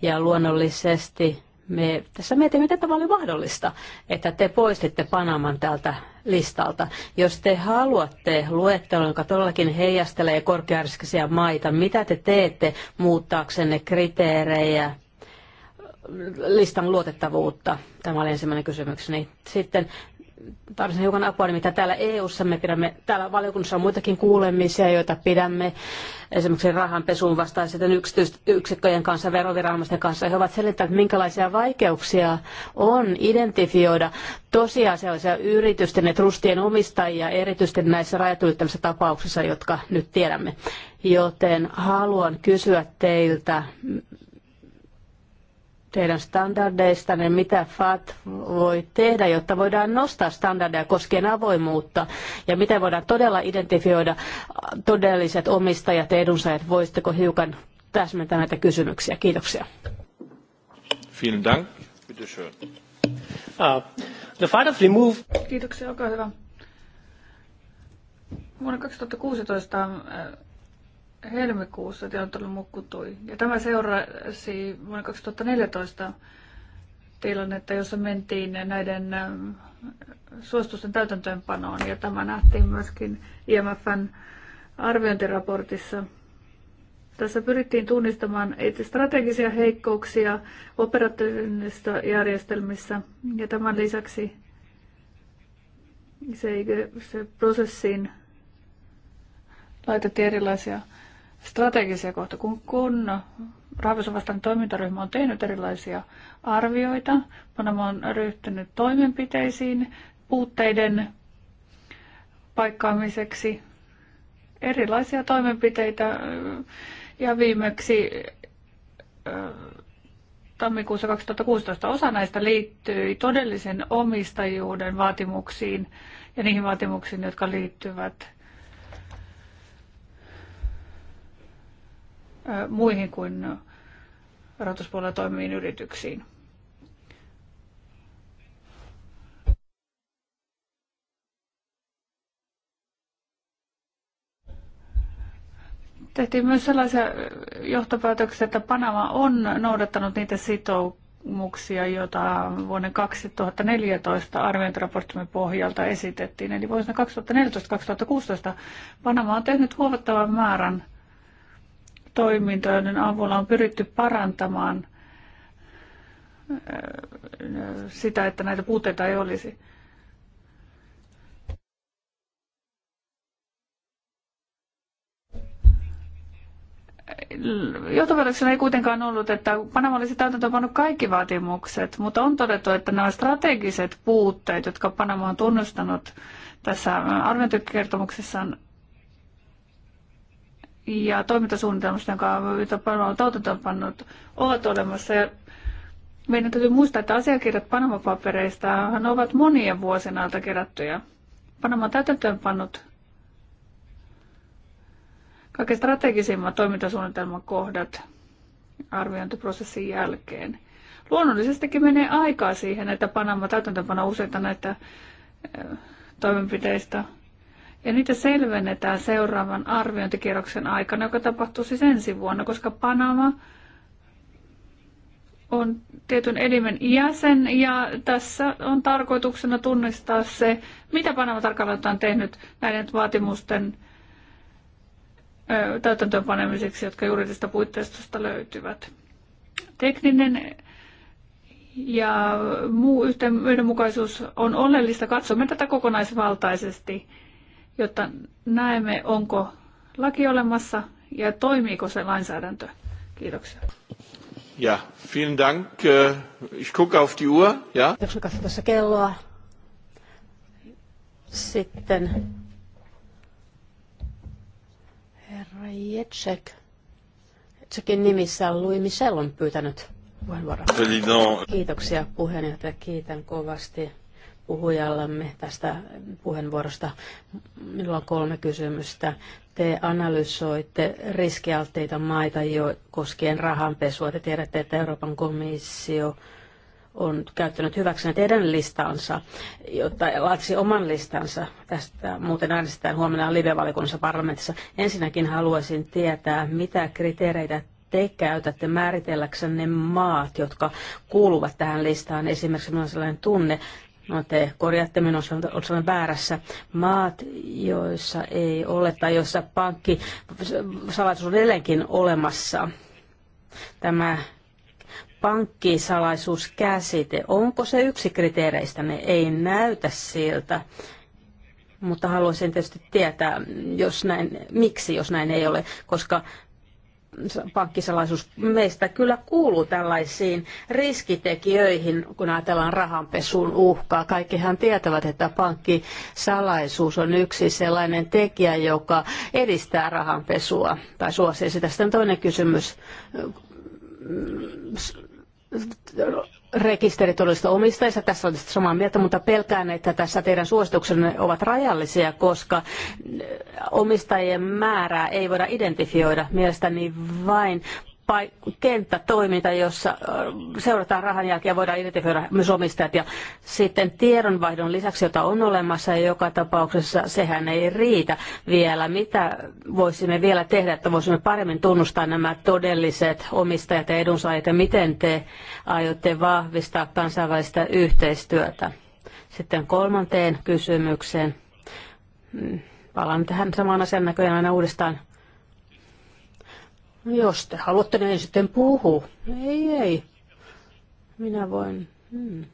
Ja luonnollisesti me tässä mietimme, miten tämä oli mahdollista, että te poistitte Panaman tältä listalta. Jos te haluatte luettelon, joka todellakin heijastelee korkeariskisia maita, mitä te teette muuttaaksenne kriteerejä, listan luotettavuutta? Tämä oli ensimmäinen kysymykseni. Sitten tarvitsen hiukan apua, mitä täällä EU-ssa me pidämme, täällä valiokunnassa on muitakin kuulemisia, joita pidämme esimerkiksi rahanpesun vastaisten yksikköjen kanssa, veroviranomaisten kanssa. He ovat selittäneet, minkälaisia vaikeuksia on identifioida tosiasiallisia yritysten ja trustien omistajia, erityisesti näissä rajat tapauksissa, jotka nyt tiedämme. Joten haluan kysyä teiltä, teidän niin mitä FAT voi tehdä, jotta voidaan nostaa standardeja koskien avoimuutta ja miten voidaan todella identifioida todelliset omistajat ja edunsaajat. Voisitteko hiukan täsmentää näitä kysymyksiä? Kiitoksia. Vielen Dank. Bitte schön. Uh, the FAT of remove... Kiitoksia, olkaa hyvä. Vuonna 2016 helmikuussa tilanne mukkutui. Ja tämä seurasi vuonna 2014 tilannetta, jossa mentiin näiden ähm, suositusten täytäntöönpanoon. Ja tämä nähtiin myöskin IMFn arviointiraportissa. Tässä pyrittiin tunnistamaan itse strategisia heikkouksia operatiivisissa järjestelmissä ja tämän lisäksi se, se prosessiin laitettiin erilaisia strategisia kohta, kun, kun rahoitusvastainen toimintaryhmä on tehnyt erilaisia arvioita, Panama on ryhtynyt toimenpiteisiin puutteiden paikkaamiseksi, erilaisia toimenpiteitä ja viimeksi tammikuussa 2016 osa näistä liittyi todellisen omistajuuden vaatimuksiin ja niihin vaatimuksiin, jotka liittyvät muihin kuin rahoituspuolella toimiviin yrityksiin. Tehtiin myös sellaisia johtopäätöksiä, että Panama on noudattanut niitä sitoumuksia, joita vuonna 2014 arviointiraporttimme pohjalta esitettiin. Eli vuosina 2014-2016 Panama on tehnyt huomattavan määrän toimintojen avulla on pyritty parantamaan äh, sitä, että näitä puutteita ei olisi. johtopäätöksenä ei kuitenkaan ollut, että Panama olisi täytäntöönpannut kaikki vaatimukset, mutta on todettu, että nämä strategiset puutteet, jotka Panama on tunnustanut tässä arviointikertomuksessaan, ja toimintasuunnitelmasta, jonka on täytäntöönpannut, ovat olemassa. Ja meidän täytyy muistaa, että asiakirjat Panama-papereista ovat monien vuosien alta kerättyjä. Panama on täytäntöönpannut kaikkein strategisimmat toimintasuunnitelman kohdat arviointiprosessin jälkeen. Luonnollisestikin menee aikaa siihen, että Panama täytäntöönpano useita näitä eh, toimenpiteistä ja niitä selvennetään seuraavan arviointikierroksen aikana, joka tapahtuu siis ensi vuonna, koska Panama on tietyn elimen jäsen ja tässä on tarkoituksena tunnistaa se, mitä Panama tarkalleen on tehnyt näiden vaatimusten täytäntöönpanemiseksi, jotka juridista puitteistosta löytyvät. Tekninen ja muu yhdenmukaisuus on oleellista. Katsomme tätä kokonaisvaltaisesti jotta näemme, onko laki olemassa ja toimiiko se lainsäädäntö. Kiitoksia. Ja, vielen Dank. Äh, ich gucke auf die Uhr. Ja. Jos tuossa kelloa. Sitten herra Jetsek. Jetsekin nimissä Louis Michel on pyytänyt puheenvuoron. Kiitoksia puheenjohtaja. Kiitän kovasti puhujallamme tästä puheenvuorosta. Minulla on kolme kysymystä. Te analysoitte riskialtteita maita jo koskien rahanpesua. Te tiedätte, että Euroopan komissio on käyttänyt hyväksenä teidän listansa, jotta laatisi oman listansa. Tästä muuten äänestetään huomenna live-valikunnassa parlamentissa. Ensinnäkin haluaisin tietää, mitä kriteereitä te käytätte määritelläksenne maat, jotka kuuluvat tähän listaan. Esimerkiksi minulla on sellainen tunne, No te korjaatte minun olen väärässä. Maat, joissa ei ole tai joissa pankki salaisuus on edelleenkin olemassa. Tämä pankkisalaisuuskäsite, onko se yksi kriteereistä? Ne ei näytä siltä, mutta haluaisin tietysti tietää, jos näin, miksi, jos näin ei ole, koska pankkisalaisuus meistä kyllä kuuluu tällaisiin riskitekijöihin, kun ajatellaan rahanpesun uhkaa. Kaikkihan tietävät, että pankkisalaisuus on yksi sellainen tekijä, joka edistää rahanpesua tai suosii sitä. Sitten toinen kysymys rekisteri omistajista. Tässä on samaa mieltä, mutta pelkään, että tässä teidän suosituksenne ovat rajallisia, koska omistajien määrää ei voida identifioida. Mielestäni vain kenttätoiminta, jossa seurataan ja voidaan identifioida myös omistajat. Ja sitten tiedonvaihdon lisäksi, jota on olemassa, ja joka tapauksessa sehän ei riitä vielä. Mitä voisimme vielä tehdä, että voisimme paremmin tunnustaa nämä todelliset omistajat ja edunsaajat, ja miten te aiotte vahvistaa kansainvälistä yhteistyötä? Sitten kolmanteen kysymykseen. Mm, palaan tähän samaan asian näköjään aina uudestaan No jos te haluatte, niin sitten puhu. Ei, ei. Minä voin. Hmm.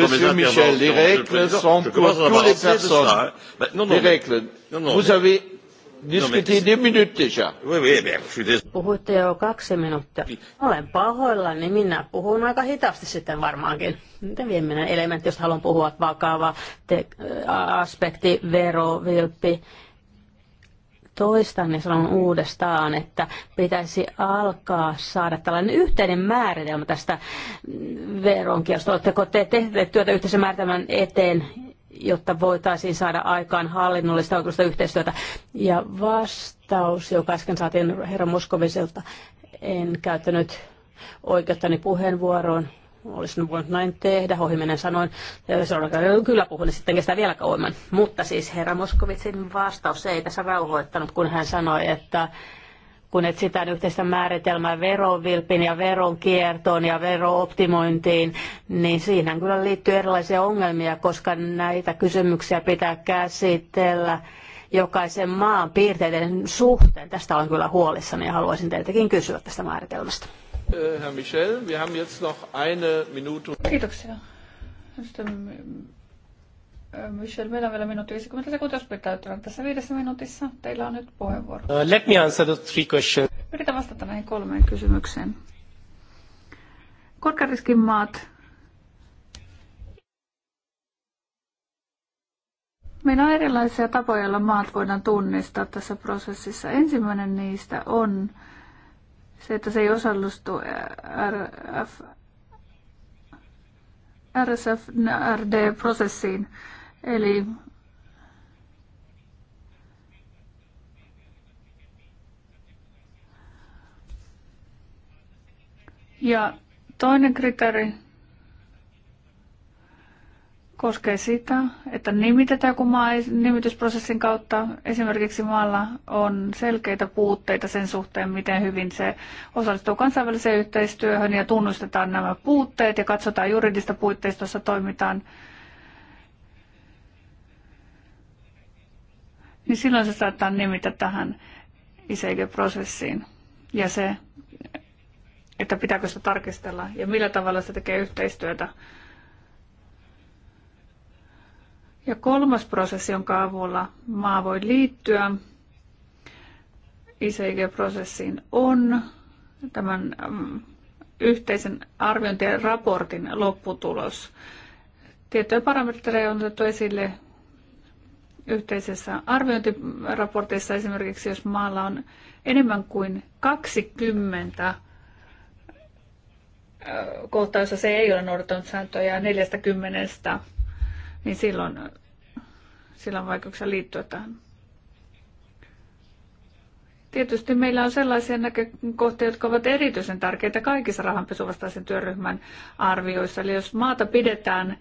Monsieur Michel, les règles sont pour toutes les personnes. Non, non, les règles. Non, non, Vous avez discuté deux minutes déjà. Puhuitte jo kaksi minuuttia. Olen pahoilla, niin minä puhun aika hitaasti sitten varmaankin. Miten viimeinen elementti, jos haluan puhua vakava te, aspekti, vero, vilppi, toistan niin ja sanon uudestaan, että pitäisi alkaa saada tällainen yhteinen määritelmä tästä veronkierrosta. Oletteko te tehneet työtä yhteisen määritelmän eteen, jotta voitaisiin saada aikaan hallinnollista oikeusta yhteistyötä? Ja vastaus, joka äsken saatiin herra Moskoviselta, en käyttänyt oikeuttani puheenvuoroon, olisin voinut näin tehdä, Hohimenen sanoin, kyllä puhun, niin sitten kestää vielä kauemmin. Mutta siis herra Moskovitsin vastaus se ei tässä rauhoittanut, kun hän sanoi, että kun etsitään yhteistä määritelmää verovilpin ja veronkiertoon ja verooptimointiin, niin siihen kyllä liittyy erilaisia ongelmia, koska näitä kysymyksiä pitää käsitellä jokaisen maan piirteiden suhteen. Tästä olen kyllä huolissani ja haluaisin teiltäkin kysyä tästä määritelmästä. Äh, Herr Michel, wir haben jetzt noch eine Minute. Kiitoksia. Äh, Michel, meillä on vielä minuutti 50 sekuntia, jos tässä viidessä minuutissa. Teillä on nyt puheenvuoro. Uh, let me answer the three questions. Yritän vastata näihin kolmeen kysymykseen. Korkeariskin maat. Meillä on erilaisia tapoja, joilla maat voidaan tunnistaa tässä prosessissa. Ensimmäinen niistä on se, että se ei osallistu RF, RSFRD-prosessiin. No, Eli ja toinen kriteeri koskee sitä, että nimitetään joku maa nimitysprosessin kautta. Esimerkiksi maalla on selkeitä puutteita sen suhteen, miten hyvin se osallistuu kansainväliseen yhteistyöhön ja tunnustetaan nämä puutteet ja katsotaan juridista puitteistossa toimitaan. Niin silloin se saattaa nimitä tähän ICG-prosessiin ja se, että pitääkö sitä tarkistella ja millä tavalla se tekee yhteistyötä ja kolmas prosessi, jonka avulla maa voi liittyä ICG-prosessiin, on tämän mm, yhteisen arviointi- ja raportin lopputulos. Tiettyjä parametreja on otettu esille yhteisessä arviointiraportissa esimerkiksi, jos maalla on enemmän kuin 20 kohtaa, jossa se ei ole noudattanut sääntöjä 40 niin silloin silloin on vaikeuksia liittyä tähän. Tietysti meillä on sellaisia näkökohtia, jotka ovat erityisen tärkeitä kaikissa rahanpesuvastaisen työryhmän arvioissa. Eli jos maata pidetään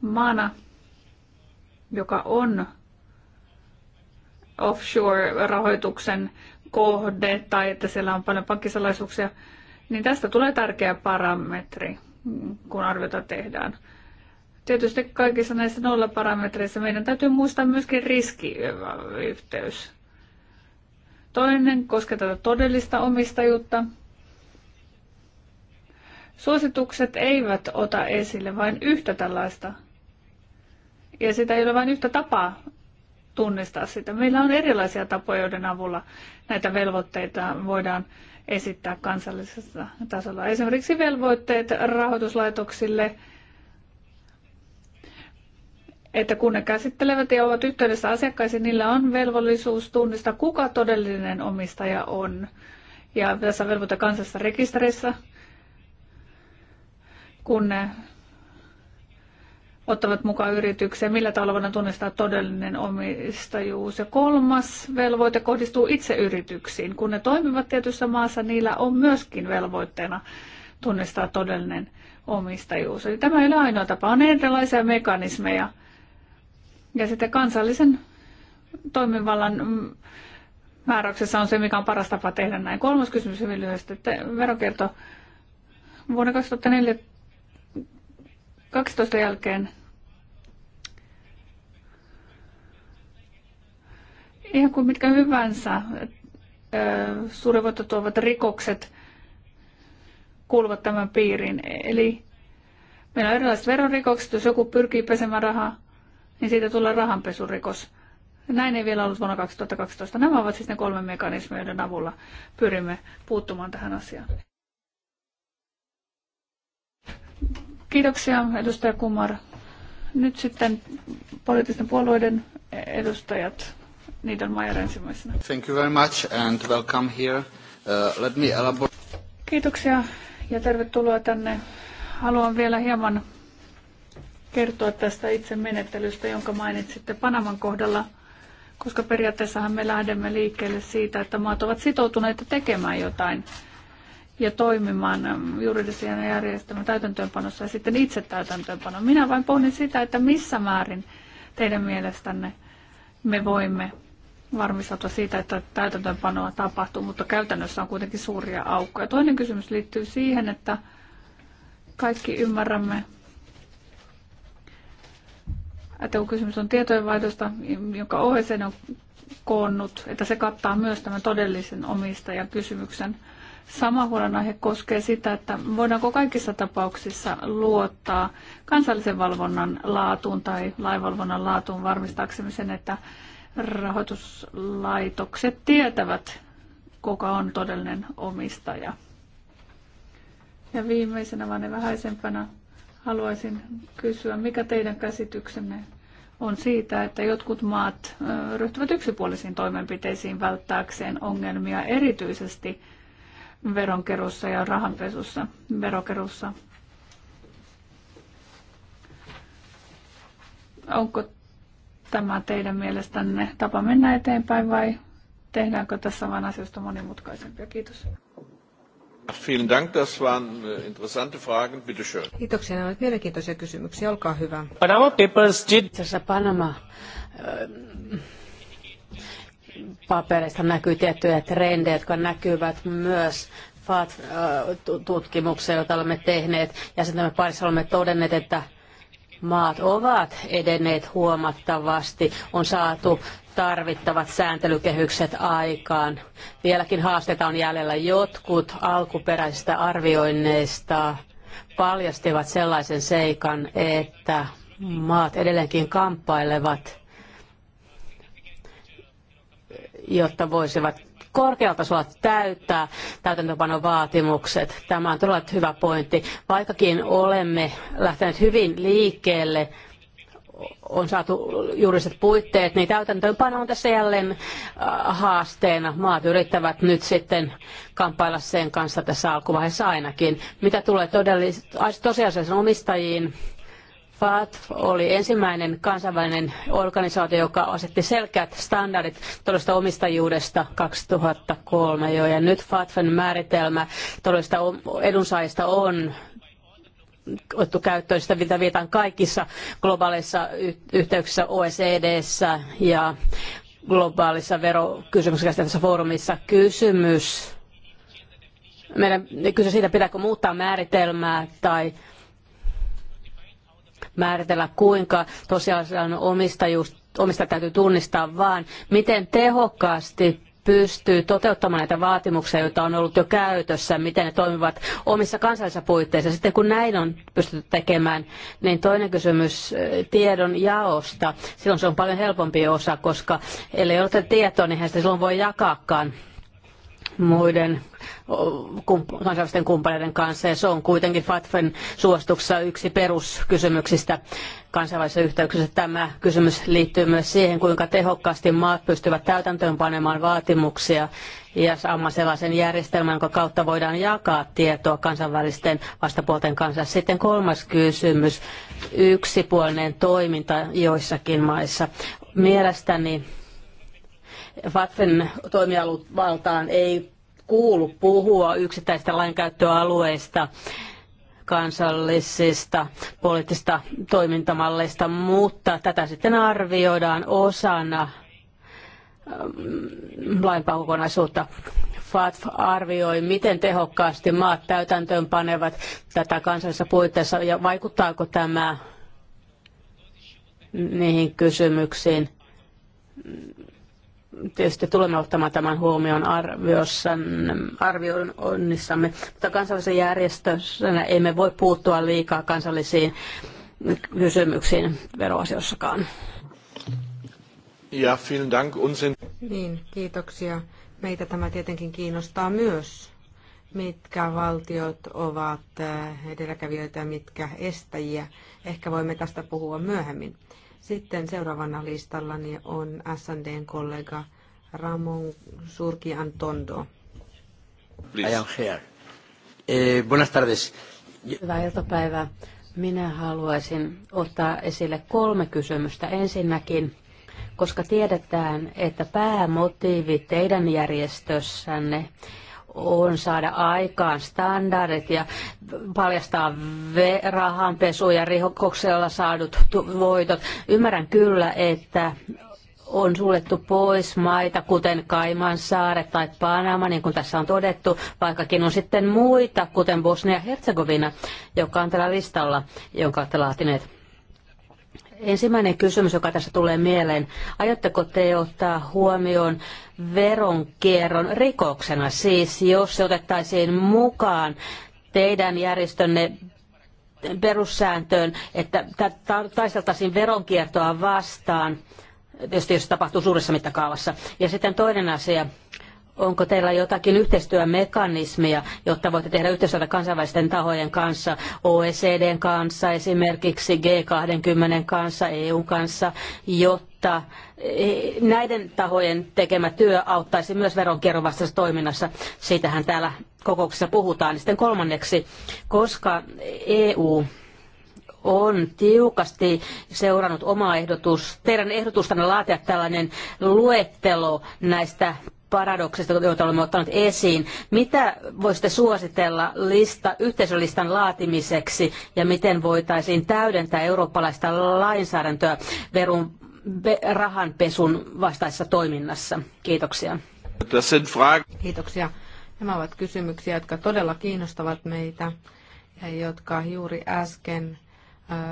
maana, joka on offshore-rahoituksen kohde tai että siellä on paljon pankkisalaisuuksia, niin tästä tulee tärkeä parametri, kun arviota tehdään. Tietysti kaikissa näissä nollaparametreissa meidän täytyy muistaa myöskin riskiyhteys. Toinen koskee tätä todellista omistajuutta. Suositukset eivät ota esille vain yhtä tällaista. Ja sitä ei ole vain yhtä tapaa tunnistaa sitä. Meillä on erilaisia tapoja, joiden avulla näitä velvoitteita voidaan esittää kansallisessa tasolla. Esimerkiksi velvoitteet rahoituslaitoksille – että kun ne käsittelevät ja ovat yhteydessä asiakkaisiin, niillä on velvollisuus tunnistaa, kuka todellinen omistaja on. Ja tässä velvoite kansassa rekisterissä, kun ne ottavat mukaan yrityksiä, millä tavalla voidaan tunnistaa todellinen omistajuus. Ja kolmas velvoite kohdistuu itse yrityksiin. Kun ne toimivat tietyssä maassa, niillä on myöskin velvoitteena tunnistaa todellinen omistajuus. Eli tämä ei ole ainoa tapa, on erilaisia mekanismeja, ja sitten kansallisen toimivallan määräyksessä on se, mikä on paras tapa tehdä näin. Kolmas kysymys hyvin lyhyesti, että verokierto vuoden 2012 jälkeen ihan kuin mitkä hyvänsä suuri voitto tuovat rikokset kuuluvat tämän piiriin. Eli meillä on erilaiset verorikokset, jos joku pyrkii pesemään rahaa, niin siitä tulee rahanpesurikos. Näin ei vielä ollut vuonna 2012. Nämä ovat siis ne kolme mekanismia, joiden avulla pyrimme puuttumaan tähän asiaan. Kiitoksia, edustaja Kumar. Nyt sitten poliittisten puolueiden edustajat. Niiden Maija ensimmäisenä. Thank you very much and welcome here. Uh, let me elaborate. Kiitoksia ja tervetuloa tänne. Haluan vielä hieman kertoa tästä itse menettelystä, jonka mainitsitte Panaman kohdalla, koska periaatteessahan me lähdemme liikkeelle siitä, että maat ovat sitoutuneita tekemään jotain ja toimimaan ähm, juridisen järjestelmän täytäntöönpanossa ja sitten itse täytäntöönpano. Minä vain pohdin sitä, että missä määrin teidän mielestänne me voimme varmistautua siitä, että täytäntöönpanoa tapahtuu, mutta käytännössä on kuitenkin suuria aukkoja. Toinen kysymys liittyy siihen, että kaikki ymmärrämme että kun kysymys on tietojenvaihdosta, jonka OECD on koonnut, että se kattaa myös tämän todellisen omistajan kysymyksen. Sama huolenaihe koskee sitä, että voidaanko kaikissa tapauksissa luottaa kansallisen valvonnan laatuun tai lainvalvonnan laatuun varmistaaksemme sen, että rahoituslaitokset tietävät, kuka on todellinen omistaja. Ja viimeisenä vaan vähäisempänä Haluaisin kysyä, mikä teidän käsityksenne on siitä, että jotkut maat ryhtyvät yksipuolisiin toimenpiteisiin välttääkseen ongelmia erityisesti veronkerussa ja rahanpesussa, verokerussa. Onko tämä teidän mielestänne tapa mennä eteenpäin vai tehdäänkö tässä vain asioista monimutkaisempia? Kiitos. Vielen Dank, das waren äh, interessante Fragen. Bitte schön. Kiitoksia, nämä ovat mielenkiintoisia kysymyksiä. Olkaa hyvä. Panama Papers did... Tässä Panama äh, papereista näkyy tiettyjä trendejä, jotka näkyvät myös FAT-tutkimuksia, äh, joita olemme tehneet. Ja sitten me parissa olemme todenneet, että maat ovat edenneet huomattavasti. On saatu tarvittavat sääntelykehykset aikaan. Vieläkin haasteita on jäljellä. Jotkut alkuperäisistä arvioinneista paljastivat sellaisen seikan, että maat edelleenkin kamppailevat, jotta voisivat korkealta tasolla täyttää täytäntöpanon vaatimukset. Tämä on todella hyvä pointti. Vaikkakin olemme lähteneet hyvin liikkeelle, on saatu juridiset puitteet, niin täytäntöönpano on tässä jälleen äh, haasteena. Maat yrittävät nyt sitten kamppailla sen kanssa tässä alkuvaiheessa ainakin. Mitä tulee todellis- omistajiin, FAT oli ensimmäinen kansainvälinen organisaatio, joka asetti selkeät standardit todellista omistajuudesta 2003 jo. Ja nyt FATFen määritelmä todellista edunsaajista on otettu käyttöön. Sitä mitä vietään kaikissa globaaleissa yhteyksissä OECDssä ja globaalissa verokysymyksessä käsiteltävässä foorumissa kysymys. Meidän kyse siitä, pitääkö muuttaa määritelmää tai määritellä, kuinka tosiasiallinen omistajuus omista täytyy tunnistaa, vaan miten tehokkaasti pystyy toteuttamaan näitä vaatimuksia, joita on ollut jo käytössä, miten ne toimivat omissa kansallisissa puitteissa. Sitten kun näin on pystytty tekemään, niin toinen kysymys eh, tiedon jaosta. Silloin se on paljon helpompi osa, koska ellei ole tietoa, niin sitä silloin voi jakaakaan muiden kansainvälisten kumppaneiden kanssa, ja se on kuitenkin FATFen suostuksessa yksi peruskysymyksistä kansainvälisessä yhteyksessä. Tämä kysymys liittyy myös siihen, kuinka tehokkaasti maat pystyvät täytäntöönpanemaan vaatimuksia ja saamaan sellaisen järjestelmän, jonka kautta voidaan jakaa tietoa kansainvälisten vastapuolten kanssa. Sitten kolmas kysymys, yksipuolinen toiminta joissakin maissa. Mielestäni Vatsen toimialuvaltaan ei kuulu puhua yksittäistä lainkäyttöalueista kansallisista poliittista toimintamalleista, mutta tätä sitten arvioidaan osana mm, lainpakokonaisuutta. FATF arvioi, miten tehokkaasti maat täytäntöön panevat tätä kansallisessa puitteissa ja vaikuttaako tämä niihin kysymyksiin, tietysti tulemme ottamaan tämän huomioon arvioinnissamme, mutta kansallisen järjestössä emme voi puuttua liikaa kansallisiin kysymyksiin veroasioissakaan. Ja, vielen dank. Unsen. Niin, kiitoksia. Meitä tämä tietenkin kiinnostaa myös, mitkä valtiot ovat eh, edelläkävijöitä ja mitkä estäjiä. Ehkä voimme tästä puhua myöhemmin. Sitten seuraavana listallani on SNDn kollega Ramon Surki Antondo. Please. I am here. Eh, buenas tardes. Hyvää iltapäivää. Minä haluaisin ottaa esille kolme kysymystä. Ensinnäkin, koska tiedetään, että päämotiivi teidän järjestössänne on saada aikaan standardit ja paljastaa rahanpesu ja rikoksella saadut voitot. Ymmärrän kyllä, että on suljettu pois maita, kuten Kaiman saaret tai Panama, niin kuin tässä on todettu, vaikkakin on sitten muita, kuten Bosnia-Herzegovina, joka on tällä listalla, jonka olette laatineet. Ensimmäinen kysymys, joka tässä tulee mieleen, aiotteko te ottaa huomioon veronkierron rikoksena, siis jos se otettaisiin mukaan teidän järjestönne perussääntöön, että taisteltaisiin veronkiertoa vastaan, tietysti jos se tapahtuu suuressa mittakaavassa. Ja sitten toinen asia, onko teillä jotakin yhteistyömekanismia, jotta voitte tehdä yhteistyötä kansainvälisten tahojen kanssa, OECDn kanssa, esimerkiksi G20 kanssa, n e kanssa, jotta e, näiden tahojen tekemä työ auttaisi myös veronkierron vastaisessa toiminnassa. Siitähän täällä kokouksessa puhutaan. Sitten kolmanneksi, koska EU on tiukasti seurannut omaa ehdotus, teidän ehdotustanne laatia tällainen luettelo näistä paradoksista, joita olemme ottaneet esiin. Mitä voisitte suositella lista, yhteisölistan laatimiseksi ja miten voitaisiin täydentää eurooppalaista lainsäädäntöä verun, rahanpesun vastaisessa toiminnassa? Kiitoksia. Kiitoksia. Nämä ovat kysymyksiä, jotka todella kiinnostavat meitä ja jotka juuri äsken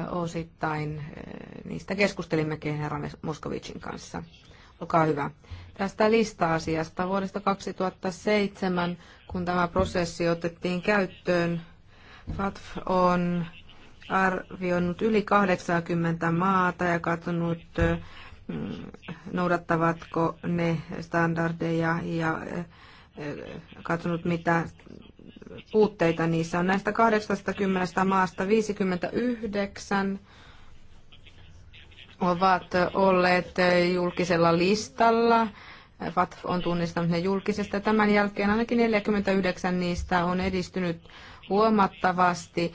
ö, osittain ö, niistä keskustelimmekin herra Moskovicin kanssa. Olkaa hyvä tästä lista-asiasta. Vuodesta 2007, kun tämä prosessi otettiin käyttöön, FATF on arvioinut yli 80 maata ja katsonut, mm, noudattavatko ne standardeja ja eh, katsonut, mitä puutteita niissä on. Näistä 80 maasta 59 ovat olleet julkisella listalla. FATF on tunnistanut ne julkisesta. Tämän jälkeen ainakin 49 niistä on edistynyt huomattavasti.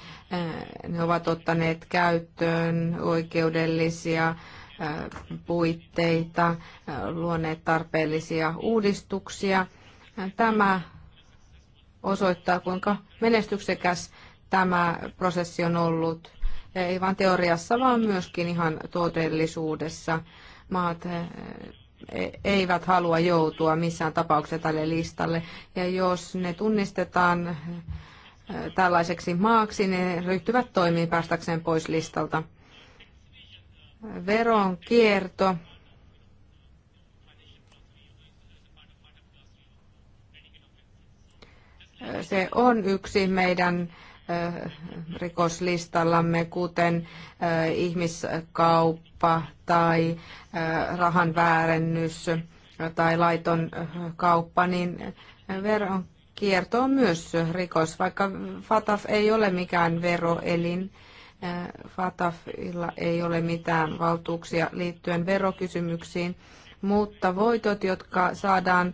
Ne ovat ottaneet käyttöön oikeudellisia puitteita, luoneet tarpeellisia uudistuksia. Tämä osoittaa, kuinka menestyksekäs tämä prosessi on ollut ei vain teoriassa, vaan myöskin ihan todellisuudessa. Maat eh, e, eivät halua joutua missään tapauksessa tälle listalle. Ja jos ne tunnistetaan eh, tällaiseksi maaksi, ne ryhtyvät toimiin päästäkseen pois listalta. Veronkierto. Se on yksi meidän rikoslistallamme, kuten ihmiskauppa tai rahan väärennys tai laiton kauppa, niin veron kierto on myös rikos, vaikka FATAF ei ole mikään veroelin. FATAFilla ei ole mitään valtuuksia liittyen verokysymyksiin, mutta voitot, jotka saadaan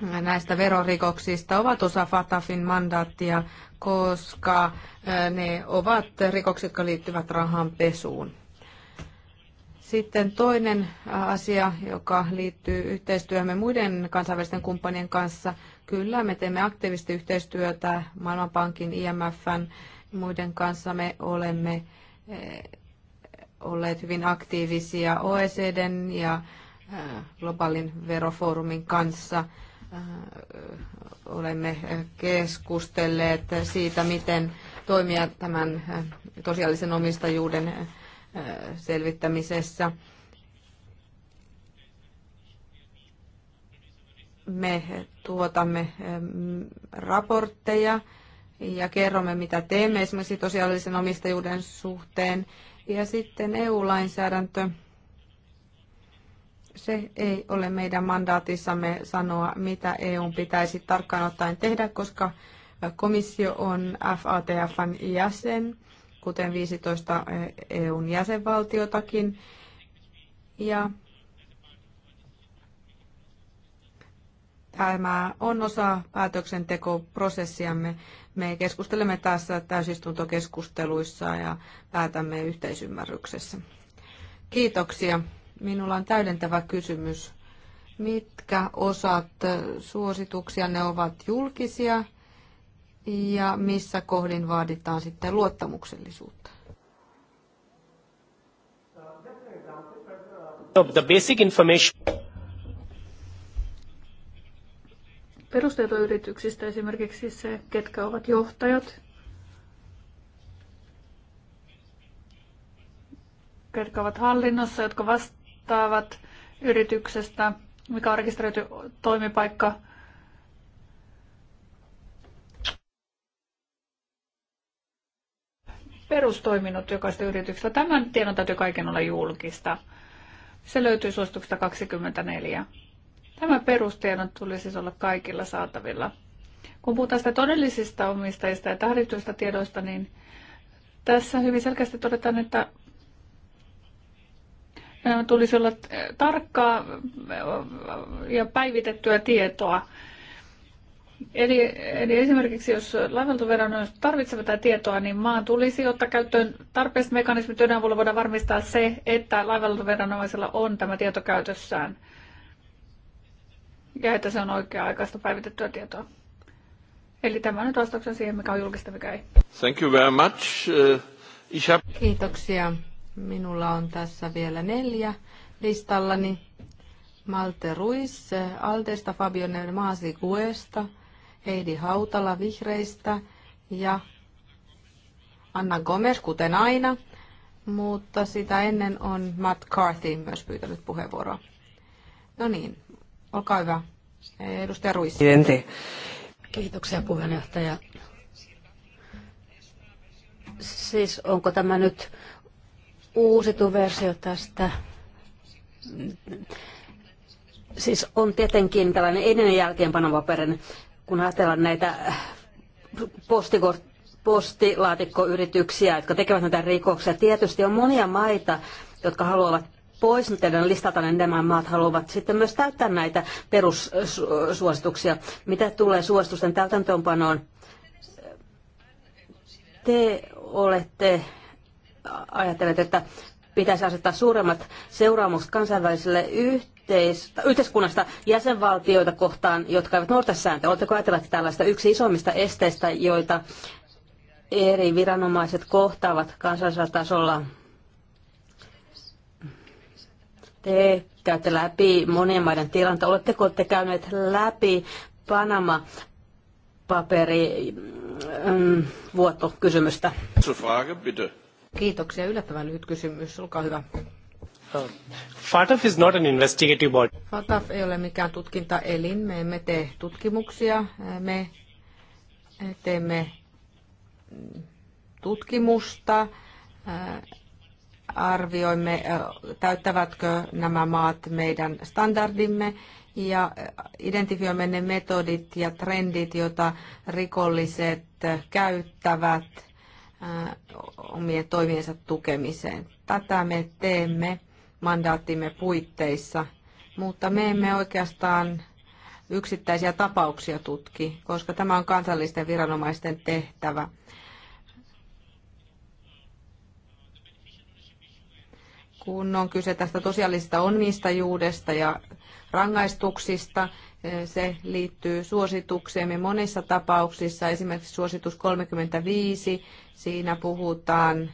näistä verorikoksista ovat osa FATAFin mandaattia, koska ne ovat rikokset, jotka liittyvät rahanpesuun. Sitten toinen asia, joka liittyy yhteistyöhön muiden kansainvälisten kumppanien kanssa. Kyllä, me teemme aktiivisesti yhteistyötä Maailmanpankin, IMFn muiden kanssa. Me olemme olleet hyvin aktiivisia OECDn ja globaalin verofoorumin kanssa – Äh, olemme keskustelleet siitä, miten toimia tämän äh, tosiaalisen omistajuuden äh, selvittämisessä. Me tuotamme raportteja ja kerromme, mitä teemme esimerkiksi tosiaalisen omistajuuden suhteen. Ja sitten EU-lainsäädäntö se ei ole meidän mandaatissamme sanoa, mitä EU pitäisi tarkkaan ottaen tehdä, koska komissio on FATFn jäsen, kuten 15 EUn jäsenvaltiotakin. Ja tämä on osa päätöksentekoprosessiamme. Me keskustelemme tässä täysistuntokeskusteluissa ja päätämme yhteisymmärryksessä. Kiitoksia. Minulla on täydentävä kysymys. Mitkä osat suosituksia ne ovat julkisia ja missä kohdin vaaditaan sitten luottamuksellisuutta? The basic information. perustietoyrityksistä esimerkiksi se, ketkä ovat johtajat, ketkä ovat hallinnossa, jotka vast- vastaavat yrityksestä, mikä on rekisteröity toimipaikka. Perustoiminnot jokaista yrityksestä. Tämän tiedon täytyy kaiken olla julkista. Se löytyy suosituksesta 24. Tämä perustiedon tulisi siis olla kaikilla saatavilla. Kun puhutaan sitä todellisista omistajista ja tahdityistä tiedoista, niin tässä hyvin selkeästi todetaan, että tulisi olla tarkkaa ja päivitettyä tietoa. Eli, eli esimerkiksi jos laivaltoviranomaiset tarvitsevat tätä tietoa, niin maan tulisi ottaa käyttöön tarpeelliset mekanismit, joiden avulla voidaan varmistaa se, että laivaltoviranomaisella on tämä tieto käytössään ja että se on oikea-aikaista päivitettyä tietoa. Eli tämä on nyt vastauksena siihen, mikä on julkista, mikä ei. Thank you very much. Uh, have... Kiitoksia. Minulla on tässä vielä neljä listallani. Malte Ruiz, Altesta Fabio Maasi Guesta, Heidi Hautala Vihreistä ja Anna Gomez, kuten aina. Mutta sitä ennen on Matt Carthy myös pyytänyt puheenvuoroa. No niin, olkaa hyvä. Edustaja Ruiz. Kiitoksia puheenjohtaja. Siis onko tämä nyt uusitu versio tästä siis on tietenkin tällainen ennen ja jälkeenpanopaperin, kun ajatellaan näitä postikort, postilaatikkoyrityksiä, jotka tekevät näitä rikoksia. Tietysti on monia maita, jotka haluavat pois teidän listalta, niin nämä maat haluavat sitten myös täyttää näitä perussuosituksia. Mitä tulee suositusten täytäntöönpanoon? Te olette Ajattelet, että pitäisi asettaa suuremmat seuraamukset kansainväliselle yhteis- yhteiskunnasta jäsenvaltioita kohtaan, jotka eivät noudata sääntöä. Oletteko että tällaista yksi isommista esteistä, joita eri viranomaiset kohtaavat kansallisella tasolla? Te käytte läpi monien maiden tilanta. Oletteko te käyneet läpi Panama paperi mm, vuotokysymystä? Frage, bitte. Kiitoksia. Yllättävän lyhyt kysymys. Olkaa hyvä. FATF is not an investigative body. FATF ei ole mikään tutkintaelin. Me emme tee tutkimuksia. Me teemme tutkimusta, arvioimme, täyttävätkö nämä maat meidän standardimme ja identifioimme ne metodit ja trendit, joita rikolliset käyttävät omien toimiensa tukemiseen. Tätä me teemme mandaattimme puitteissa, mutta me emme oikeastaan yksittäisiä tapauksia tutki, koska tämä on kansallisten viranomaisten tehtävä. kun on kyse tästä tosiaalisesta onnistajuudesta ja rangaistuksista. Eh, se liittyy suositukseemme monissa tapauksissa, esimerkiksi suositus 35, siinä puhutaan eh,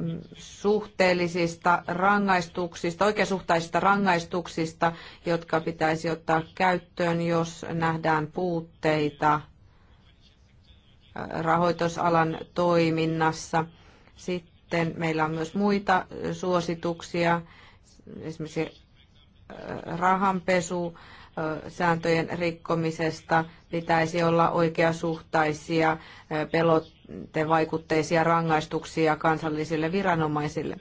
mm, suhteellisista rangaistuksista, oikeasuhtaisista rangaistuksista, jotka pitäisi ottaa käyttöön, jos nähdään puutteita eh, rahoitusalan toiminnassa. Sitten sitten meillä on myös muita suosituksia, esimerkiksi äh, rahanpesu, äh, sääntöjen rikkomisesta pitäisi olla oikeasuhtaisia, äh, pelottevaikutteisia rangaistuksia kansallisille viranomaisille.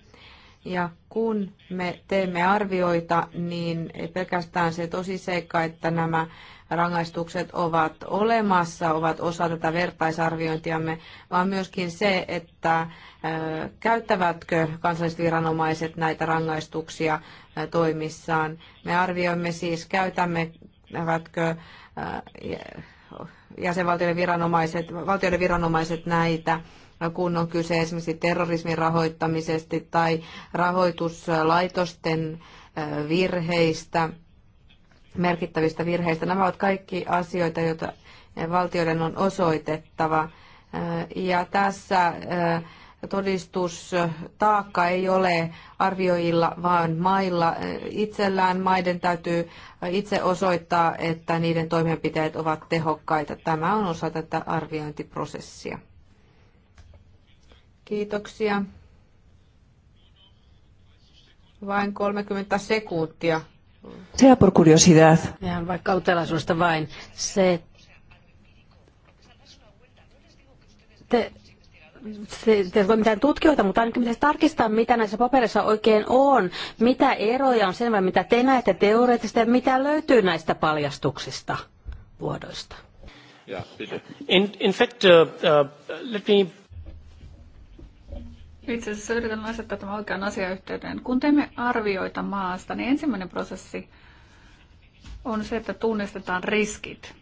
Ja kun me teemme arvioita, niin ei pelkästään se tosiseikka, että nämä rangaistukset ovat olemassa, ovat osa tätä vertaisarviointiamme, vaan myöskin se, että käyttävätkö kansalliset viranomaiset näitä rangaistuksia toimissaan. Me arvioimme siis, käytämmekö jäsenvaltioiden viranomaiset, valtioiden viranomaiset näitä kun on kyse esimerkiksi terrorismin rahoittamisesta tai rahoituslaitosten virheistä, merkittävistä virheistä. Nämä ovat kaikki asioita, joita valtioiden on osoitettava. Ja tässä todistustaakka ei ole arvioilla vaan mailla itsellään. Maiden täytyy itse osoittaa, että niiden toimenpiteet ovat tehokkaita. Tämä on osa tätä arviointiprosessia. Kiitoksia. Vain 30 sekuntia. Sea por curiosidad. Ihan vaikka utelaisuudesta vain. Se, te, se, te ei ole mitään tutkijoita, mutta ainakin pitäisi tarkistaa, mitä näissä papereissa oikein on. Mitä eroja on sen vai mitä te näette teoreettisesti ja mitä löytyy näistä paljastuksista vuodoista? Yeah, in, in fact, uh, uh, let me itse asiassa yritän asettaa tämän oikean asiayhteyden. Kun teemme arvioita maasta, niin ensimmäinen prosessi on se, että tunnistetaan riskit.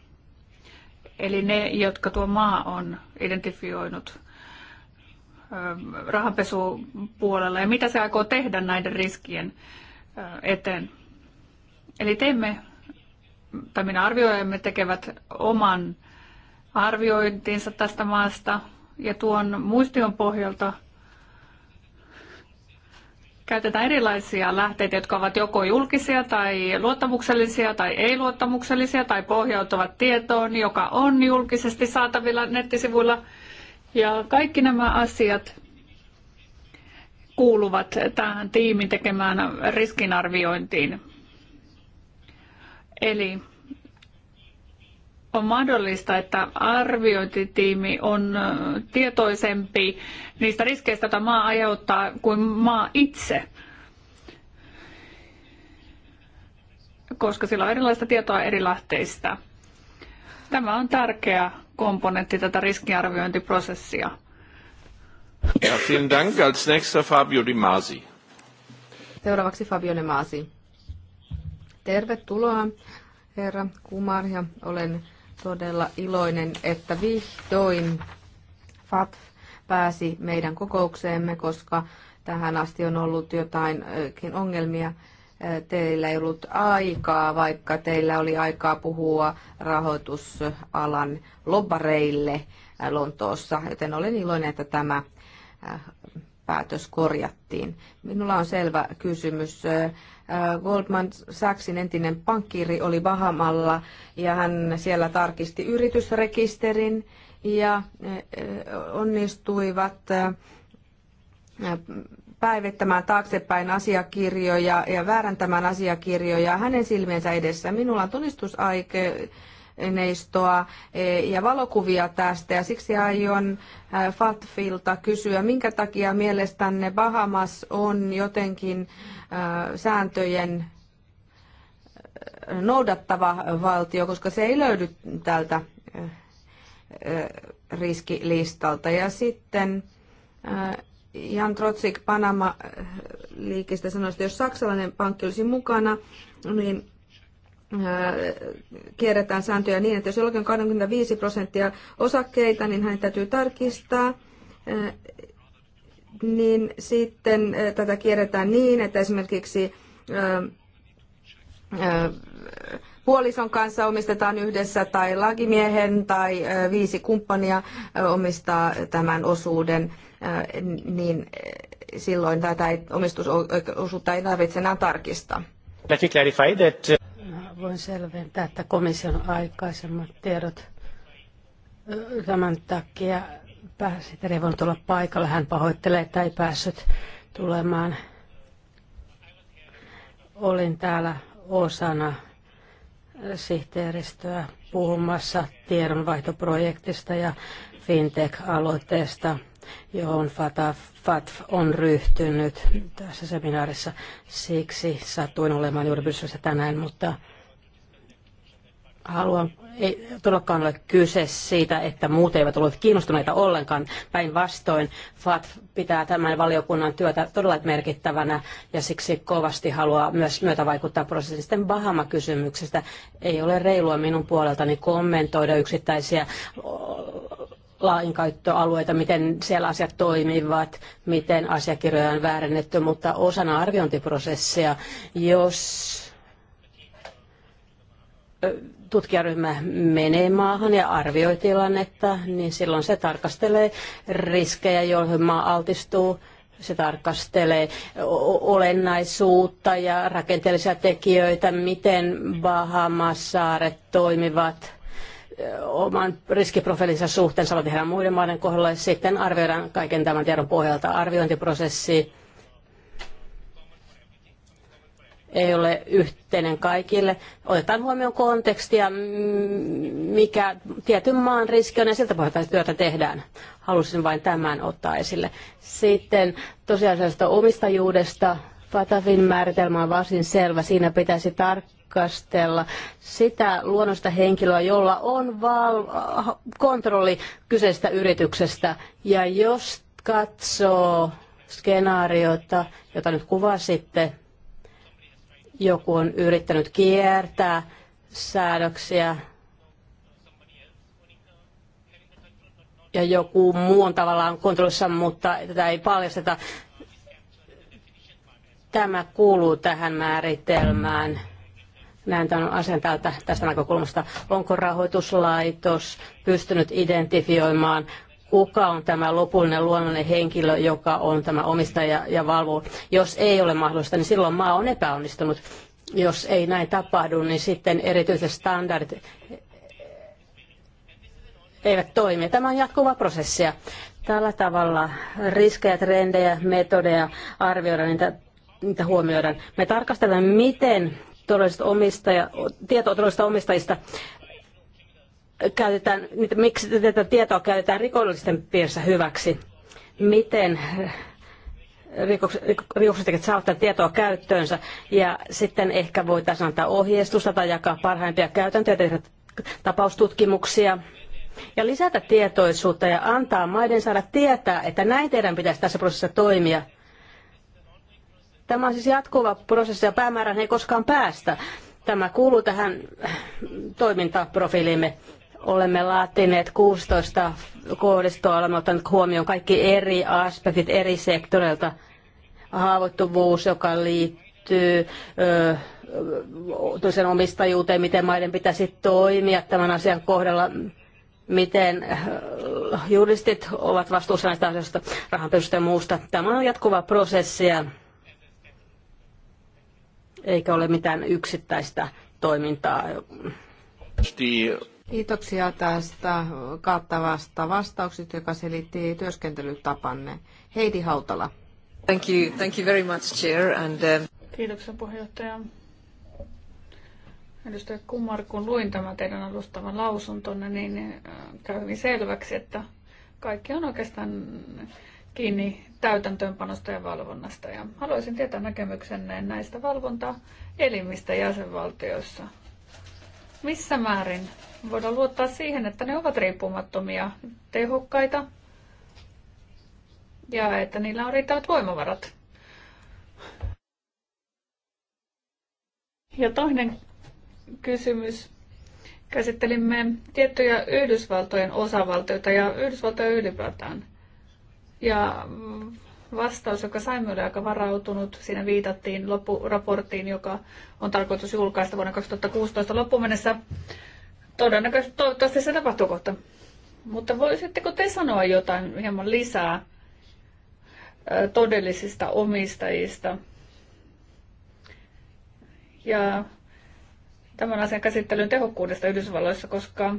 Eli ne, jotka tuo maa on identifioinut ähm, rahanpesupuolella ja mitä se aikoo tehdä näiden riskien äh, eteen. Eli teemme, tai minä arvioimme tekevät oman arviointinsa tästä maasta ja tuon muistion pohjalta – käytetään erilaisia lähteitä, jotka ovat joko julkisia tai luottamuksellisia tai ei-luottamuksellisia tai pohjautuvat tietoon, joka on julkisesti saatavilla nettisivuilla. Ja kaikki nämä asiat kuuluvat tähän tiimin tekemään riskinarviointiin. Eli on mahdollista, että arviointitiimi on tietoisempi niistä riskeistä, joita maa aiheuttaa, kuin maa itse. Koska sillä on erilaista tietoa eri lähteistä. Tämä on tärkeä komponentti tätä riskiarviointiprosessia. Ja, vielen Dank. Als nächster Fabio Di Masi. Seuraavaksi Fabio Di Masi. Tervetuloa herra Kumar ja olen todella iloinen, että vihdoin FAT pääsi meidän kokoukseemme, koska tähän asti on ollut jotain ongelmia. Teillä ei ollut aikaa, vaikka teillä oli aikaa puhua rahoitusalan lobbareille Lontoossa, joten olen iloinen, että tämä äh, päätös korjattiin. Minulla on selvä kysymys. Äh, Goldman Sachsin entinen pankkiiri oli Bahamalla ja hän siellä tarkisti yritysrekisterin ja äh, onnistuivat äh, päivittämään taaksepäin asiakirjoja ja vääräntämään asiakirjoja hänen silmiensä edessä. Minulla on Äh, aineistoa e, ja valokuvia tästä ja siksi aion FATFilta kysyä, minkä takia mielestänne Bahamas on jotenkin sääntöjen noudattava valtio, koska se ei löydy tältä riskilistalta. Ja sitten Jan Trotsik Panama-liikistä sanoi, että jos saksalainen pankki olisi mukana, niin kierretään sääntöjä niin, että jos jollakin on 25 prosenttia osakkeita, niin hänen täytyy tarkistaa, niin sitten tätä kierretään niin, että esimerkiksi puolison kanssa omistetaan yhdessä tai lakimiehen tai viisi kumppania omistaa tämän osuuden, niin silloin tätä omistusosuutta ei tarvitse enää tarkistaa. Let me clarify that uh, voin selventää, että komission aikaisemmat tiedot tämän takia pääsihteeri ei voinut olla paikalla. Hän pahoittelee, että ei päässyt tulemaan. Olin täällä osana sihteeristöä puhumassa tiedonvaihtoprojektista ja fintech-aloitteesta, johon FATF on ryhtynyt tässä seminaarissa. Siksi satuin olemaan juuri tänään, mutta haluan, ei todellakaan ole kyse siitä, että muut eivät ole kiinnostuneita ollenkaan. Päinvastoin FAT pitää tämän valiokunnan työtä todella merkittävänä ja siksi kovasti haluaa myös myötä vaikuttaa prosessisten Bahama-kysymyksestä. Ei ole reilua minun puoleltani kommentoida yksittäisiä lainkäyttöalueita, miten siellä asiat toimivat, miten asiakirjoja on väärennetty, mutta osana arviointiprosessia, jos tutkijaryhmä menee maahan ja arvioi tilannetta, niin silloin se tarkastelee riskejä, joihin maa altistuu. Se tarkastelee olennaisuutta ja rakenteellisia tekijöitä, miten Bahamas saaret toimivat oman riskiprofiilinsa suhteen, samoin tehdään muiden maiden kohdalla. Sitten arvioidaan kaiken tämän tiedon pohjalta arviointiprosessi ei ole yhteinen kaikille. Otetaan huomioon kontekstia, mikä tietyn maan riski on ja siltä pohjalta työtä tehdään. Halusin vain tämän ottaa esille. Sitten tosiasiallisesta omistajuudesta Fatavin määritelmä on varsin selvä. Siinä pitäisi tarkastella sitä luonnosta henkilöä, jolla on val- kontrolli kyseisestä yrityksestä. Ja jos katsoo skenaariota, jota nyt kuvasitte, joku on yrittänyt kiertää säädöksiä ja joku muu on tavallaan kontrollissa, mutta tätä ei paljasteta. Tämä kuuluu tähän määritelmään. Näin tämän asian tältä, tästä näkökulmasta. Onko rahoituslaitos pystynyt identifioimaan kuka on tämä lopullinen luonnollinen henkilö, joka on tämä omistaja ja valvoo. Jos ei ole mahdollista, niin silloin maa on epäonnistunut. Jos ei näin tapahdu, niin sitten erityiset standardit eivät toimi. Tämä on jatkuva prosessia. Tällä tavalla riskejä, trendejä, metodeja arvioidaan, niitä, niitä huomioidaan. Me tarkastellaan, miten todelliset omistaja, tietoa todellisista omistajista käytetään, miksi tätä tietoa käytetään rikollisten piirissä hyväksi. Miten eh, rikoksentekijät saavat tätä tietoa käyttöönsä ja sitten ehkä voitaisiin antaa ohjeistusta tai jakaa parhaimpia käytäntöjä, tehdä tapaustutkimuksia ja lisätä tietoisuutta ja antaa maiden saada tietää, että näin teidän pitäisi tässä prosessissa toimia. Tämä on siis jatkuva prosessi ja päämäärän ei koskaan päästä. Tämä kuuluu tähän toimintaprofiiliimme. Olemme laatineet 16 kohdistoa, olemme ottaneet huomioon kaikki eri aspektit eri sektoreilta. Haavoittuvuus, joka liittyy ö, toisen omistajuuteen, miten maiden pitäisi toimia tämän asian kohdalla, miten juristit ovat vastuussa näistä asioista, rahanpesusta ja muusta. Tämä on jatkuva prosessi ja eikä ole mitään yksittäistä toimintaa. Kiitoksia tästä kattavasta vastauksesta, joka selitti työskentelytapanne. Heidi Hautala. Thank you, thank you very much, Chair. And, uh... Kiitoksia puheenjohtaja. Edustaja Kumar, kun luin tämän teidän alustavan lausuntonne, niin äh, käy hyvin selväksi, että kaikki on oikeastaan kiinni täytäntöönpanosta ja valvonnasta. Ja haluaisin tietää näkemyksenne näistä valvontaelimistä jäsenvaltioissa missä määrin voidaan luottaa siihen, että ne ovat riippumattomia, tehokkaita ja että niillä on riittävät voimavarat. Ja toinen kysymys. Käsittelimme tiettyjä Yhdysvaltojen osavaltioita ja Yhdysvaltoja ylipäätään. Ja vastaus, joka saimme, oli aika varautunut. Siinä viitattiin loppuraporttiin, joka on tarkoitus julkaista vuonna 2016 loppuun mennessä. Todennäköisesti toivottavasti se tapahtuu kohta. Mutta voisitteko te sanoa jotain hieman lisää todellisista omistajista? Ja tämän asian käsittelyn tehokkuudesta Yhdysvalloissa, koska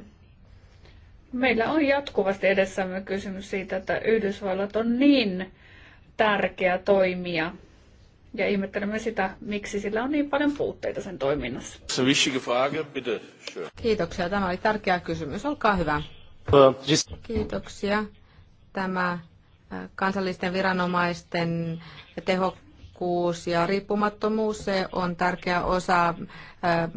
meillä on jatkuvasti edessämme kysymys siitä, että Yhdysvallat on niin tärkeä toimija. Ja ihmettelemme sitä, miksi sillä on niin paljon puutteita sen toiminnassa. Kiitoksia. Tämä oli tärkeä kysymys. Olkaa hyvä. Kiitoksia. Tämä äh, kansallisten viranomaisten tehokkuus ja riippumattomuus se on tärkeä osa äh,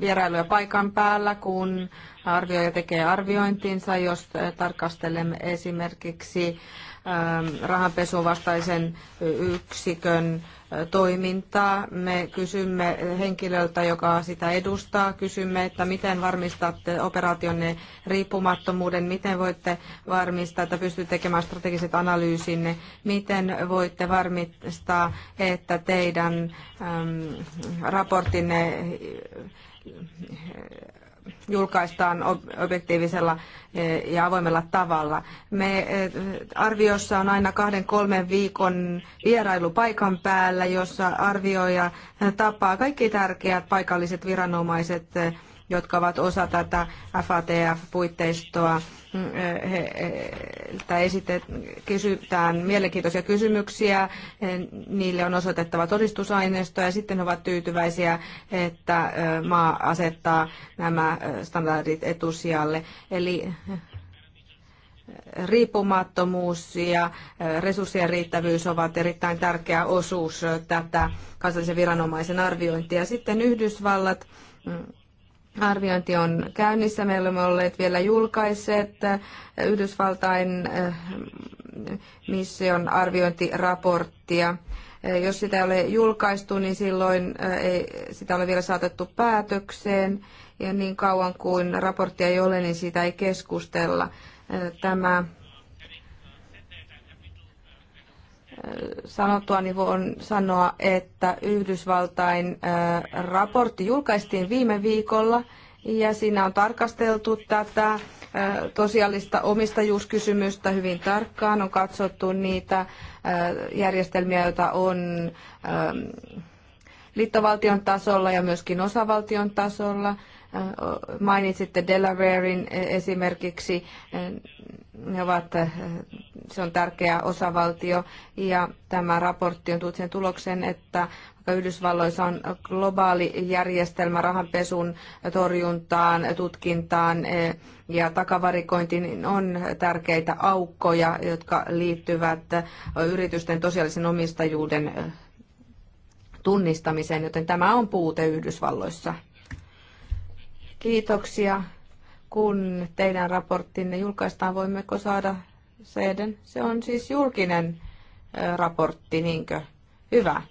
vierailuja paikan päällä, kun arvioija tekee arviointinsa, jos tarkastelemme esimerkiksi Ähm, rahanpesun vastaisen yksikön äh, toimintaa. Me kysymme henkilöltä, joka sitä edustaa, kysymme, että miten varmistatte operaationne riippumattomuuden, miten voitte varmistaa, että pystytte tekemään strategiset analyysinne, miten voitte varmistaa, että teidän äm, raportinne äh, julkaistaan objektiivisella eh, ja avoimella tavalla. Me eh, arviossa on aina kahden kolmen viikon vierailu paikan päällä, jossa arvioija tapaa kaikki tärkeät paikalliset viranomaiset, eh, jotka ovat osa tätä FATF-puitteistoa heiltä esitet, kysytään mielenkiintoisia kysymyksiä, niille on osoitettava todistusaineistoa ja sitten he ovat tyytyväisiä, että maa asettaa nämä standardit etusijalle. Eli riippumattomuus ja resurssien riittävyys ovat erittäin tärkeä osuus tätä kansallisen viranomaisen arviointia. Sitten Yhdysvallat mm, Arviointi on käynnissä. meillä olemme olleet vielä julkaisseet Yhdysvaltain eh, mission arviointiraporttia. Eh, jos sitä ei ole julkaistu, niin silloin eh, ei sitä ole vielä saatettu päätökseen. Ja niin kauan kuin raporttia ei ole, niin siitä ei keskustella. Tämä sanottua, niin voin sanoa, että Yhdysvaltain raportti julkaistiin viime viikolla ja siinä on tarkasteltu tätä tosiaalista omistajuuskysymystä hyvin tarkkaan. On katsottu niitä järjestelmiä, joita on liittovaltion tasolla ja myöskin osavaltion tasolla. Mainitsitte Delawarein e, esimerkiksi, ne ovat, e, se on tärkeä osavaltio ja tämä raportti on tullut sen tulokseen, että Yhdysvalloissa on globaali järjestelmä rahanpesun torjuntaan, tutkintaan e, ja takavarikointiin niin on tärkeitä aukkoja, jotka liittyvät yritysten tosiaalisen omistajuuden tunnistamiseen, joten tämä on puute Yhdysvalloissa. Kiitoksia. Kun teidän raporttinne julkaistaan, voimmeko saada seiden? Se on siis julkinen raportti, niinkö? Hyvä.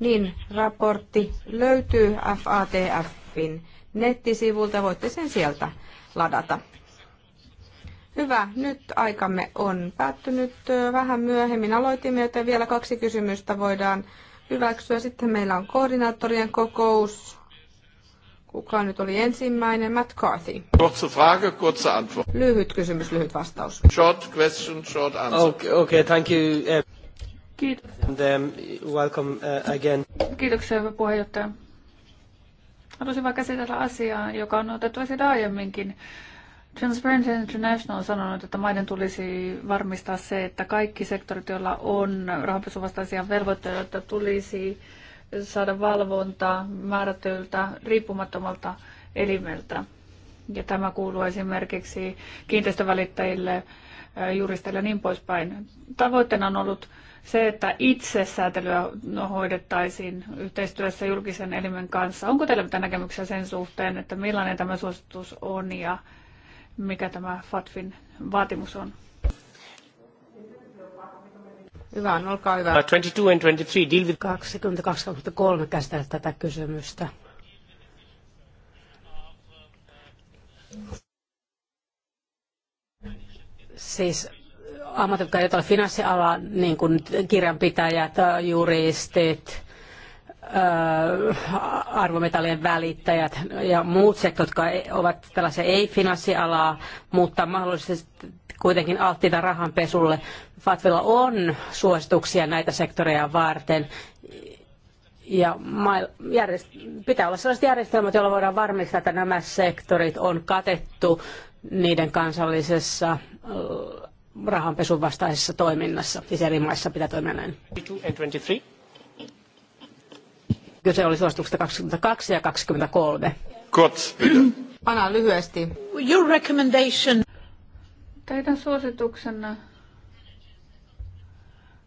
Niin, raportti löytyy FATFin nettisivulta. Voitte sen sieltä ladata. Hyvä, nyt aikamme on päättynyt vähän myöhemmin. Aloitimme, joten vielä kaksi kysymystä voidaan hyväksyä. Sitten meillä on koordinaattorien kokous Kuka nyt oli ensimmäinen? Matt Carthy. Kurze Frage, kurze Antwort. Lyhyt kysymys, lyhyt vastaus. Short question, short answer. Okay, okay thank you. Eh. Kiitos. And, um, welcome uh, again. Kiitoksia, hyvä puheenjohtaja. Haluaisin vain käsitellä asiaa, joka on otettu esille aiemminkin. Transparency International on sanonut, että maiden tulisi varmistaa se, että kaikki sektorit, joilla on rahanpesuvastaisia velvoitteita, tulisi saada valvontaa määrätyltä riippumattomalta elimeltä. Ja tämä kuuluu esimerkiksi kiinteistövälittäjille, juristeille ja niin poispäin. Tavoitteena on ollut se, että itse säätelyä hoidettaisiin yhteistyössä julkisen elimen kanssa. Onko teillä mitään näkemyksiä sen suhteen, että millainen tämä suositus on ja mikä tämä FATFin vaatimus on? Hyvä olkaa hyvä. 22 uh, and 23 deal with... 22 käsitellä tätä kysymystä. Siis ammatit, jotka finanssiala, niin kuin kirjanpitäjät, juristit, äh, arvometallien välittäjät ja muut sektorit, jotka e- ovat tällaisia ei-finanssialaa, mutta mahdollisesti kuitenkin alttiita rahanpesulle. Fatvilla on suosituksia näitä sektoreja varten. Ja pitää olla sellaiset järjestelmät, joilla voidaan varmistaa, että nämä sektorit on katettu niiden kansallisessa äh, rahanpesun vastaisessa toiminnassa. Siis eri maissa pitää toimia näin. Kyse oli suosituksesta 22 ja 23. Anna lyhyesti. Your recommendation teidän suosituksenne,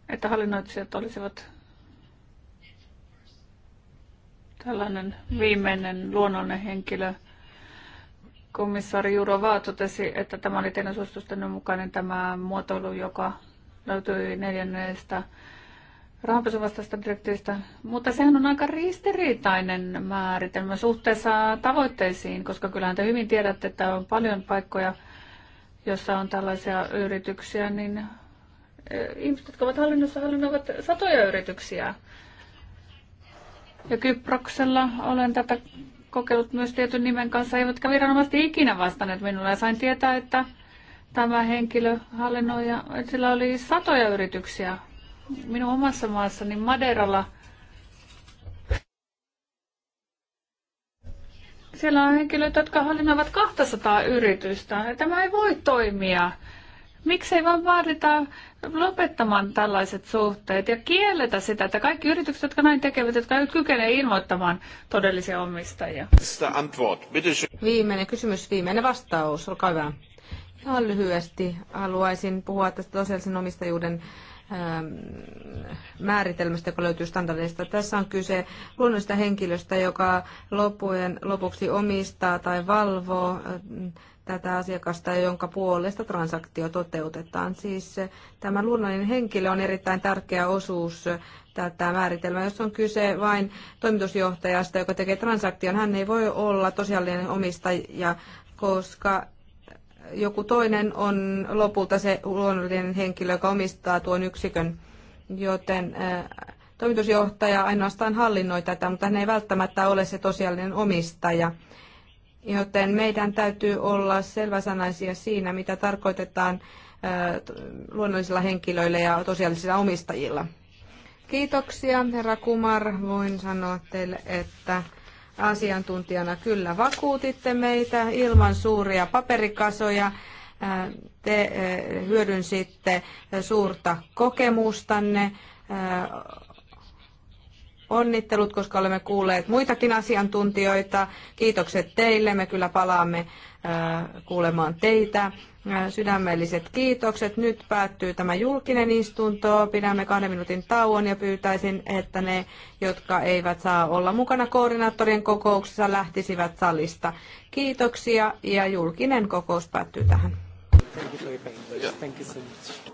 että hallinnoitsijat olisivat tällainen viimeinen luonnollinen henkilö. Komissaari Vaat totesi, että tämä oli teidän suositustenne mukainen tämä muotoilu, joka löytyi neljänneestä rahanpesuvastaista direktiivistä, mutta sehän on aika ristiriitainen määritelmä suhteessa tavoitteisiin, koska kyllähän te hyvin tiedätte, että on paljon paikkoja, jossa on tällaisia yrityksiä, niin eh, ihmiset, jotka ovat hallinnossa, hallinnoivat satoja yrityksiä. Ja Kyproksella olen tätä kokeillut myös tietyn nimen kanssa, eivätkä viranomaiset ikinä vastanneet minulle. Ja sain tietää, että tämä henkilö hallinnoi, ja sillä oli satoja yrityksiä. Minun omassa maassani Maderalla – Siellä on henkilöitä, jotka hallinnoivat 200 yritystä. Tämä ei voi toimia. Miksei vaan vaadita lopettamaan tällaiset suhteet ja kielletä sitä, että kaikki yritykset, jotka näin tekevät, jotka nyt kykenevät ilmoittamaan todellisia omistajia. Viimeinen kysymys, viimeinen vastaus, olkaa hyvä. Ihan lyhyesti haluaisin puhua tästä tosiasiallisen omistajuuden Ähm, määritelmästä, joka löytyy standardeista. Tässä on kyse luonnollisesta henkilöstä, joka loppujen lopuksi omistaa tai valvoo ähm, tätä asiakasta, jonka puolesta transaktio toteutetaan. Siis äh, tämä luonnollinen henkilö on erittäin tärkeä osuus äh, tätä määritelmää. Jos on kyse vain toimitusjohtajasta, joka tekee transaktion, hän ei voi olla tosiaalinen omistaja, koska joku toinen on lopulta se luonnollinen henkilö, joka omistaa tuon yksikön, joten äh, toimitusjohtaja ainoastaan hallinnoi tätä, mutta hän ei välttämättä ole se tosiaalinen omistaja. Joten meidän täytyy olla selväsanaisia siinä, mitä tarkoitetaan äh, luonnollisilla henkilöillä ja tosiaalisilla omistajilla. Kiitoksia, herra Kumar. Voin sanoa teille, että asiantuntijana kyllä vakuutitte meitä ilman suuria paperikasoja. Äh, Te äh, hyödynsitte suurta kokemustanne. Äh, onnittelut, koska olemme kuulleet muitakin asiantuntijoita. Kiitokset teille. Me kyllä palaamme kuulemaan teitä sydämelliset kiitokset. Nyt päättyy tämä julkinen istunto. Pidämme kahden minuutin tauon ja pyytäisin, että ne, jotka eivät saa olla mukana koordinaattorien kokouksessa, lähtisivät salista. Kiitoksia ja julkinen kokous päättyy tähän. Thank you Thank you so much.